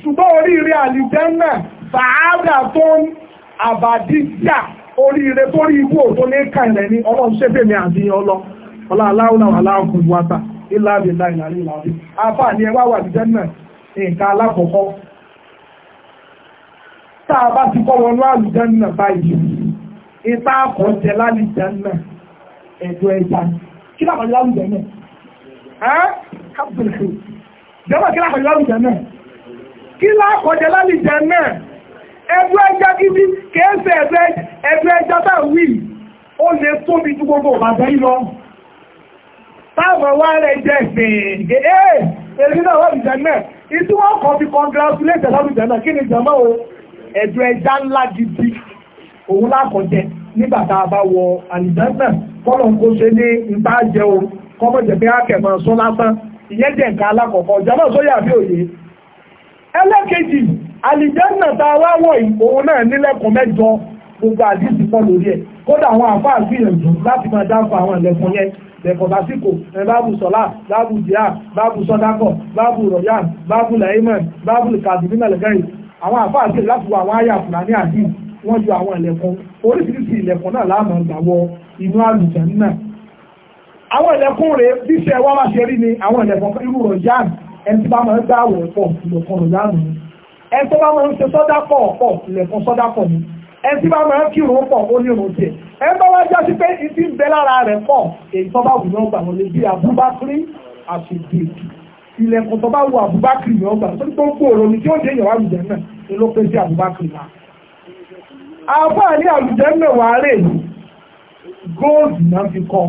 ṣùgbọ́n oríire àlìjẹ́nà sàádà tó ń àbàdíjà oríire tó rí ibú òtó ní kàìlẹ̀ ní ọlọ́run ṣẹ́fẹ̀mí àti ọlọ ọlá aláwọ̀nà aláàkùn wata ìlàbí láìláì láàbí afá ní ẹwà wà àlìjẹ́nà nǹkan alákọ̀ọ́kọ́ tá a bá ti kọ́ wọnú àlìjẹ́nà báyìí ìta àkọ́jẹ lálìjẹ́nà ẹ̀dọ́ ẹja kí láwọn láwùjẹ́ náà ẹ́ kápùtù kí láàkọjẹ lálìjẹ náà ẹgbẹ́ ẹja gidi kẹ́ẹ̀sẹ̀ ẹgbẹ́ ẹja bá wí ó lè tóbi ju gbogbo bàbá yìí lọ táwọn wá rẹ̀ jẹ́ ìpèǹgé ẹ̀ èrí náà lálìjẹ náà ìtú wọn kọ́ fi congratulate lálìjẹ náà kí ni jẹ́mọ́ o ẹ̀dùn ẹja ńlá gidi òun láàkọjẹ nígbà tá a bá wọ ẹlẹ́kejì àlìjẹ́nà tá a wáwọ̀ òun náà nílẹ̀kùn mẹ́jọ gbogbo àdìsí pọ̀ lórí ẹ̀ kódà àwọn àfáà gbìyànjú láti máa dáko àwọn ìlẹ̀kùn yẹn lẹ́kọ̀ọ́ lásìkò báàbù sọ́lá báàbù jíà báàbù sọ́dákọ̀ báàbù rọ̀yàn báàbù lẹ́yìnmọ̀ báàbù kàdìmínà lẹ́gẹ́rì àwọn àfáà gbìyànjú láti wọ àwọn àyà fúlàní àdìsí wọ́n ju àwọn ìlẹ̀kùn oríṣiríṣi ìlẹ̀kùn náà láàmà gbàwọ inú àlùjànnà àwọn ìlẹ̀kùn rẹ̀ bí iṣẹ́ wa máa ṣe rí ni àwọn ìlẹ̀kùn irú rọ̀yàn ẹni tó bá máa ń dáwọ̀ pọ̀ ìlẹ̀kùn ìyáàmù ni ẹni tó bá máa ń ṣe sọ́dá pọ̀ pọ̀ ìlẹ̀kùn sọ́dá pọ̀ ni ẹni tí bá máa ń kírun pọ̀ ó ní irun tiẹ̀ ẹni bá wá jẹ́ sí pé ìdí ń bẹ lára rẹ̀ pọ̀ èyí tó bá wù ní ọgbà wọn lè bí Abubakar àṣèjì ìlẹ̀kùn tó bá wù Abubakar ní ọgbà tó tó gbòòrò ni tí ó dé ìyàwó àwùjẹ náà ni ló pé sí Abubakar náà. àbá ní àwùjẹ náà wà rè góòlù náà fi kọ́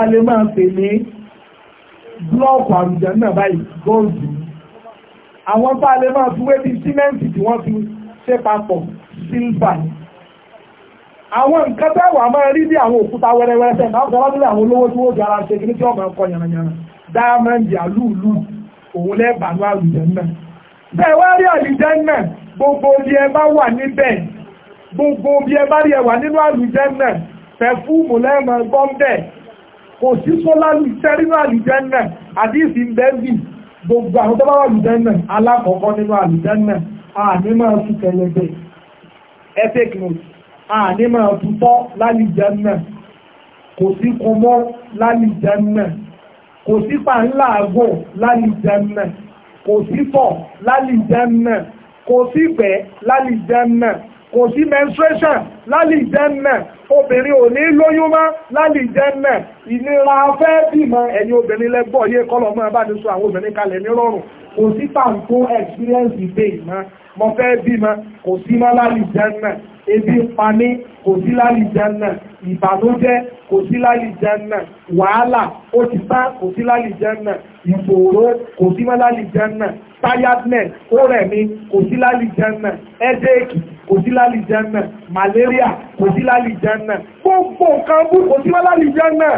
a lè máa pè ní blọ́ọ̀kù àrùjẹ́ náà báyìí góòlù àwọn bá lè máa fi wé bí símẹ́ǹtì tí wọ́n fi ṣe papọ̀ sílfà àwọn nǹkan tẹ́ wà máa rí bí àwọn òkúta wẹ́rẹ́wẹ́rẹ́ tẹ́ máa sọ́rọ́ nílẹ̀ àwọn olówó tí wọ́n jọ ara ṣe kí ní tí wọ́n máa kọ yànnàyànnà dáámẹ́ǹdì àlúùlù òun lẹ́bàánú àrùjẹ́ náà bẹ́ẹ̀ wá rí àrùjẹ́ náà gbogbo bí ẹ bá wà níbẹ̀ gbogbo bí ẹ bá rí ẹwà nínú àrùjẹ́ náà fẹ́ fúùmù lẹ́ẹ̀mọ́ gbọ́ńbẹ́ẹ̀ kò sí sọ́lá sẹ́rínú àlùjẹ́nà àdíìsì bẹ́ẹ̀bì gbogbo àwọn tó bá wà àlùjẹ́nà alákọ̀ọ́kọ́ nínú àlùjẹ́nà àní máa tún kẹlẹ́gbẹ́ ethic note àní máa tutọ́ lálùjẹ́nà kò sí kọmọ́ lálùjẹ́nà kò sí pàńláàgò lálùjẹ́nà kò sí tọ̀ lálùjẹ́nà kò sí pẹ̀ lálùjẹ́nà kò sí menstruation lálùjẹ́nà obìnrin ò ní lóyún mọ́ lálì jẹ́nà ìlera fẹ́ bímọ ẹ̀yin obìnrin lẹ́gbọ́ yé kọ́lọ̀ mọ́ bá ní sọ àwọn obìnrin kalẹ̀ ní rọrùn kò sí pàǹtó experience ìgbé ìmọ̀ mo fẹ́ bímọ kò sí mọ́ lálì jẹ́nà ebi pani kò sí láàrin jẹ́nà ìbànújẹ́ kò sí láàrin jẹ́nà wàhálà ó ti bá kò sí láàrin jẹ́nà ìṣòro kò sí láàrin jẹ́nà tiredness ó rẹ̀ kò sí láàrin jẹ́nà headache kò sí láàrin jẹ́nà malaria kò sí láàrin jẹ́nà gbogbo nǹkan bú kò sí mọ́ láàrin jẹ́nà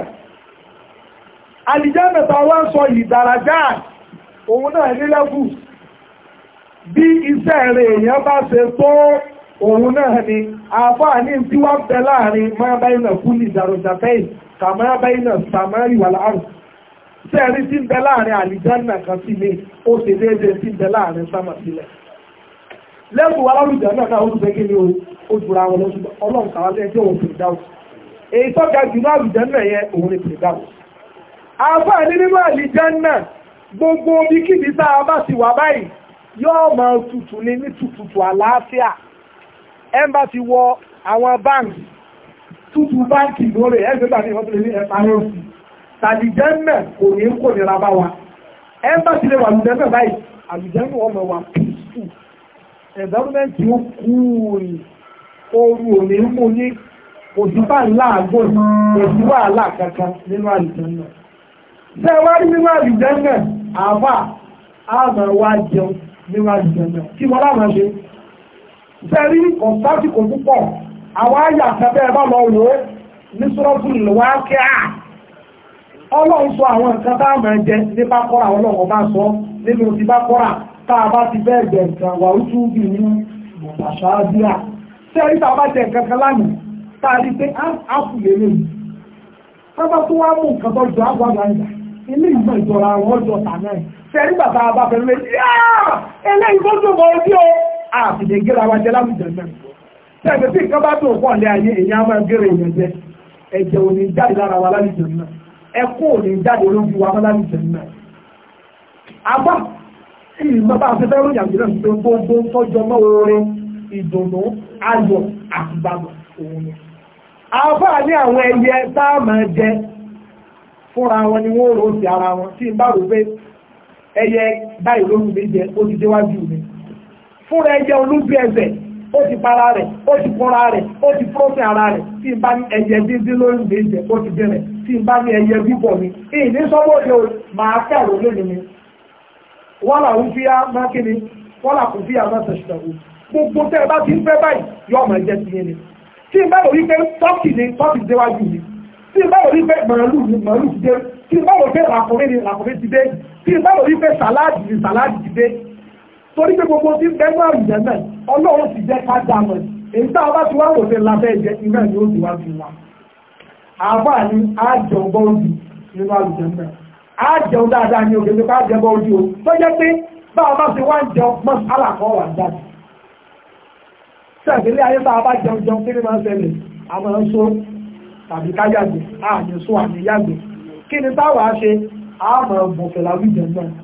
àlìjẹ́nà tá a wá ń sọ ìdàrájà òun náà ní bí iṣẹ́ rẹ̀ èèyàn bá ṣe tó òun náà ni àbá ní tí wọ́n bẹ láàrin máa bá iná kúlì ìdàrọ̀jàfẹ́ kà máa maa iná sàmárì wà láàrùn tí ẹni tí ń bẹ láàrin kan sí ilé ó sì déédé tí ń bẹ láàrin sámà sílẹ̀ lẹ́bùn alárùjá náà kí ni ó jura ọlọ́run kàwá tí òun pèrè dáwọ̀ dáwọ̀ ẹmbà ti wọ àwọn báńkì tútù báńkì lórí ẹgbẹ́gbà ní ìwọ́n tó lè ní ẹ̀pá lọ́sì tàbíjẹ́mẹ̀ kò ní kò ní bá wa ẹmbà ti lè wà lùdẹ́mẹ̀ báyìí àlùjẹ́mẹ̀ wọn mọ̀ wà pìsù ẹ̀dọ́rúmẹ́ntì ó kúrì ooru òní mú ní òṣìbá ńlá àgbò òṣì wàhálà kankan nínú àlùjẹ́mẹ̀ ṣé wá rí nínú àlùjẹ́mẹ̀ àbá àmọ̀ wá jẹun nínú àlùjẹ́mẹ̀ kí wọ́n láwọn ṣe sẹ́rí kọ̀ǹtàtìkò púpọ̀ àwọn àyà àtẹ́bẹ́ ẹ bá lọ wò ó ní sọ́rọ́tù lọ́wọ́ kíá ọlọ́run sọ àwọn nǹkan tá a máa jẹ ní bá kọ́ra ọlọ́run bá sọ nínú ti bá kọ́ra tá a bá ti bẹ́ẹ̀ jẹ nǹkan wà ó tún bì ní àṣáájúà sẹ́rí tá a bá jẹ nǹkan kan lánàá tá a rí pé á ah, fù lé lé yìí sábà tó wá mú nǹkan tó jọ àgbà gbàgbà ilé ìgbà ìjọra àwọn ọjọ́ tà náà sẹ́rí bàbá abáfẹ́ lé yáà eléyìí tó dùn àfìdè gíra wa jẹ láwùjọ náà tẹ̀sí tí nǹkan bá tó pọ̀ lé ayé èèyàn máa gèrè èèyàn jẹ ẹ̀jẹ̀ ò ní jáde lára wa láwùjọ náà ẹkún ò ní jáde lójú wa láwùjọ náà. àbá ìmọ̀ bá a fẹ́ràn ìyàwó náà tó gbogbo tọ́jọ́ mọ́ orin ìdùnnú ayọ̀ àtìgbàgbọ́ òun ni. àbá ní àwọn ẹyẹ tá a máa jẹ fúnra wọn ni wọ́n rò sí ara wọn tí n bá rò pé ẹyẹ báyìí lóhùn mi jẹ ó ti déwájú mi fúnra ẹ̀jẹ̀ olójú ẹsẹ̀ ó ti para rẹ̀ ó ti fúnra rẹ̀ ó ti fúnra ara rẹ̀ tí n bá ní ẹ̀jẹ̀ díndín lórí mi ẹ̀jẹ̀ ó ti bẹ̀rẹ̀ tí n bá ní ẹ̀jẹ̀ bíbọ̀ mi ìní sọ́wọ́ òde màá fẹ́ àròlé ni mi wọ́n là ń fíyà máa kí ni wọ́n là kò fíyà máa tẹ̀síta wò gbogbo tẹ́ ẹ bá ti ń fẹ́ báyìí yọ ọmọ ẹ̀jẹ̀ ti yẹn ni tí n bá lò wípé tọ́kì ni tọ́kì déwájú mi tí n bá lò wípé màálù ni màálù ti dé tí n bá lò wípé làkùnrin ni làkùnrin ti dé tí n bá lò wípé sàláàdì ni sàláàdì ti dé torí pé gbogbo tí bẹ́ẹ̀ náà rìn jẹ́ ọlọ́run sì jẹ́ ká dà mọ̀ èyí tá a bá ti wá wò sí labẹ́ ìjẹ́ iná ni ó ti wá fi wá àbá ni á jẹ ọgbọ́n òdì nínú àlùjẹ́ náà á jẹun dáadáa ní òkèlè ká jẹ ọgbọ́n òdì o tó jẹ́ pé bá a bá ti wá ń jẹun mọ́ àlàkọ́ wà jáde sẹ́ẹ̀kì ilé ayé tá a bá jẹun jẹun kí ni máa ń ṣẹlẹ̀ a máa ń sọ tàbí ká yàgbé àmì sọ àmì yàgbé kí ni táwa ṣe a máa bọ̀ fẹ̀lá wíjẹ náà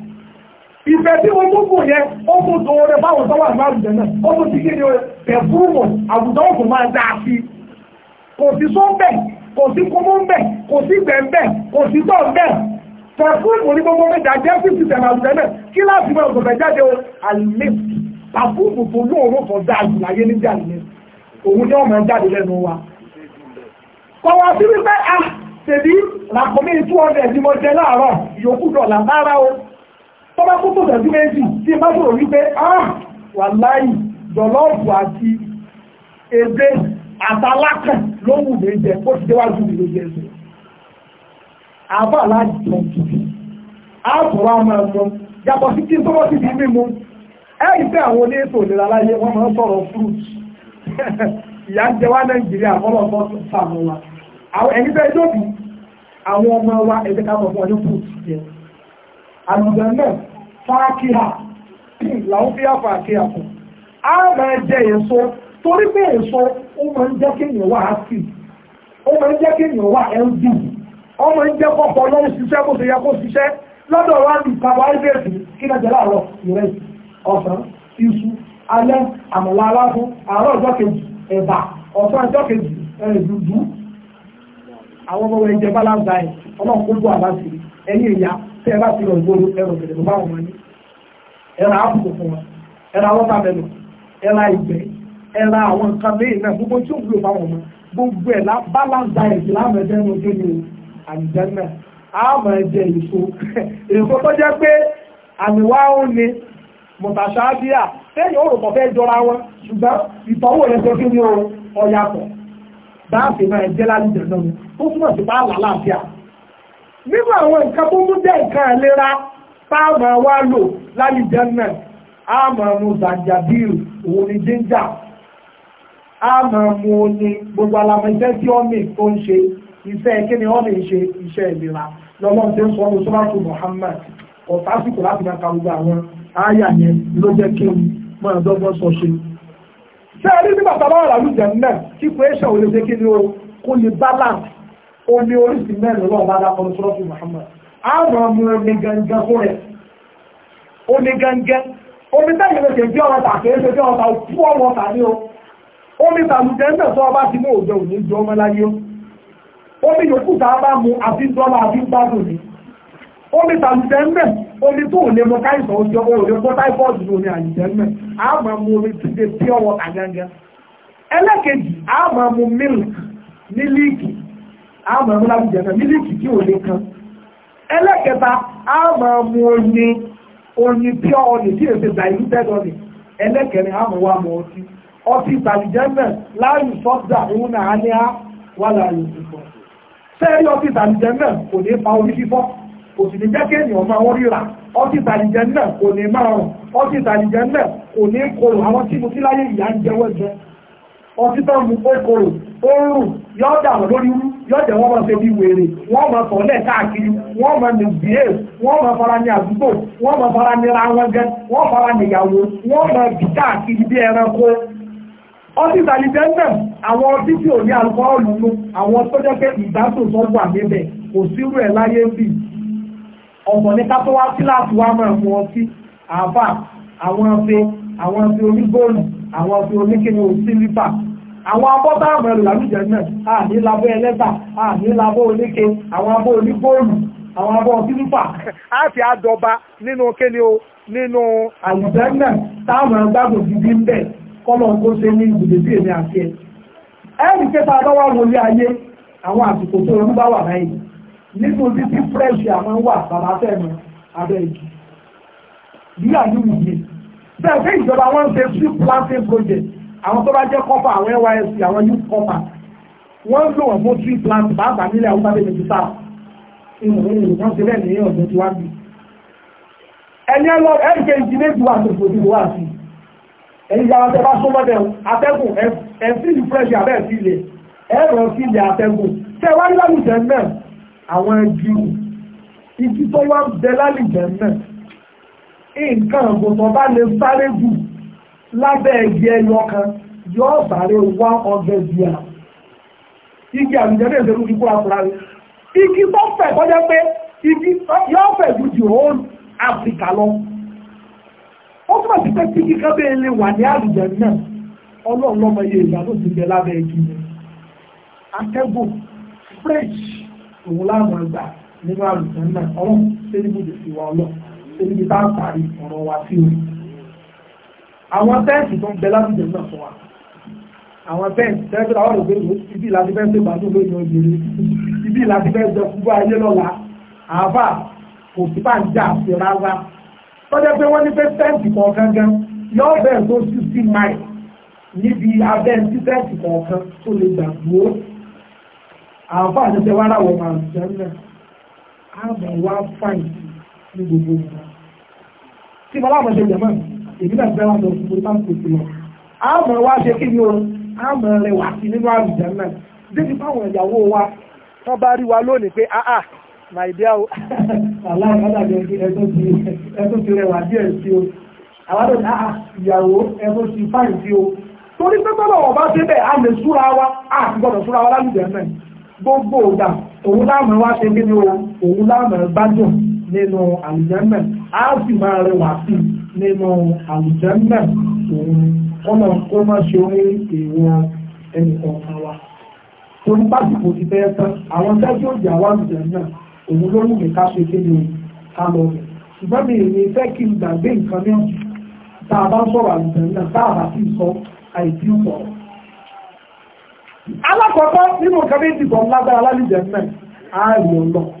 ìfẹ́ tí wọ́n tó kù yẹn ó mú tó rẹ báwọn tó wà ní àwùjọ náà ó mú ti kí ni pẹ̀fúrùmù àwùjọ òkú máa dá sí kò sí sóńbẹ̀ kò sí kúmúńbẹ̀ kò sí gbẹ̀ǹbẹ̀ kò sí tọ̀ǹbẹ̀ pẹ̀fúrùmù ní gbogbo méjà jẹ́ fífi tẹ̀lé àwùjọ náà kí láti máa sọ̀rọ̀ o àlùmíf pàfúrùmù tó lóòrò fọ́ dáàbò láyé níbi àlùmíf òun ni wọ́n máa jáde lẹ́nu wa kọ̀wá sí wípé ah tèmi làkọ̀mí two hundred ni mo jẹ láàárọ̀ ìyókù o tó bá kótó tẹ̀sí méjì tí bá tó rí pé ah wà láì jọlọ́ọ̀bù àti ebe àtàlákàn ló wù mí jẹ ó ti déwájú mi ló jẹ ẹsẹ̀ àbá láti jọ kìkì àtọ̀rọ̀ àmọ́ ẹ̀mọ́ yàtọ̀ sí kí n tọ́wọ́ sí ibi mímu ẹ̀yìn pé àwọn oníṣẹ́ òlera láyé wọ́n máa ń sọ̀rọ̀ fruit ìyá ń jẹ wá nàìjíríà fọlọ́fọ́ sàmù ẹ̀yìn pé ẹjọ́ bì àwọn ọmọ wa ẹ̀jẹ̀ ká fún ọdún fruit yẹn àlùjànnà fáàkìhà làwọn fi àfà a máa jẹ èso torí pé èso ó máa ń jẹ́ kéèyàn wà á sì ó máa ń jẹ́ kéèyàn wà ld ó máa ń jẹ́ kọ́kọ́ lọ́wọ́ ṣiṣẹ́ bó ṣe yẹ kó ṣiṣẹ́ lọ́dọ̀ wa ní carbohydrate kí náà ìyá tẹ́ bá ti lọ gbóòrò ẹrù gẹ̀rẹ̀ ló bá wọn ní ẹ̀rà ápùpù fún wọn ẹ̀rà wọ́tàmẹ́lò ẹ̀rà ìgbẹ́ ẹ̀rà àwọn nǹkan lẹ́yìn náà gbogbo tí ó wúlò bá wọn mọ́ gbogbo ẹ̀ lá balance diet lámẹ́jẹ́ ní ojú ni àjẹ́ náà àmọ́ ẹ̀jẹ̀ èso èso tó jẹ́ pé àmì wá ó ní mọ̀tàṣáàbíà tẹ́yìn ó rò pọ̀ fẹ́ jọra wọn ṣùgbọ́n ìtọ́wò rẹ̀ tó kí ni ó ọyàtọ̀ báàfin náà ẹ̀jẹ̀ lálẹ́ nínú àwọn nǹkan tó mú jẹ́ nǹkan ìlera táàmà wá lò lálìjẹ́nà àmà mu zanjabil òun ni jíńjà àmà mu oní gbogbo alamẹ́jẹ́ tí ọ́nì tó ń ṣe iṣẹ́ kíni ọ́nì ṣe iṣẹ́ ìlera lọ́lọ́run tí ń sọ ọ́nà sọ́lá Muhammad ọ̀tásìkò láti máa ka gbogbo àwọn ááyà yẹn ló jẹ́ kí n máa dọ́gbọ́n sọ ṣe. ṣé ẹ rí nígbà tá a wà lálùjẹ́ náà kí kò é ṣàwòlé ṣe kí ni o kò lè balance ó ní oríṣi mẹ́rin lọ́wọ́ bá dákọ̀ ní sọ́rọ́fù Muhammad àwọn ọmọ omi gangan fún rẹ̀ omi gangan omi tẹ́yìn lọ́sẹ̀ bí ọ̀rọ̀ tà kéré bí ọ̀rọ̀ tà òkú o ọmọ láyé o omi yòókù tá a bá mu àfi dọ́là àfi gbádùn ni omi tàlùjẹ́ ń bẹ̀ omi tó lè mọ káìsàn oúnjẹ òòrè fún táìfọ́ọ̀dù ní omi àlùjẹ́ ń a máa mu omi tí de bí ọ̀rọ̀ tà gangan ẹlẹ́kejì a máa mu mílìkì mílíkì àmọ̀ ẹ̀mú láti jẹ̀fẹ̀ dị tí ò lè kan ẹlẹ́kẹta àmọ̀ ẹ̀mú oyin oyin pure honey tí èsè diluted honey ẹlẹ́kẹrin àmọ̀ wà mọ̀ ọtí ọtí ìtàlìjẹ́mẹ̀ láàyè sọ́dà òun náà ní á wà láàyè òṣùpọ̀ sẹ́ẹ̀rí ọtí ìtàlìjẹ́mẹ̀ kò ní fa orí fífọ́ kò sì ní jẹ́ kí ènìyàn máa wọ́n ríra ọtí ìtàlìjẹ́ náà kò ní máa rùn ọtí ìtàlìjẹ́ náà kò ní àwọn tí mo ti láyé ìyá ń yọ́jẹ̀ wọ́n máa ṣe bí wèrè wọ́n máa sọ lẹ̀ káàkiri wọ́n máa ní bíè wọ́n máa fara ní àdúgbò wọ́n máa fara ní ra wọn gẹ wọ́n fara ní ìyàwó wọ́n máa bì káàkiri bí ẹranko. ọtí ìbàlíjẹ́ náà àwọn ọtí tí ò ní alukọ́ọ̀lù nu àwọn tó jẹ́ pé ìgbásùn tó wà níbẹ̀ kò sírú ẹ̀ láyé bì. ọ̀pọ̀ ní kátó wá sí láti wá máa mu ọtí àáfà àwọn ọtí àwọn ọtí onígóòlù àwọn ọtí oníkíni òsínlífà àwọn abọ́tá àmọ̀rẹ̀ làmìjẹ̀ náà àní labọ́ ẹlẹ́ta àní labọ́ oníke àwọn abọ́ onígbóòlù àwọn abọ́ sílífà àti àdọba nínú kéni o nínú àwùjẹ́ náà táwọn agbábọ̀ gidi ń bẹ̀ kọ́lọ̀ kó ṣe ní ibùdó sí èmi àti ẹ̀ ẹ̀rì kẹta àdọ́wà wọlé ayé àwọn àsìkò tó ń bá wà báyìí nínú títí fresh àwọn wà bàbá fẹ́ẹ̀mù abẹ́ ìjì bí àyè wùyé bẹ́ẹ̀ fẹ́ ìjọba wọn ṣe sweet planting project àwọn tó bá jẹ́ kọ́pà àwọn nysc àwọn youth kọ́pà wọ́n ń lò wọ́n fún tree plant bàbá nílẹ̀ àwọn bàbá ìbẹ̀tì sáà ìmọ̀ ìrìn kan ṣe bẹ́ẹ̀ ní ọ̀dọ̀ tí wọ́n bí ẹni ẹlọ ẹ̀rìkẹ́ ìdílé ju àtòkò ìdílé wá sí ẹni yàrá tẹ bá súnmọ́ bẹ̀rù atẹ́gùn ẹ̀fí ìlú fẹ́ṣì abẹ́ ẹ̀fí ilẹ̀ ẹ̀rọ sí ilẹ̀ atẹ́gùn tẹ wá ní lálùjẹ́ náà àwọn ẹjú igi tó wá ń bẹ lálùjẹ́ náà nǹkan ọ̀gbọ̀tọ̀ bá lè sáré jù lábẹ́ ẹgbẹ́ ẹyọ kan yóò bàárẹ̀ one hundred years igi àlùjẹ́dẹ̀ ìṣẹ́lú kíkó àkùrárẹ̀ igi tó fẹ̀ kọjá pé igi yóò fẹ̀ ju the whole Africa lọ ó túmọ̀ sí pé tí kíkọ́ bẹ́ẹ̀ lè wà ní àlùjẹ́ náà ọlọ́run lọ́mọ iye ìyá ló ti bẹ lábẹ́ igi atẹ́gùn fresh òun láwọn àgbà nínú àlùjẹ́ náà ọlọ́run ṣé níbi ìdòsí wa ọlọ́run ṣé níbi bá ń parí ọ̀rọ̀ wa sí òun àwọn tẹ́ǹtì tó ń bẹ láti jẹ náà fún wa àwọn tẹ́ǹtì tẹ́ǹtì àwọn òbí ibi láti fẹ́ ṣe ìbàdàn lóyún obìnrin ibi láti fẹ́ jẹ fúbú ayé lọ́la àbá kò sí bá ń jà sí rárá tọ́jọ́ pé wọ́n ní pé tẹ́ǹtì kan gángan yóò bẹ̀rẹ̀ tó sixty mile níbi abẹ́ tí tẹ́ǹtì kọ̀ọ̀kan tó lè gbà dúró àbá àtẹ̀tẹ̀ wàrà wọ̀ máa jẹ́ náà àbọ̀ wá fáìn ní gbogbo ìgbà tí mo láwọn ọmọdé jẹ mọ́ mi èmi náà fẹ́ràn lọ sí torí táwọn kò sí lọ. àmọ́ wa ṣe kí ni o àmọ́ rẹ wà sí nínú àlùjá náà débi fáwọn ìyàwó wa wọ́n bá rí wa lónìí pé áà ah, ah, my dear o. aláàbò àdàbẹ̀ ẹ̀tọ́ ti rẹwà díẹ̀ sí o àwọn àdàbẹ̀ áà ah, ìyàwó ẹ̀tọ́ ti fáìn sí o torí pé tọ́lọ̀ wọ̀ bá débẹ̀ a lè súra wa a ti gbọ́dọ̀ súra wa lálùjá náà gbogbo ìgbà òun láàmú wa ṣe kí ni o òun láàmú bá dùn nínú àlùjànnà á sì máa rẹwà sí nínú àlùjànnà òun kọ́nà kó má ṣe orí èèwọ̀ ẹnì kọ̀ọ̀kan wa tó ń pàṣípò ti fẹ́ tán àwọn tẹ́jú òjà wà àlùjànnà òun ló mú mi ká ṣe kéde ká lọ rẹ̀ ṣùgbọ́n mi ìrìn fẹ́ kí n gbàgbé nǹkan náà tá a bá ń sọ̀rọ̀ àlùjànnà tá a bá sì sọ àìsí ọ̀rọ̀ alákọ̀ọ́kọ́ nínú nǹkan méjì lágbára lálùjànnà ààrẹ ọlọ́ọ̀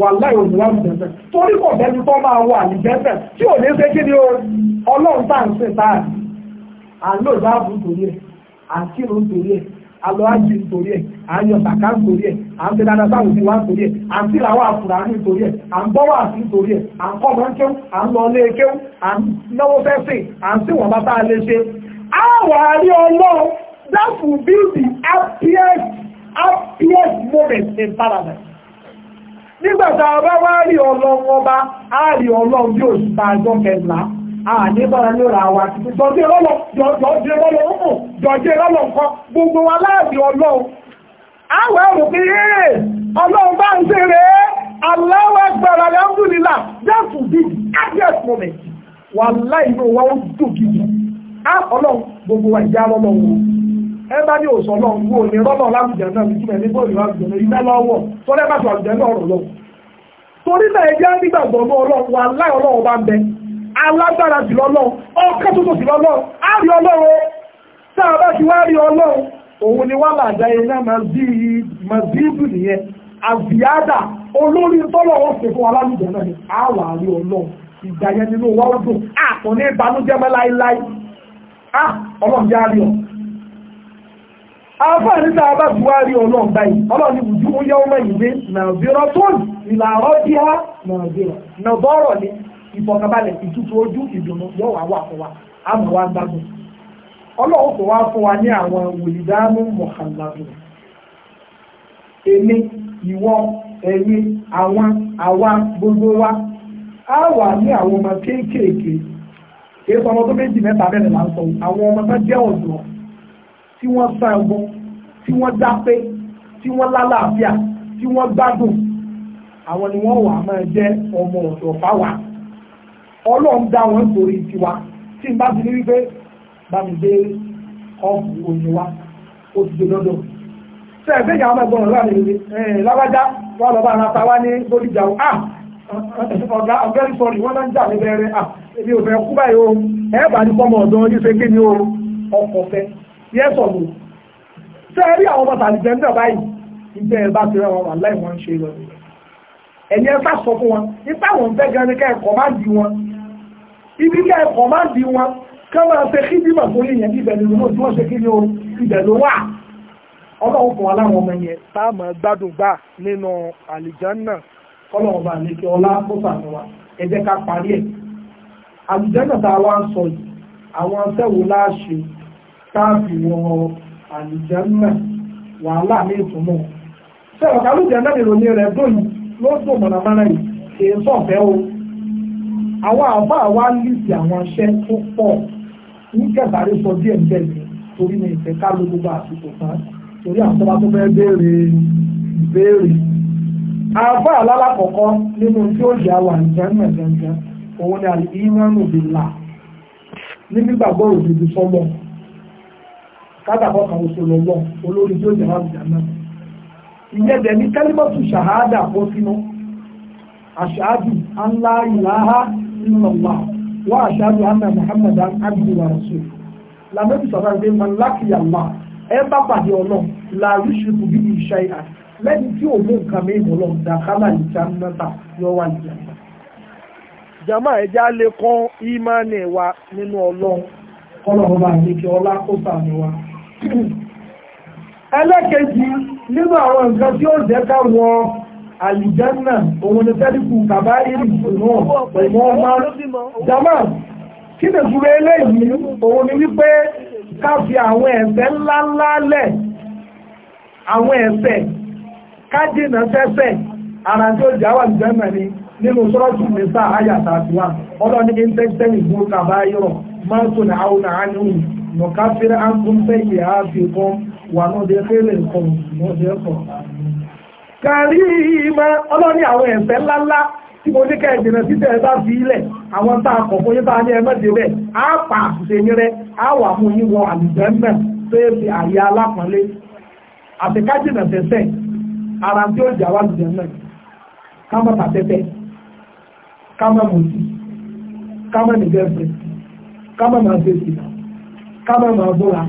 wà láì òdùwà ìbẹ̀fẹ̀ torí kò bẹ́ni tó máa wà níbẹ̀fẹ̀ tí ò ní ṣe kí ni ọlọ́run tá à ń sè táà ní à ń lò dáàbò torí ẹ̀ à ń kírun torí ẹ̀ à lọ ájì torí ẹ̀ à ń yọ sàká torí ẹ̀ à ń fi dáadáa sáwọn òbí wa torí ẹ̀ à ń tìlà wà fúra ní torí ẹ̀ à ń bọ́wọ́ àti torí ẹ̀ à ń kọ́ ọmọ kéwù à ń lọ that will be the happiest happiest moment in paradise. nígbàtà ọba wá rí ọba á rí ọlọ́run bí òṣìṣà àjọ kẹta àníbára ní ọ̀rọ̀ àti jọjẹ́ jọjẹ́ kọ gbogbo wa láàbí ọlọ́run àwọ̀ ẹ̀rù pé rẹ̀ ọlọ́run bá ń rẹ̀ aláwọ̀ ẹ bá ní òsàn náà wò ní rọ́lọ́ náà tuntun ẹ̀ nígbà òyìnbó àwùjọ náà iná lọ́wọ́ tọ́lẹ́ bá tó àwùjọ náà rọ̀ torí náà ọlọ́run láì ọlọ́run bá ń bẹ alágbára sí lọ́lọ́run tó tó sí lọ́lọ́run á rí ọlọ́run tá a bá ti wá rí ọlọ́run òun ni wà afáà nígbà bá ti wá rí ọlọ́run báyìí ọlọ́run ní ojú ó yá ọmọ ìwé nàbírọ tó ìlàrọ́ bí á nàbírọ nàbọ́rọ̀ ni ìfọ̀kànbalẹ̀ ìtútù ojú ìdùnnú yóò wá wà fún wa àmọ́ wa gbádùn ọlọ́run kò wá fún wa ní àwọn wòlídánù mọ̀kànlélàbù èmi ìwọ ẹ̀yin àwọn àwa gbogbo wa á wà ní àwọn ọmọ kéékèèké kì í sọ ọmọ tó méjì mẹ́ta bẹ́ẹ̀ tí wọ́n sangun tí wọ́n dápé tí wọ́n lálàáfíà tí wọ́n gbádùn àwọn ni wọ́n wà máa jẹ́ ọmọ ọ̀dọ̀ fáwa ọlọ́run dá wọn sórí tiwa tí n bá ti ní wípé bá mi dé ọ̀pù òyìn wa ó ti dé lọ́dọ̀ ṣe ẹ̀fẹ́ ìyá ọmọ ẹ̀gbọ́n ọ̀rọ̀ àlejò lágbájá wọn lọ bá ara ta wá ní bódìjà o ah ọ̀gá ọ̀gẹ́rì sọ̀rọ̀ wọn náà ń jà níbẹ̀rẹ̀ ah èmi ò fẹ́ kú báyìí o ẹ̀ bá ní pọ́mọ ọ̀dọ́ yìí ṣe kí ni o ọkọ̀ fẹ́ yes or no ṣé ẹ rí àwọn ọmọ tàlìjẹ́ ń bẹ̀ báyìí ìjẹ́ ẹ bá ti rẹ̀ wọn wà láì wọ́n ń ṣe lọ ẹ̀yẹ ẹ bá sọ fún wọn nípa àwọn ọ̀fẹ́ gan ni ká ẹ̀kọ́ máa di wọn ibi ká ẹ̀kọ́ máa di wọn ká máa ṣe kí bímọ tó lè yẹn ibẹ̀ ló mọ̀ tí kí ni o ibẹ̀ ló wà ọlọ́run fún wa láwọn ọmọ yẹn tá a máa gbádùn gbà nínú àlìjánà kọ́lọ́run bá ní kí ọlá kó sàánú wa ẹ jẹ́ ká parí ẹ̀ àlìjánà tá a wá ń sọ yìí àwọn sẹ́wò láàṣẹ táàbì wọ àlùjẹ́mẹ̀ wàhálà ní ìtumọ̀ ṣé ọ̀gá lóde ẹ̀dá ìròyìn rẹ̀ dùn ló dùn mọ̀nàmọ́nà yìí kì í sọ̀fẹ́ o àwọn àbá wa lìsì àwọn iṣẹ́ tó pọ̀ ní kẹtàrí sọ díẹ̀ níbẹ̀ ni torí ní ìfẹ́ ká ló gbogbo àsìkò kan torí tó fẹ́ béèrè àbá alálàkọ̀kọ́ nínú tí ó yà wà òun ni là ní gbígbàgbọ́ kádàbọ̀ kan oṣù lọ́wọ́ olórí tí ó jẹ́ wà lùjá ìyẹn dẹ̀ ní kálímọ̀tù ṣàhádà kó sínú àṣáájú anlá ìlàhá àṣáájú anna muhammad abdu rasul làmẹ́bí sọ̀rọ̀ àgbẹ̀ man lákìyà lá ẹ bá pàdé ọlọ́ ṣubú iṣẹ́ ìhà lẹ́yìn tí òun dàkálà ìjà mẹ́ta yọ wà lùjá jama ẹja lè kọ́ ìmánì wa nínú kí ọlá ẹlẹ́kejì nínú àwọn nǹkan tí ó jẹ́ ká wọ àlìjánà òun ni tẹ́lifù kàbá ìrìn ìṣòro pẹ̀lú ọmọ jama kí ni ìṣúra eléyìí òun ni wípé ká fi àwọn ẹ̀ṣẹ̀ ńláńlá lẹ̀ àwọn ẹ̀ṣẹ̀ ká dènà sẹ́ṣẹ̀ ara tí ó jẹ́ àwọn ni nínú sọ́rọ̀tù nìsá àyàtà àtiwá ọlọ́ni intestine ìgbó kàbáyọ̀ máa tó ní àwọn àánúhù nọ̀ká fẹ́rẹ́ ángúnfẹ́ yìí á fi wà náà dé fẹ́rẹ̀ kan ẹ̀kọ́ kàrí nkọrọ. ọlọ́ni àwọn ẹ̀fẹ́ ńláńlá tí mo ní kẹ́ẹ̀dìnà títẹ̀ bá fi ilẹ̀ àwọn tá a kọ̀ fún yín ní ẹmẹ́dẹ̀ rẹ̀ á pa àṣìṣe rẹ̀ á wà ká má mú sí ká má ní gẹ́fẹ̀ ká má máa fèsì ká má máa búra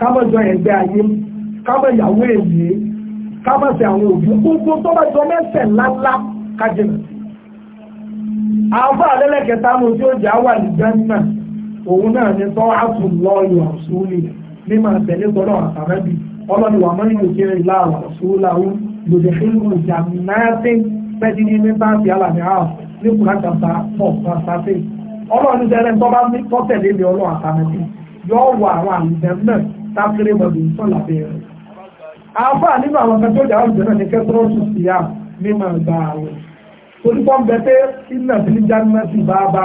ká má jọ ẹgbẹ́ ayé ká má yàwó èyí ká má ṣe àwọn òbí gbogbo tó bá jọ mẹ́sẹ̀ ńláńlá ká jìnà. àwọn alẹ́lẹ́kẹta mo tí ó jà wà ní Jánnà òun náà ní tọ́ àtúnlọ́ ìwà òṣùlì mímọ àtẹ̀lé gbọ́dọ̀ àtàrẹ́bì ọlọ́ni wà mọ́ nínú kí ìlà àwọ̀ òṣùlà ó lòdì fún ìjà náà tí pẹ́ẹ́dì ní ní bá ti alàmì ní kùrá jàmbá pọ̀ pàṣẹ ọlọ́run tẹ́lẹ̀ tó bá ní tọ́tẹ̀lé ní ọlọ́run àtàmẹ́tì yóò wọ àwọn àlùjẹ náà tákéré mọ̀dún sọ lábẹ́ rẹ̀ àáfà nínú àwọn kan tó yàrá òjò náà ní kẹ́tọ́rọ́ sùn sí à mímọ̀ ìgbà àwẹ̀ torí pọ́n bẹ pé iná sí ní jáde sí bá bá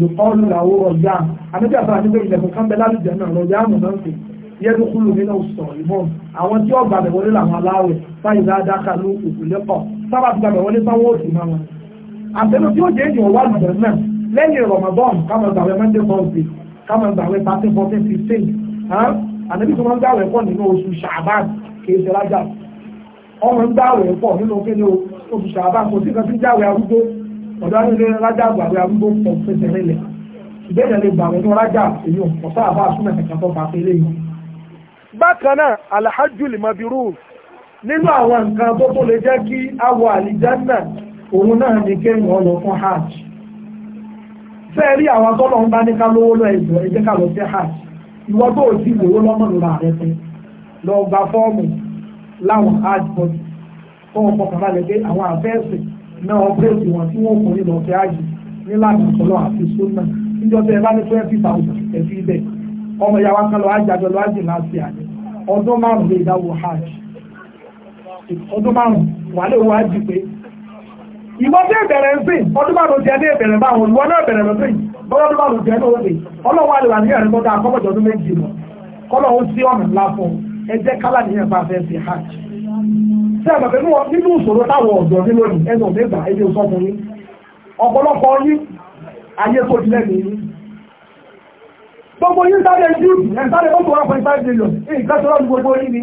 lùkọ́ọ̀lù làwọ̀ ọ̀yá àmẹ́tí àtàrà nígbà ìlẹ̀kùn kan bẹ lálùjẹ náà lọ́jà àmọ̀ náà sì yẹ́dù kúlù nínú sọ̀ ìmọ̀ àwọn tí ọ̀gbà bẹ̀ wọlé làwọn aláwẹ̀ fáyìlá àtẹnu tí ó jẹ́ èèyàn wà lùdẹ̀ náà lẹ́yìn Ramadan kámọ̀ gbàwẹ̀ mẹ́tẹ́ bọ́ọ̀sì kámọ̀ gbàwẹ̀ thirteen fourteen fifteen ànábì tó máa ń gbàwẹ̀ pọ̀ nínú oṣù Ṣàbán kìí ṣe lájà ọmọ ń gbàwẹ̀ pọ̀ nínú kíni oṣù Ṣàbán kò sí kan sí jáwẹ̀ arúgbó ọ̀dọ́ nílé lájà gbàwẹ̀ arúgbó pọ̀ fẹsẹ̀ nílẹ̀ ìbéèrè lè gbàwẹ̀ ní lájà èyí ọ̀sá àbá súnmọ̀ kankan tó bá fi lé yìí. bákan náà alhajjul mabrur nínú àwọn nǹkan tó tó lè jẹ́ kí awọ àlìjánná òun náà ni kéèyàn ọ̀nà fún hajj fẹ́ rí àwọn tọ́lọ̀ ń bá ní ká lówó lọ ká lọ sí hajj ìwọ́n tó ti wòó lọ́mọ rẹ lọ hajj fọ́ọ̀mù àwọn náà wọn tí wọ́n kò hajj nílànà àti níjọ́ tẹ́ ẹ bá ní twenty thousand fi bẹ́ẹ̀ ọmọ ìwọ́n tí ìbẹ̀rẹ̀ ń sìn ọdún márùn-ún jẹ́ ní ìbẹ̀rẹ̀ bá wọn ìwọ́n náà bẹ̀rẹ̀ lọ́sìn bọ́lá ọdún márùn-ún jẹ́ ní òde ọlọ́wọ́ àlèwà ní ẹ̀rẹ́ bọ́dá akọ́bọ̀jọ́ ọdún méjì lọ kọ́lọ̀ ó sí ọ̀nà ńlá fún ẹ jẹ́ kálá ní ẹ̀bá fẹ́ sí hajj tí a bàbá nínú ìṣòro táwọn ọ̀dọ́ ní lónìí ẹnu ò nígbà ẹni ò sọ fún yín ọ̀pọ̀lọpọ̀ yín ayé tó di lẹ́nu yín gbogbo yín sáré jù ẹ̀ sáré mọ́tò one point five million ní ìgbésọ́rọ́ ní gbogbo yín ni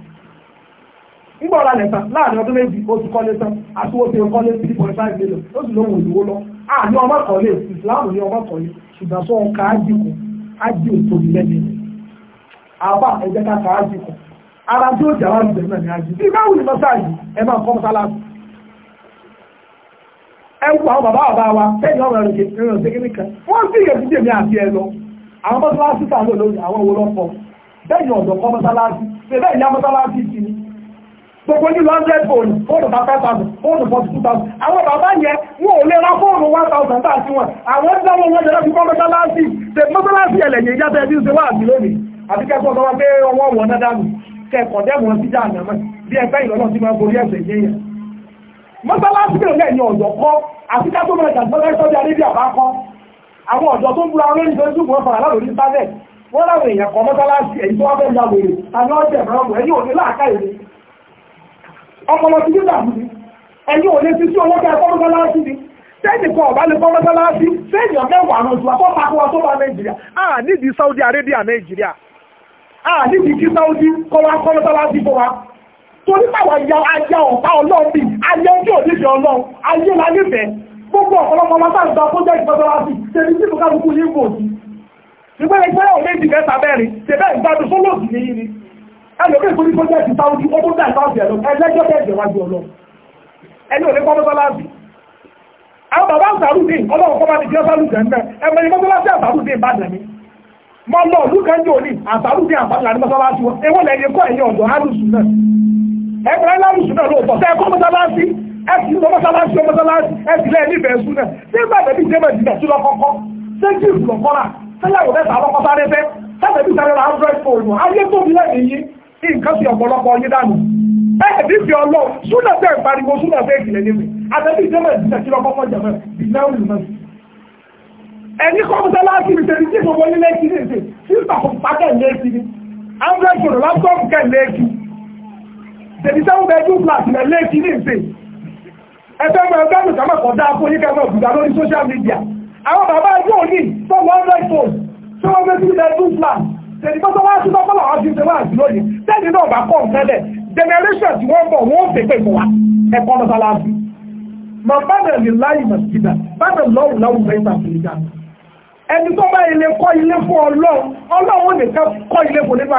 nígbà ọ̀la lẹ̀ tán láàrin ọdún méjì oṣù kọ́lé tán àti oṣù kọ́lé three point five million lóṣù lóhùn òyìnbó lọ àní ọmọ kọ́lé ìsìláàmù ní ọmọ kọ́lé ṣùgbọ́n sọ ọ̀ka ájìkù ájì òtòbí lẹ́nu àbá ẹ̀jẹ̀ ká ka ájìkù ara tí ó jàwá lùdẹ̀ náà ní ájì bí báwo ni mọ́tà yìí ẹ máa kọ́ mọ́sálásì ẹ wù àwọn bàbá bàbá wa tẹ́yìn ọ̀rọ̀ rẹ̀ kìrìnà sí kíní kan wọ́n sì yẹ fídíè mi àti ẹ lọ àwọn mọ́sálásì tà ló lórí àwọn owó lọ́pọ̀ bẹ́ẹ̀ ni ọ̀dọ̀ kọ́ mọ́sálásì bẹ́ẹ̀ ni á mọ́sálásì ti ni gbogbo ní hundred fóònù fóònù thirty thousand fóònù forty two thousand àwọn bàbá yẹn wọn ò lè ra fóònù one thousand tá a sí wọn àwọn tí wọn wọn jẹ láti kọ́ mọ́tálásì ṣe mọ́tálásì ẹlẹ́yìn ìjà tẹ́ẹ̀ tí ń ṣe wá àbí lónìí àti kẹ́kọ̀ọ́ sọ wá pé ọwọ́ wọn náà dànù kẹ́kọ̀ọ́ dẹ́mu wọn síjà ànàmọ́ bí ẹgbẹ́ ìlọ́lọ́ ti máa borí ẹ̀sẹ̀ yẹn mọ́tálásì mi ò lẹ́yìn ọ̀dọ́ kọ́ àti kẹ́kọ̀ọ́ mọ́ ìjà tọ́lá ẹ̀sọ́ di arábíà bá kọ́ àwọn ọ̀dọ́ tó ń búra lórí facebook wọn fara lórí internet wọ́n láwọn èèyàn kọ́ mọ́tálásì èyí tó wá fẹ́ ya wèrè àní ọ̀jẹ̀ ìfọwọ́pọ̀ ẹ̀yìn òní láàká ìrìn ọpọlọ ti yíká àbúrí ẹ̀yìn ò lè fi sí owó kẹ́ kọ́mọ́sálásí ni sẹ́ẹ̀nì kan ọ̀bá lè kọ́mọ́sálásí sẹ́ẹ̀nì ọ̀mẹ́wàá náà jùlọ tó pàkọwà tó bá nàìjíríà a nídi Saudi Arabia nàìjíríà a nídi kí Saudi kọ́wá kọ́mọ́sálásí fún wa torí pàwọ̀ ya ajá ọ̀tá ọlọ́run bí ayé ojú òdìdí ọlọ́run ayé la nífẹ̀ẹ́ gbogbo ọ̀pọ̀lọpọ̀ ọmọ sáà gba fún jẹ́jì kọ́sálásí tèmi tí mo ká ẹlòmí ìpínlẹ̀ pọ́jẹ́ẹ̀tì sáwọ́dí ó tún dáì báwọ̀dì ẹ̀lọ́ ẹlẹ́jọ́ bẹ́ẹ̀jẹ̀ wájú ọlọ́ ẹni ò ní kọ́ mọ́tọ́lá bì àwọn bàbá àtàrúdìn ọlọ́run kọ́ bá ti jẹ́ sálùjẹ̀ ń bẹ́ ẹmọ ni mọ́tọ́lá sí àtàrúdìn bá dẹ̀ mí mọ́ lọ lùkẹ́ńjọ́ ní àtàrúdìn àpàlà ní mọ́tọ́lá sí wọn ewé lẹ́yìn kọ́ ẹ̀yìn ọ̀dọ̀ alùsùn náà ẹgbẹ̀rẹ́ lárùsùn náà lóòótọ́ sẹ́ ẹ̀kọ́ mọ́tọ́lá sí ẹ̀sìn lọ mọ́tọ́lá sí ọmọtọ́lá sí ẹ̀sìn lẹ́yìn nífẹ̀ẹ́ sùn náà nígbà tẹ̀bí jẹ́ mẹ́jìnà sí lọ́kọ́kọ́ sẹ́jì ìlọ̀kọ́ra sẹ́yàwó mẹ́ta lọ́kọ́ sáré fẹ́ sẹ́tẹ̀bí sáré ra hundred fold ayé tóbi lẹ́yìn yìí kí nǹkan fi ọ̀pọ̀lọpọ̀ yín dànù bẹ́ẹ̀ bí fi ọlọ́ súnà tẹ̀ pariwo súnà tẹ̀ ìkìlẹ̀ níbi àtẹ̀bí ìjọba ìdílé kí lọ́kọ́ fọ́ jẹ̀mẹ́ ìnáwó ìlú ẹni kọ́ mọ́sálásí mi tẹ̀lé tí gbogbo nílé kí ní èsè tí ń bàkọ̀ pàtẹ́ ní èsì ni hundred kòrò láptọ́ọ̀pù kẹ́ ní èkì tẹ̀lé sẹ́wọ́n bẹ́ẹ̀ tún flat ní èlé kí ní èsè ẹgbẹ́ mọ ẹgbẹ́ mi kàmọ́ kọ̀dá fún yín kẹ́mọ́ òkúta lórí social media àwọn bàbá ẹgbẹ́ òní tó wọ́n hundred kòrò tí wọ́n bẹ́ẹ̀ tún flat tẹ̀lé tọ́tọ́ wá sí tọ́kọ́lọ̀ wá sí ṣe wá sí lónìí tẹ́lẹ̀ náà bá kọ́ ǹkẹ́lẹ̀ generation tí wọ́n bọ̀ wọ́n fẹ́ pé fún wa ẹ̀kọ́ mọ́sálásí mà bàbá mi láyé mà sí dà bàbá lọ́wọ́ láwùn bẹ́ẹ̀ tà fún ìjà ẹni tó bá ilé kọ́ ilé fún ọlọ́run ọlọ́run nìkan kọ́ ilé fún nínú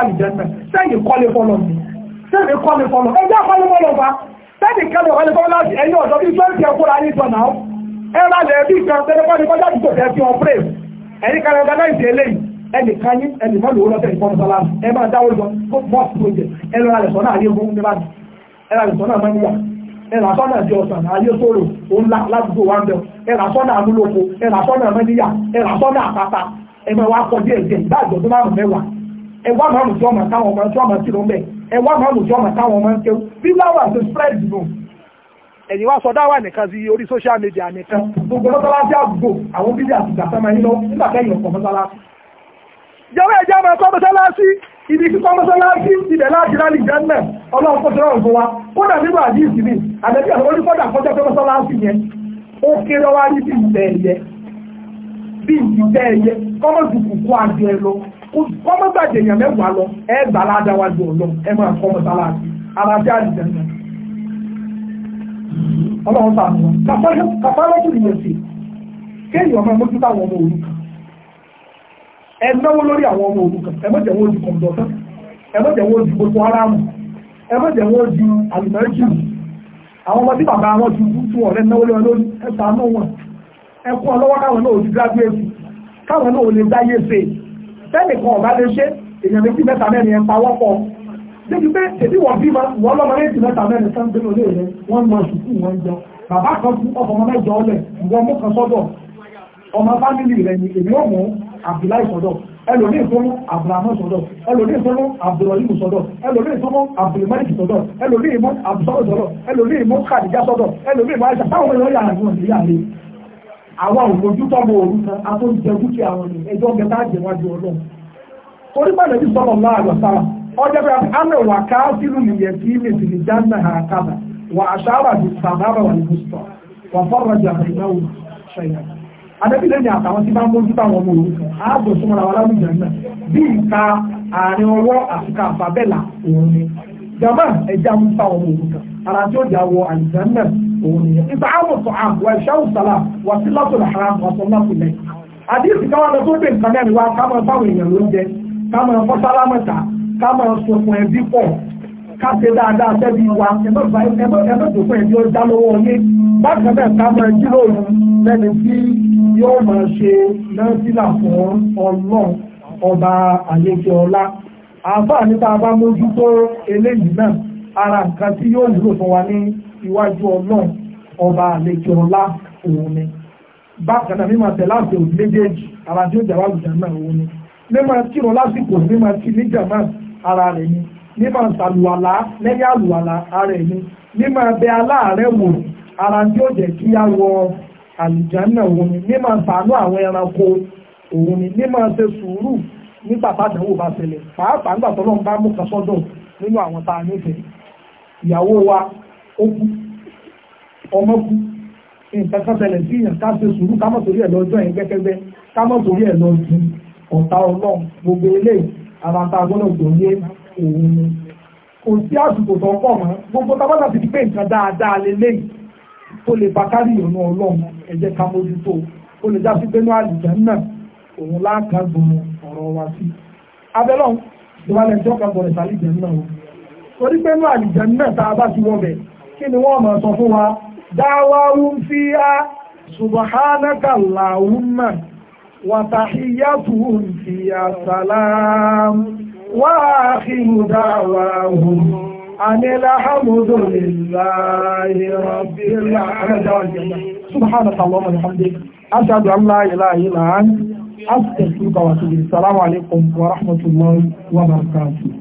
àlùjẹ́sẹ̀ ẹ̀rọ alẹ́ bí ìtàn tẹ́lẹ̀ kọ́lé fọlọ́ láti tòkẹ́ ọ̀pẹ́rẹ́ ẹ̀yìn kẹ́lẹ́ ọ̀gá náà ìdí eléyìí ẹnì kan ní ẹnì kan lòó lọ́tẹ̀ ìfọ́nù sọ́lá ẹ bá dáwọ́ ìjọ mọ́ọ̀sì project ẹ lọ́ra lẹ̀ sọ́nà àyè ogun ní báyìí ẹ lọ́ra lẹ̀ sọ́nà mẹ́nìyà ẹ lọ́ra sọ́nà àti ọ̀sán àyè sóró òun ládùúgbò wa ń bẹ̀ ẹ lọ́ra sọ́nà àmúlòkó ẹ lọ́ra sọ́nà mẹ́nìyà ẹ lọ́ra sọ́nà àpáta ẹ mọ̀ wá kọ díẹ̀ díẹ̀ ìdájọ́ tó márùn mẹ́wàá ẹ wá márùn tí ọmọ táwọn ọmọ tí ọmọ tí ló ń bẹ̀ ẹ wá márùn tí ọmọ táwọn ọmọ ń tẹ́ bí láwà ti spread nù ẹ̀yìn wá sọ dáwà nìkan sí orí social media nìkan gbogbo mọ́sálásí àgbò àwọn bíbí àti ìgbà sọ́mọ yín lọ nígbà kẹ́yìn ọ̀pọ̀ mọ́sálásí jọba ẹjá máa kọ́ mọ́sálásí ibi kíkọ́ mọ́sálásí ibẹ̀ láti rálì jẹ́nà ọlọ́run kó tẹ́rọ ọ̀gbọ́n wa kódà nínú àdíìsì mi àdẹ́bí àwọn oníkọ́dà kọjá pé mọ́sálásí yẹn ó kéré wá rí bí ìtẹ́ ẹ̀yẹ bí ìtẹ́ ẹ̀yẹ kọ́mọ́ dùkù kó àjọ ẹ lọ kọ́mọ́ gbàjẹ́ èèyàn mẹ́wàá lọ ẹ gbà ládàwájú ọlọ ẹ máa kọ́ mọ́sálásí alájá àdìjẹ́nà ọlọ́run sàmùwọ̀n kàfárẹ́kù nìyẹn sí kéèyàn ọmọ mọ́tútà wọn ọmọ òrukàn ẹ náwó lórí àwọn ọmọ òrukàn ẹ mọ̀jẹ̀ wọn ò di kọ̀ǹdọ̀tán ẹ mọ̀jẹ̀ wọn ò di gbogbo ara mù ẹ mọ̀jẹ̀ wọn ò di àlùmọ́jù àwọn ọmọ tí bàbá wọn ti kú tí wọn rẹ náwó lórí ẹ ṣàánú wọn ẹ kú ọlọ́wọ́ káwọn náà ò ti gíráfíèsì káwọn náà ò lè dáyé ṣe tẹ́nìkan ọ̀bá lè ṣe èèyàn méjì mẹ́ta mẹ́rin ẹ̀ pa wọ́pọ̀ débi pé tèmi wọ́n bí ma wọ́n lọ́mọ méjì mẹ́ta mẹ́rin sáńdé lórí rẹ̀ wọ́n mọ sùkúù wọn jọ bàbá kan fún ọkọ̀ ọmọ mẹ́jọ ọlẹ̀ ọmọ fámìlì rẹ̀ ni èmi ò mú Abdullahi sọ́dọ̀ ẹlòmí ìfọ́nú Abdulrahman sọ́dọ̀ ẹlòmí ìfọ́nú Abdulrahim sọ́dọ̀ ẹlòmí ìfọ́nú Abdulmalik sọ́dọ̀ ẹlòmí ìmọ̀ Abdulsọ́dọ̀ sọ́dọ̀ ẹlòmí ìmọ̀ Khadija sọ́dọ̀ ẹlòmí ìmọ̀ Aisha táwọn ọmọ yàrá wọn ní yàrá àwọn òmòjútọ́ bọ̀ òru kan atọ́jẹ dúkìá wọn ni ẹjọ́ bẹ bá jẹ wájú ọlọ́run torí pàdé bí sọ́lọ̀ náà lọ sára ọjọ́ bí alẹ́ wà ká sílù nìyẹn tí ilé ti lè já ha kábà wà àṣà àbàdì sàbàbà wà ní bùsùtọ̀ wà fọ́ọ̀rọ̀ jà àìmáwò ṣẹ̀yà adébílẹ̀ ní àtàwọn tí bá ń mójú táwọn ọmọ òun ààbò súnmọ́ra wa láwùjọ náà bí ìka àárín ọwọ́ àfikà àfàbẹ́là òun ni jama ẹja ń fa ọmọ òun kan ara tí ó jà wọ àlùjànnà òun ni ìta àwọn sọ àbọ̀ ẹ̀ṣẹ́ òsàlà wà sí látòlà ara ọ̀sán látòlẹ̀ àdéhùn káwọn lọ tó gbé nǹkan mẹ́rin wá ká máa báwọn èèyàn lóúnjẹ ká máa fọ́sálámọ̀ta káṣe dáadáa sẹ́bí wa ẹgbẹ́jọ fún ẹ̀bí ó dá lọ́wọ́ yé bákan náà ká máa jíròrò lẹ́ni tí yóò máa ṣe náà fún ọlọ́run ọba àlejò ọlá àáfàá nípa bá mójútó eléyìí náà ara nǹkan tí yóò wúlò fún wa ní iwájú ọlọ́run ọba àlejò ọlá òun ni bákan mímọ tẹ láti òbí méjèèjì ara tí ó jà wá lùjà náà òun ni mímọ kírun lásìkò mímọ kí níjà náà ara rẹ̀ ni mímọ ṣàlùwàlá lẹ́yìn àlùwàlá ara ẹni mímọ ẹbẹ aláàárẹ̀ wò ara tí ó jẹ́ kí á wọ àlùjánà òun ni mímọ ṣàánú àwọn ẹranko òun ni mímọ ṣe sùúrù nígbà tádàwó bá ṣẹlẹ̀ pàápàá nígbà tó lọ́n bá mú kan sọ́dọ̀ nínú àwọn tá a nífẹ̀ẹ́ ìyàwó wa ó kú ọmọ kú nǹkan kan ṣẹlẹ̀ sí èèyàn ká ṣe sùúrù ká mọ̀ torí ẹ̀ lọ́jọ́ yẹn gbẹ́gbẹ́gbẹ́ ká mọ̀ torí ẹ̀ lọ ọ̀tá ọlọ́run gbogbo eléyìí àwọn tá a gbọ́dọ̀ òun ni kò sí àsìkò tó pọ̀ mọ́ gbogbo tábàtà ti di pé nǹkan dáadáa lélẹ́yìn tó lè bá kárí ìrònú ọlọ́run ẹ jẹ́ ká mójútó ó lè já sí pé ní àlùjẹ́ náà òun láàkàn gbòm ọ̀rọ̀ wa sí abẹ́lọ́run ìwálẹ̀ ìjọba bọ̀rẹ̀ sàlìjẹ́ náà o torí pé ní àlùjẹ́ náà tá a bá ti wọ̀ bẹ̀ kí ni wọ́n máa sọ fún wa dáwáwú fi á subhanaka Allahumma wa tahiyyatuhum fi salam. وآخر دعواهم أن الحمد لله رب العالمين سبحانك اللهم وبحمدك أشهد أن لا إله إلا أنت أستغفرك وأتوب إليك السلام عليكم ورحمة الله وبركاته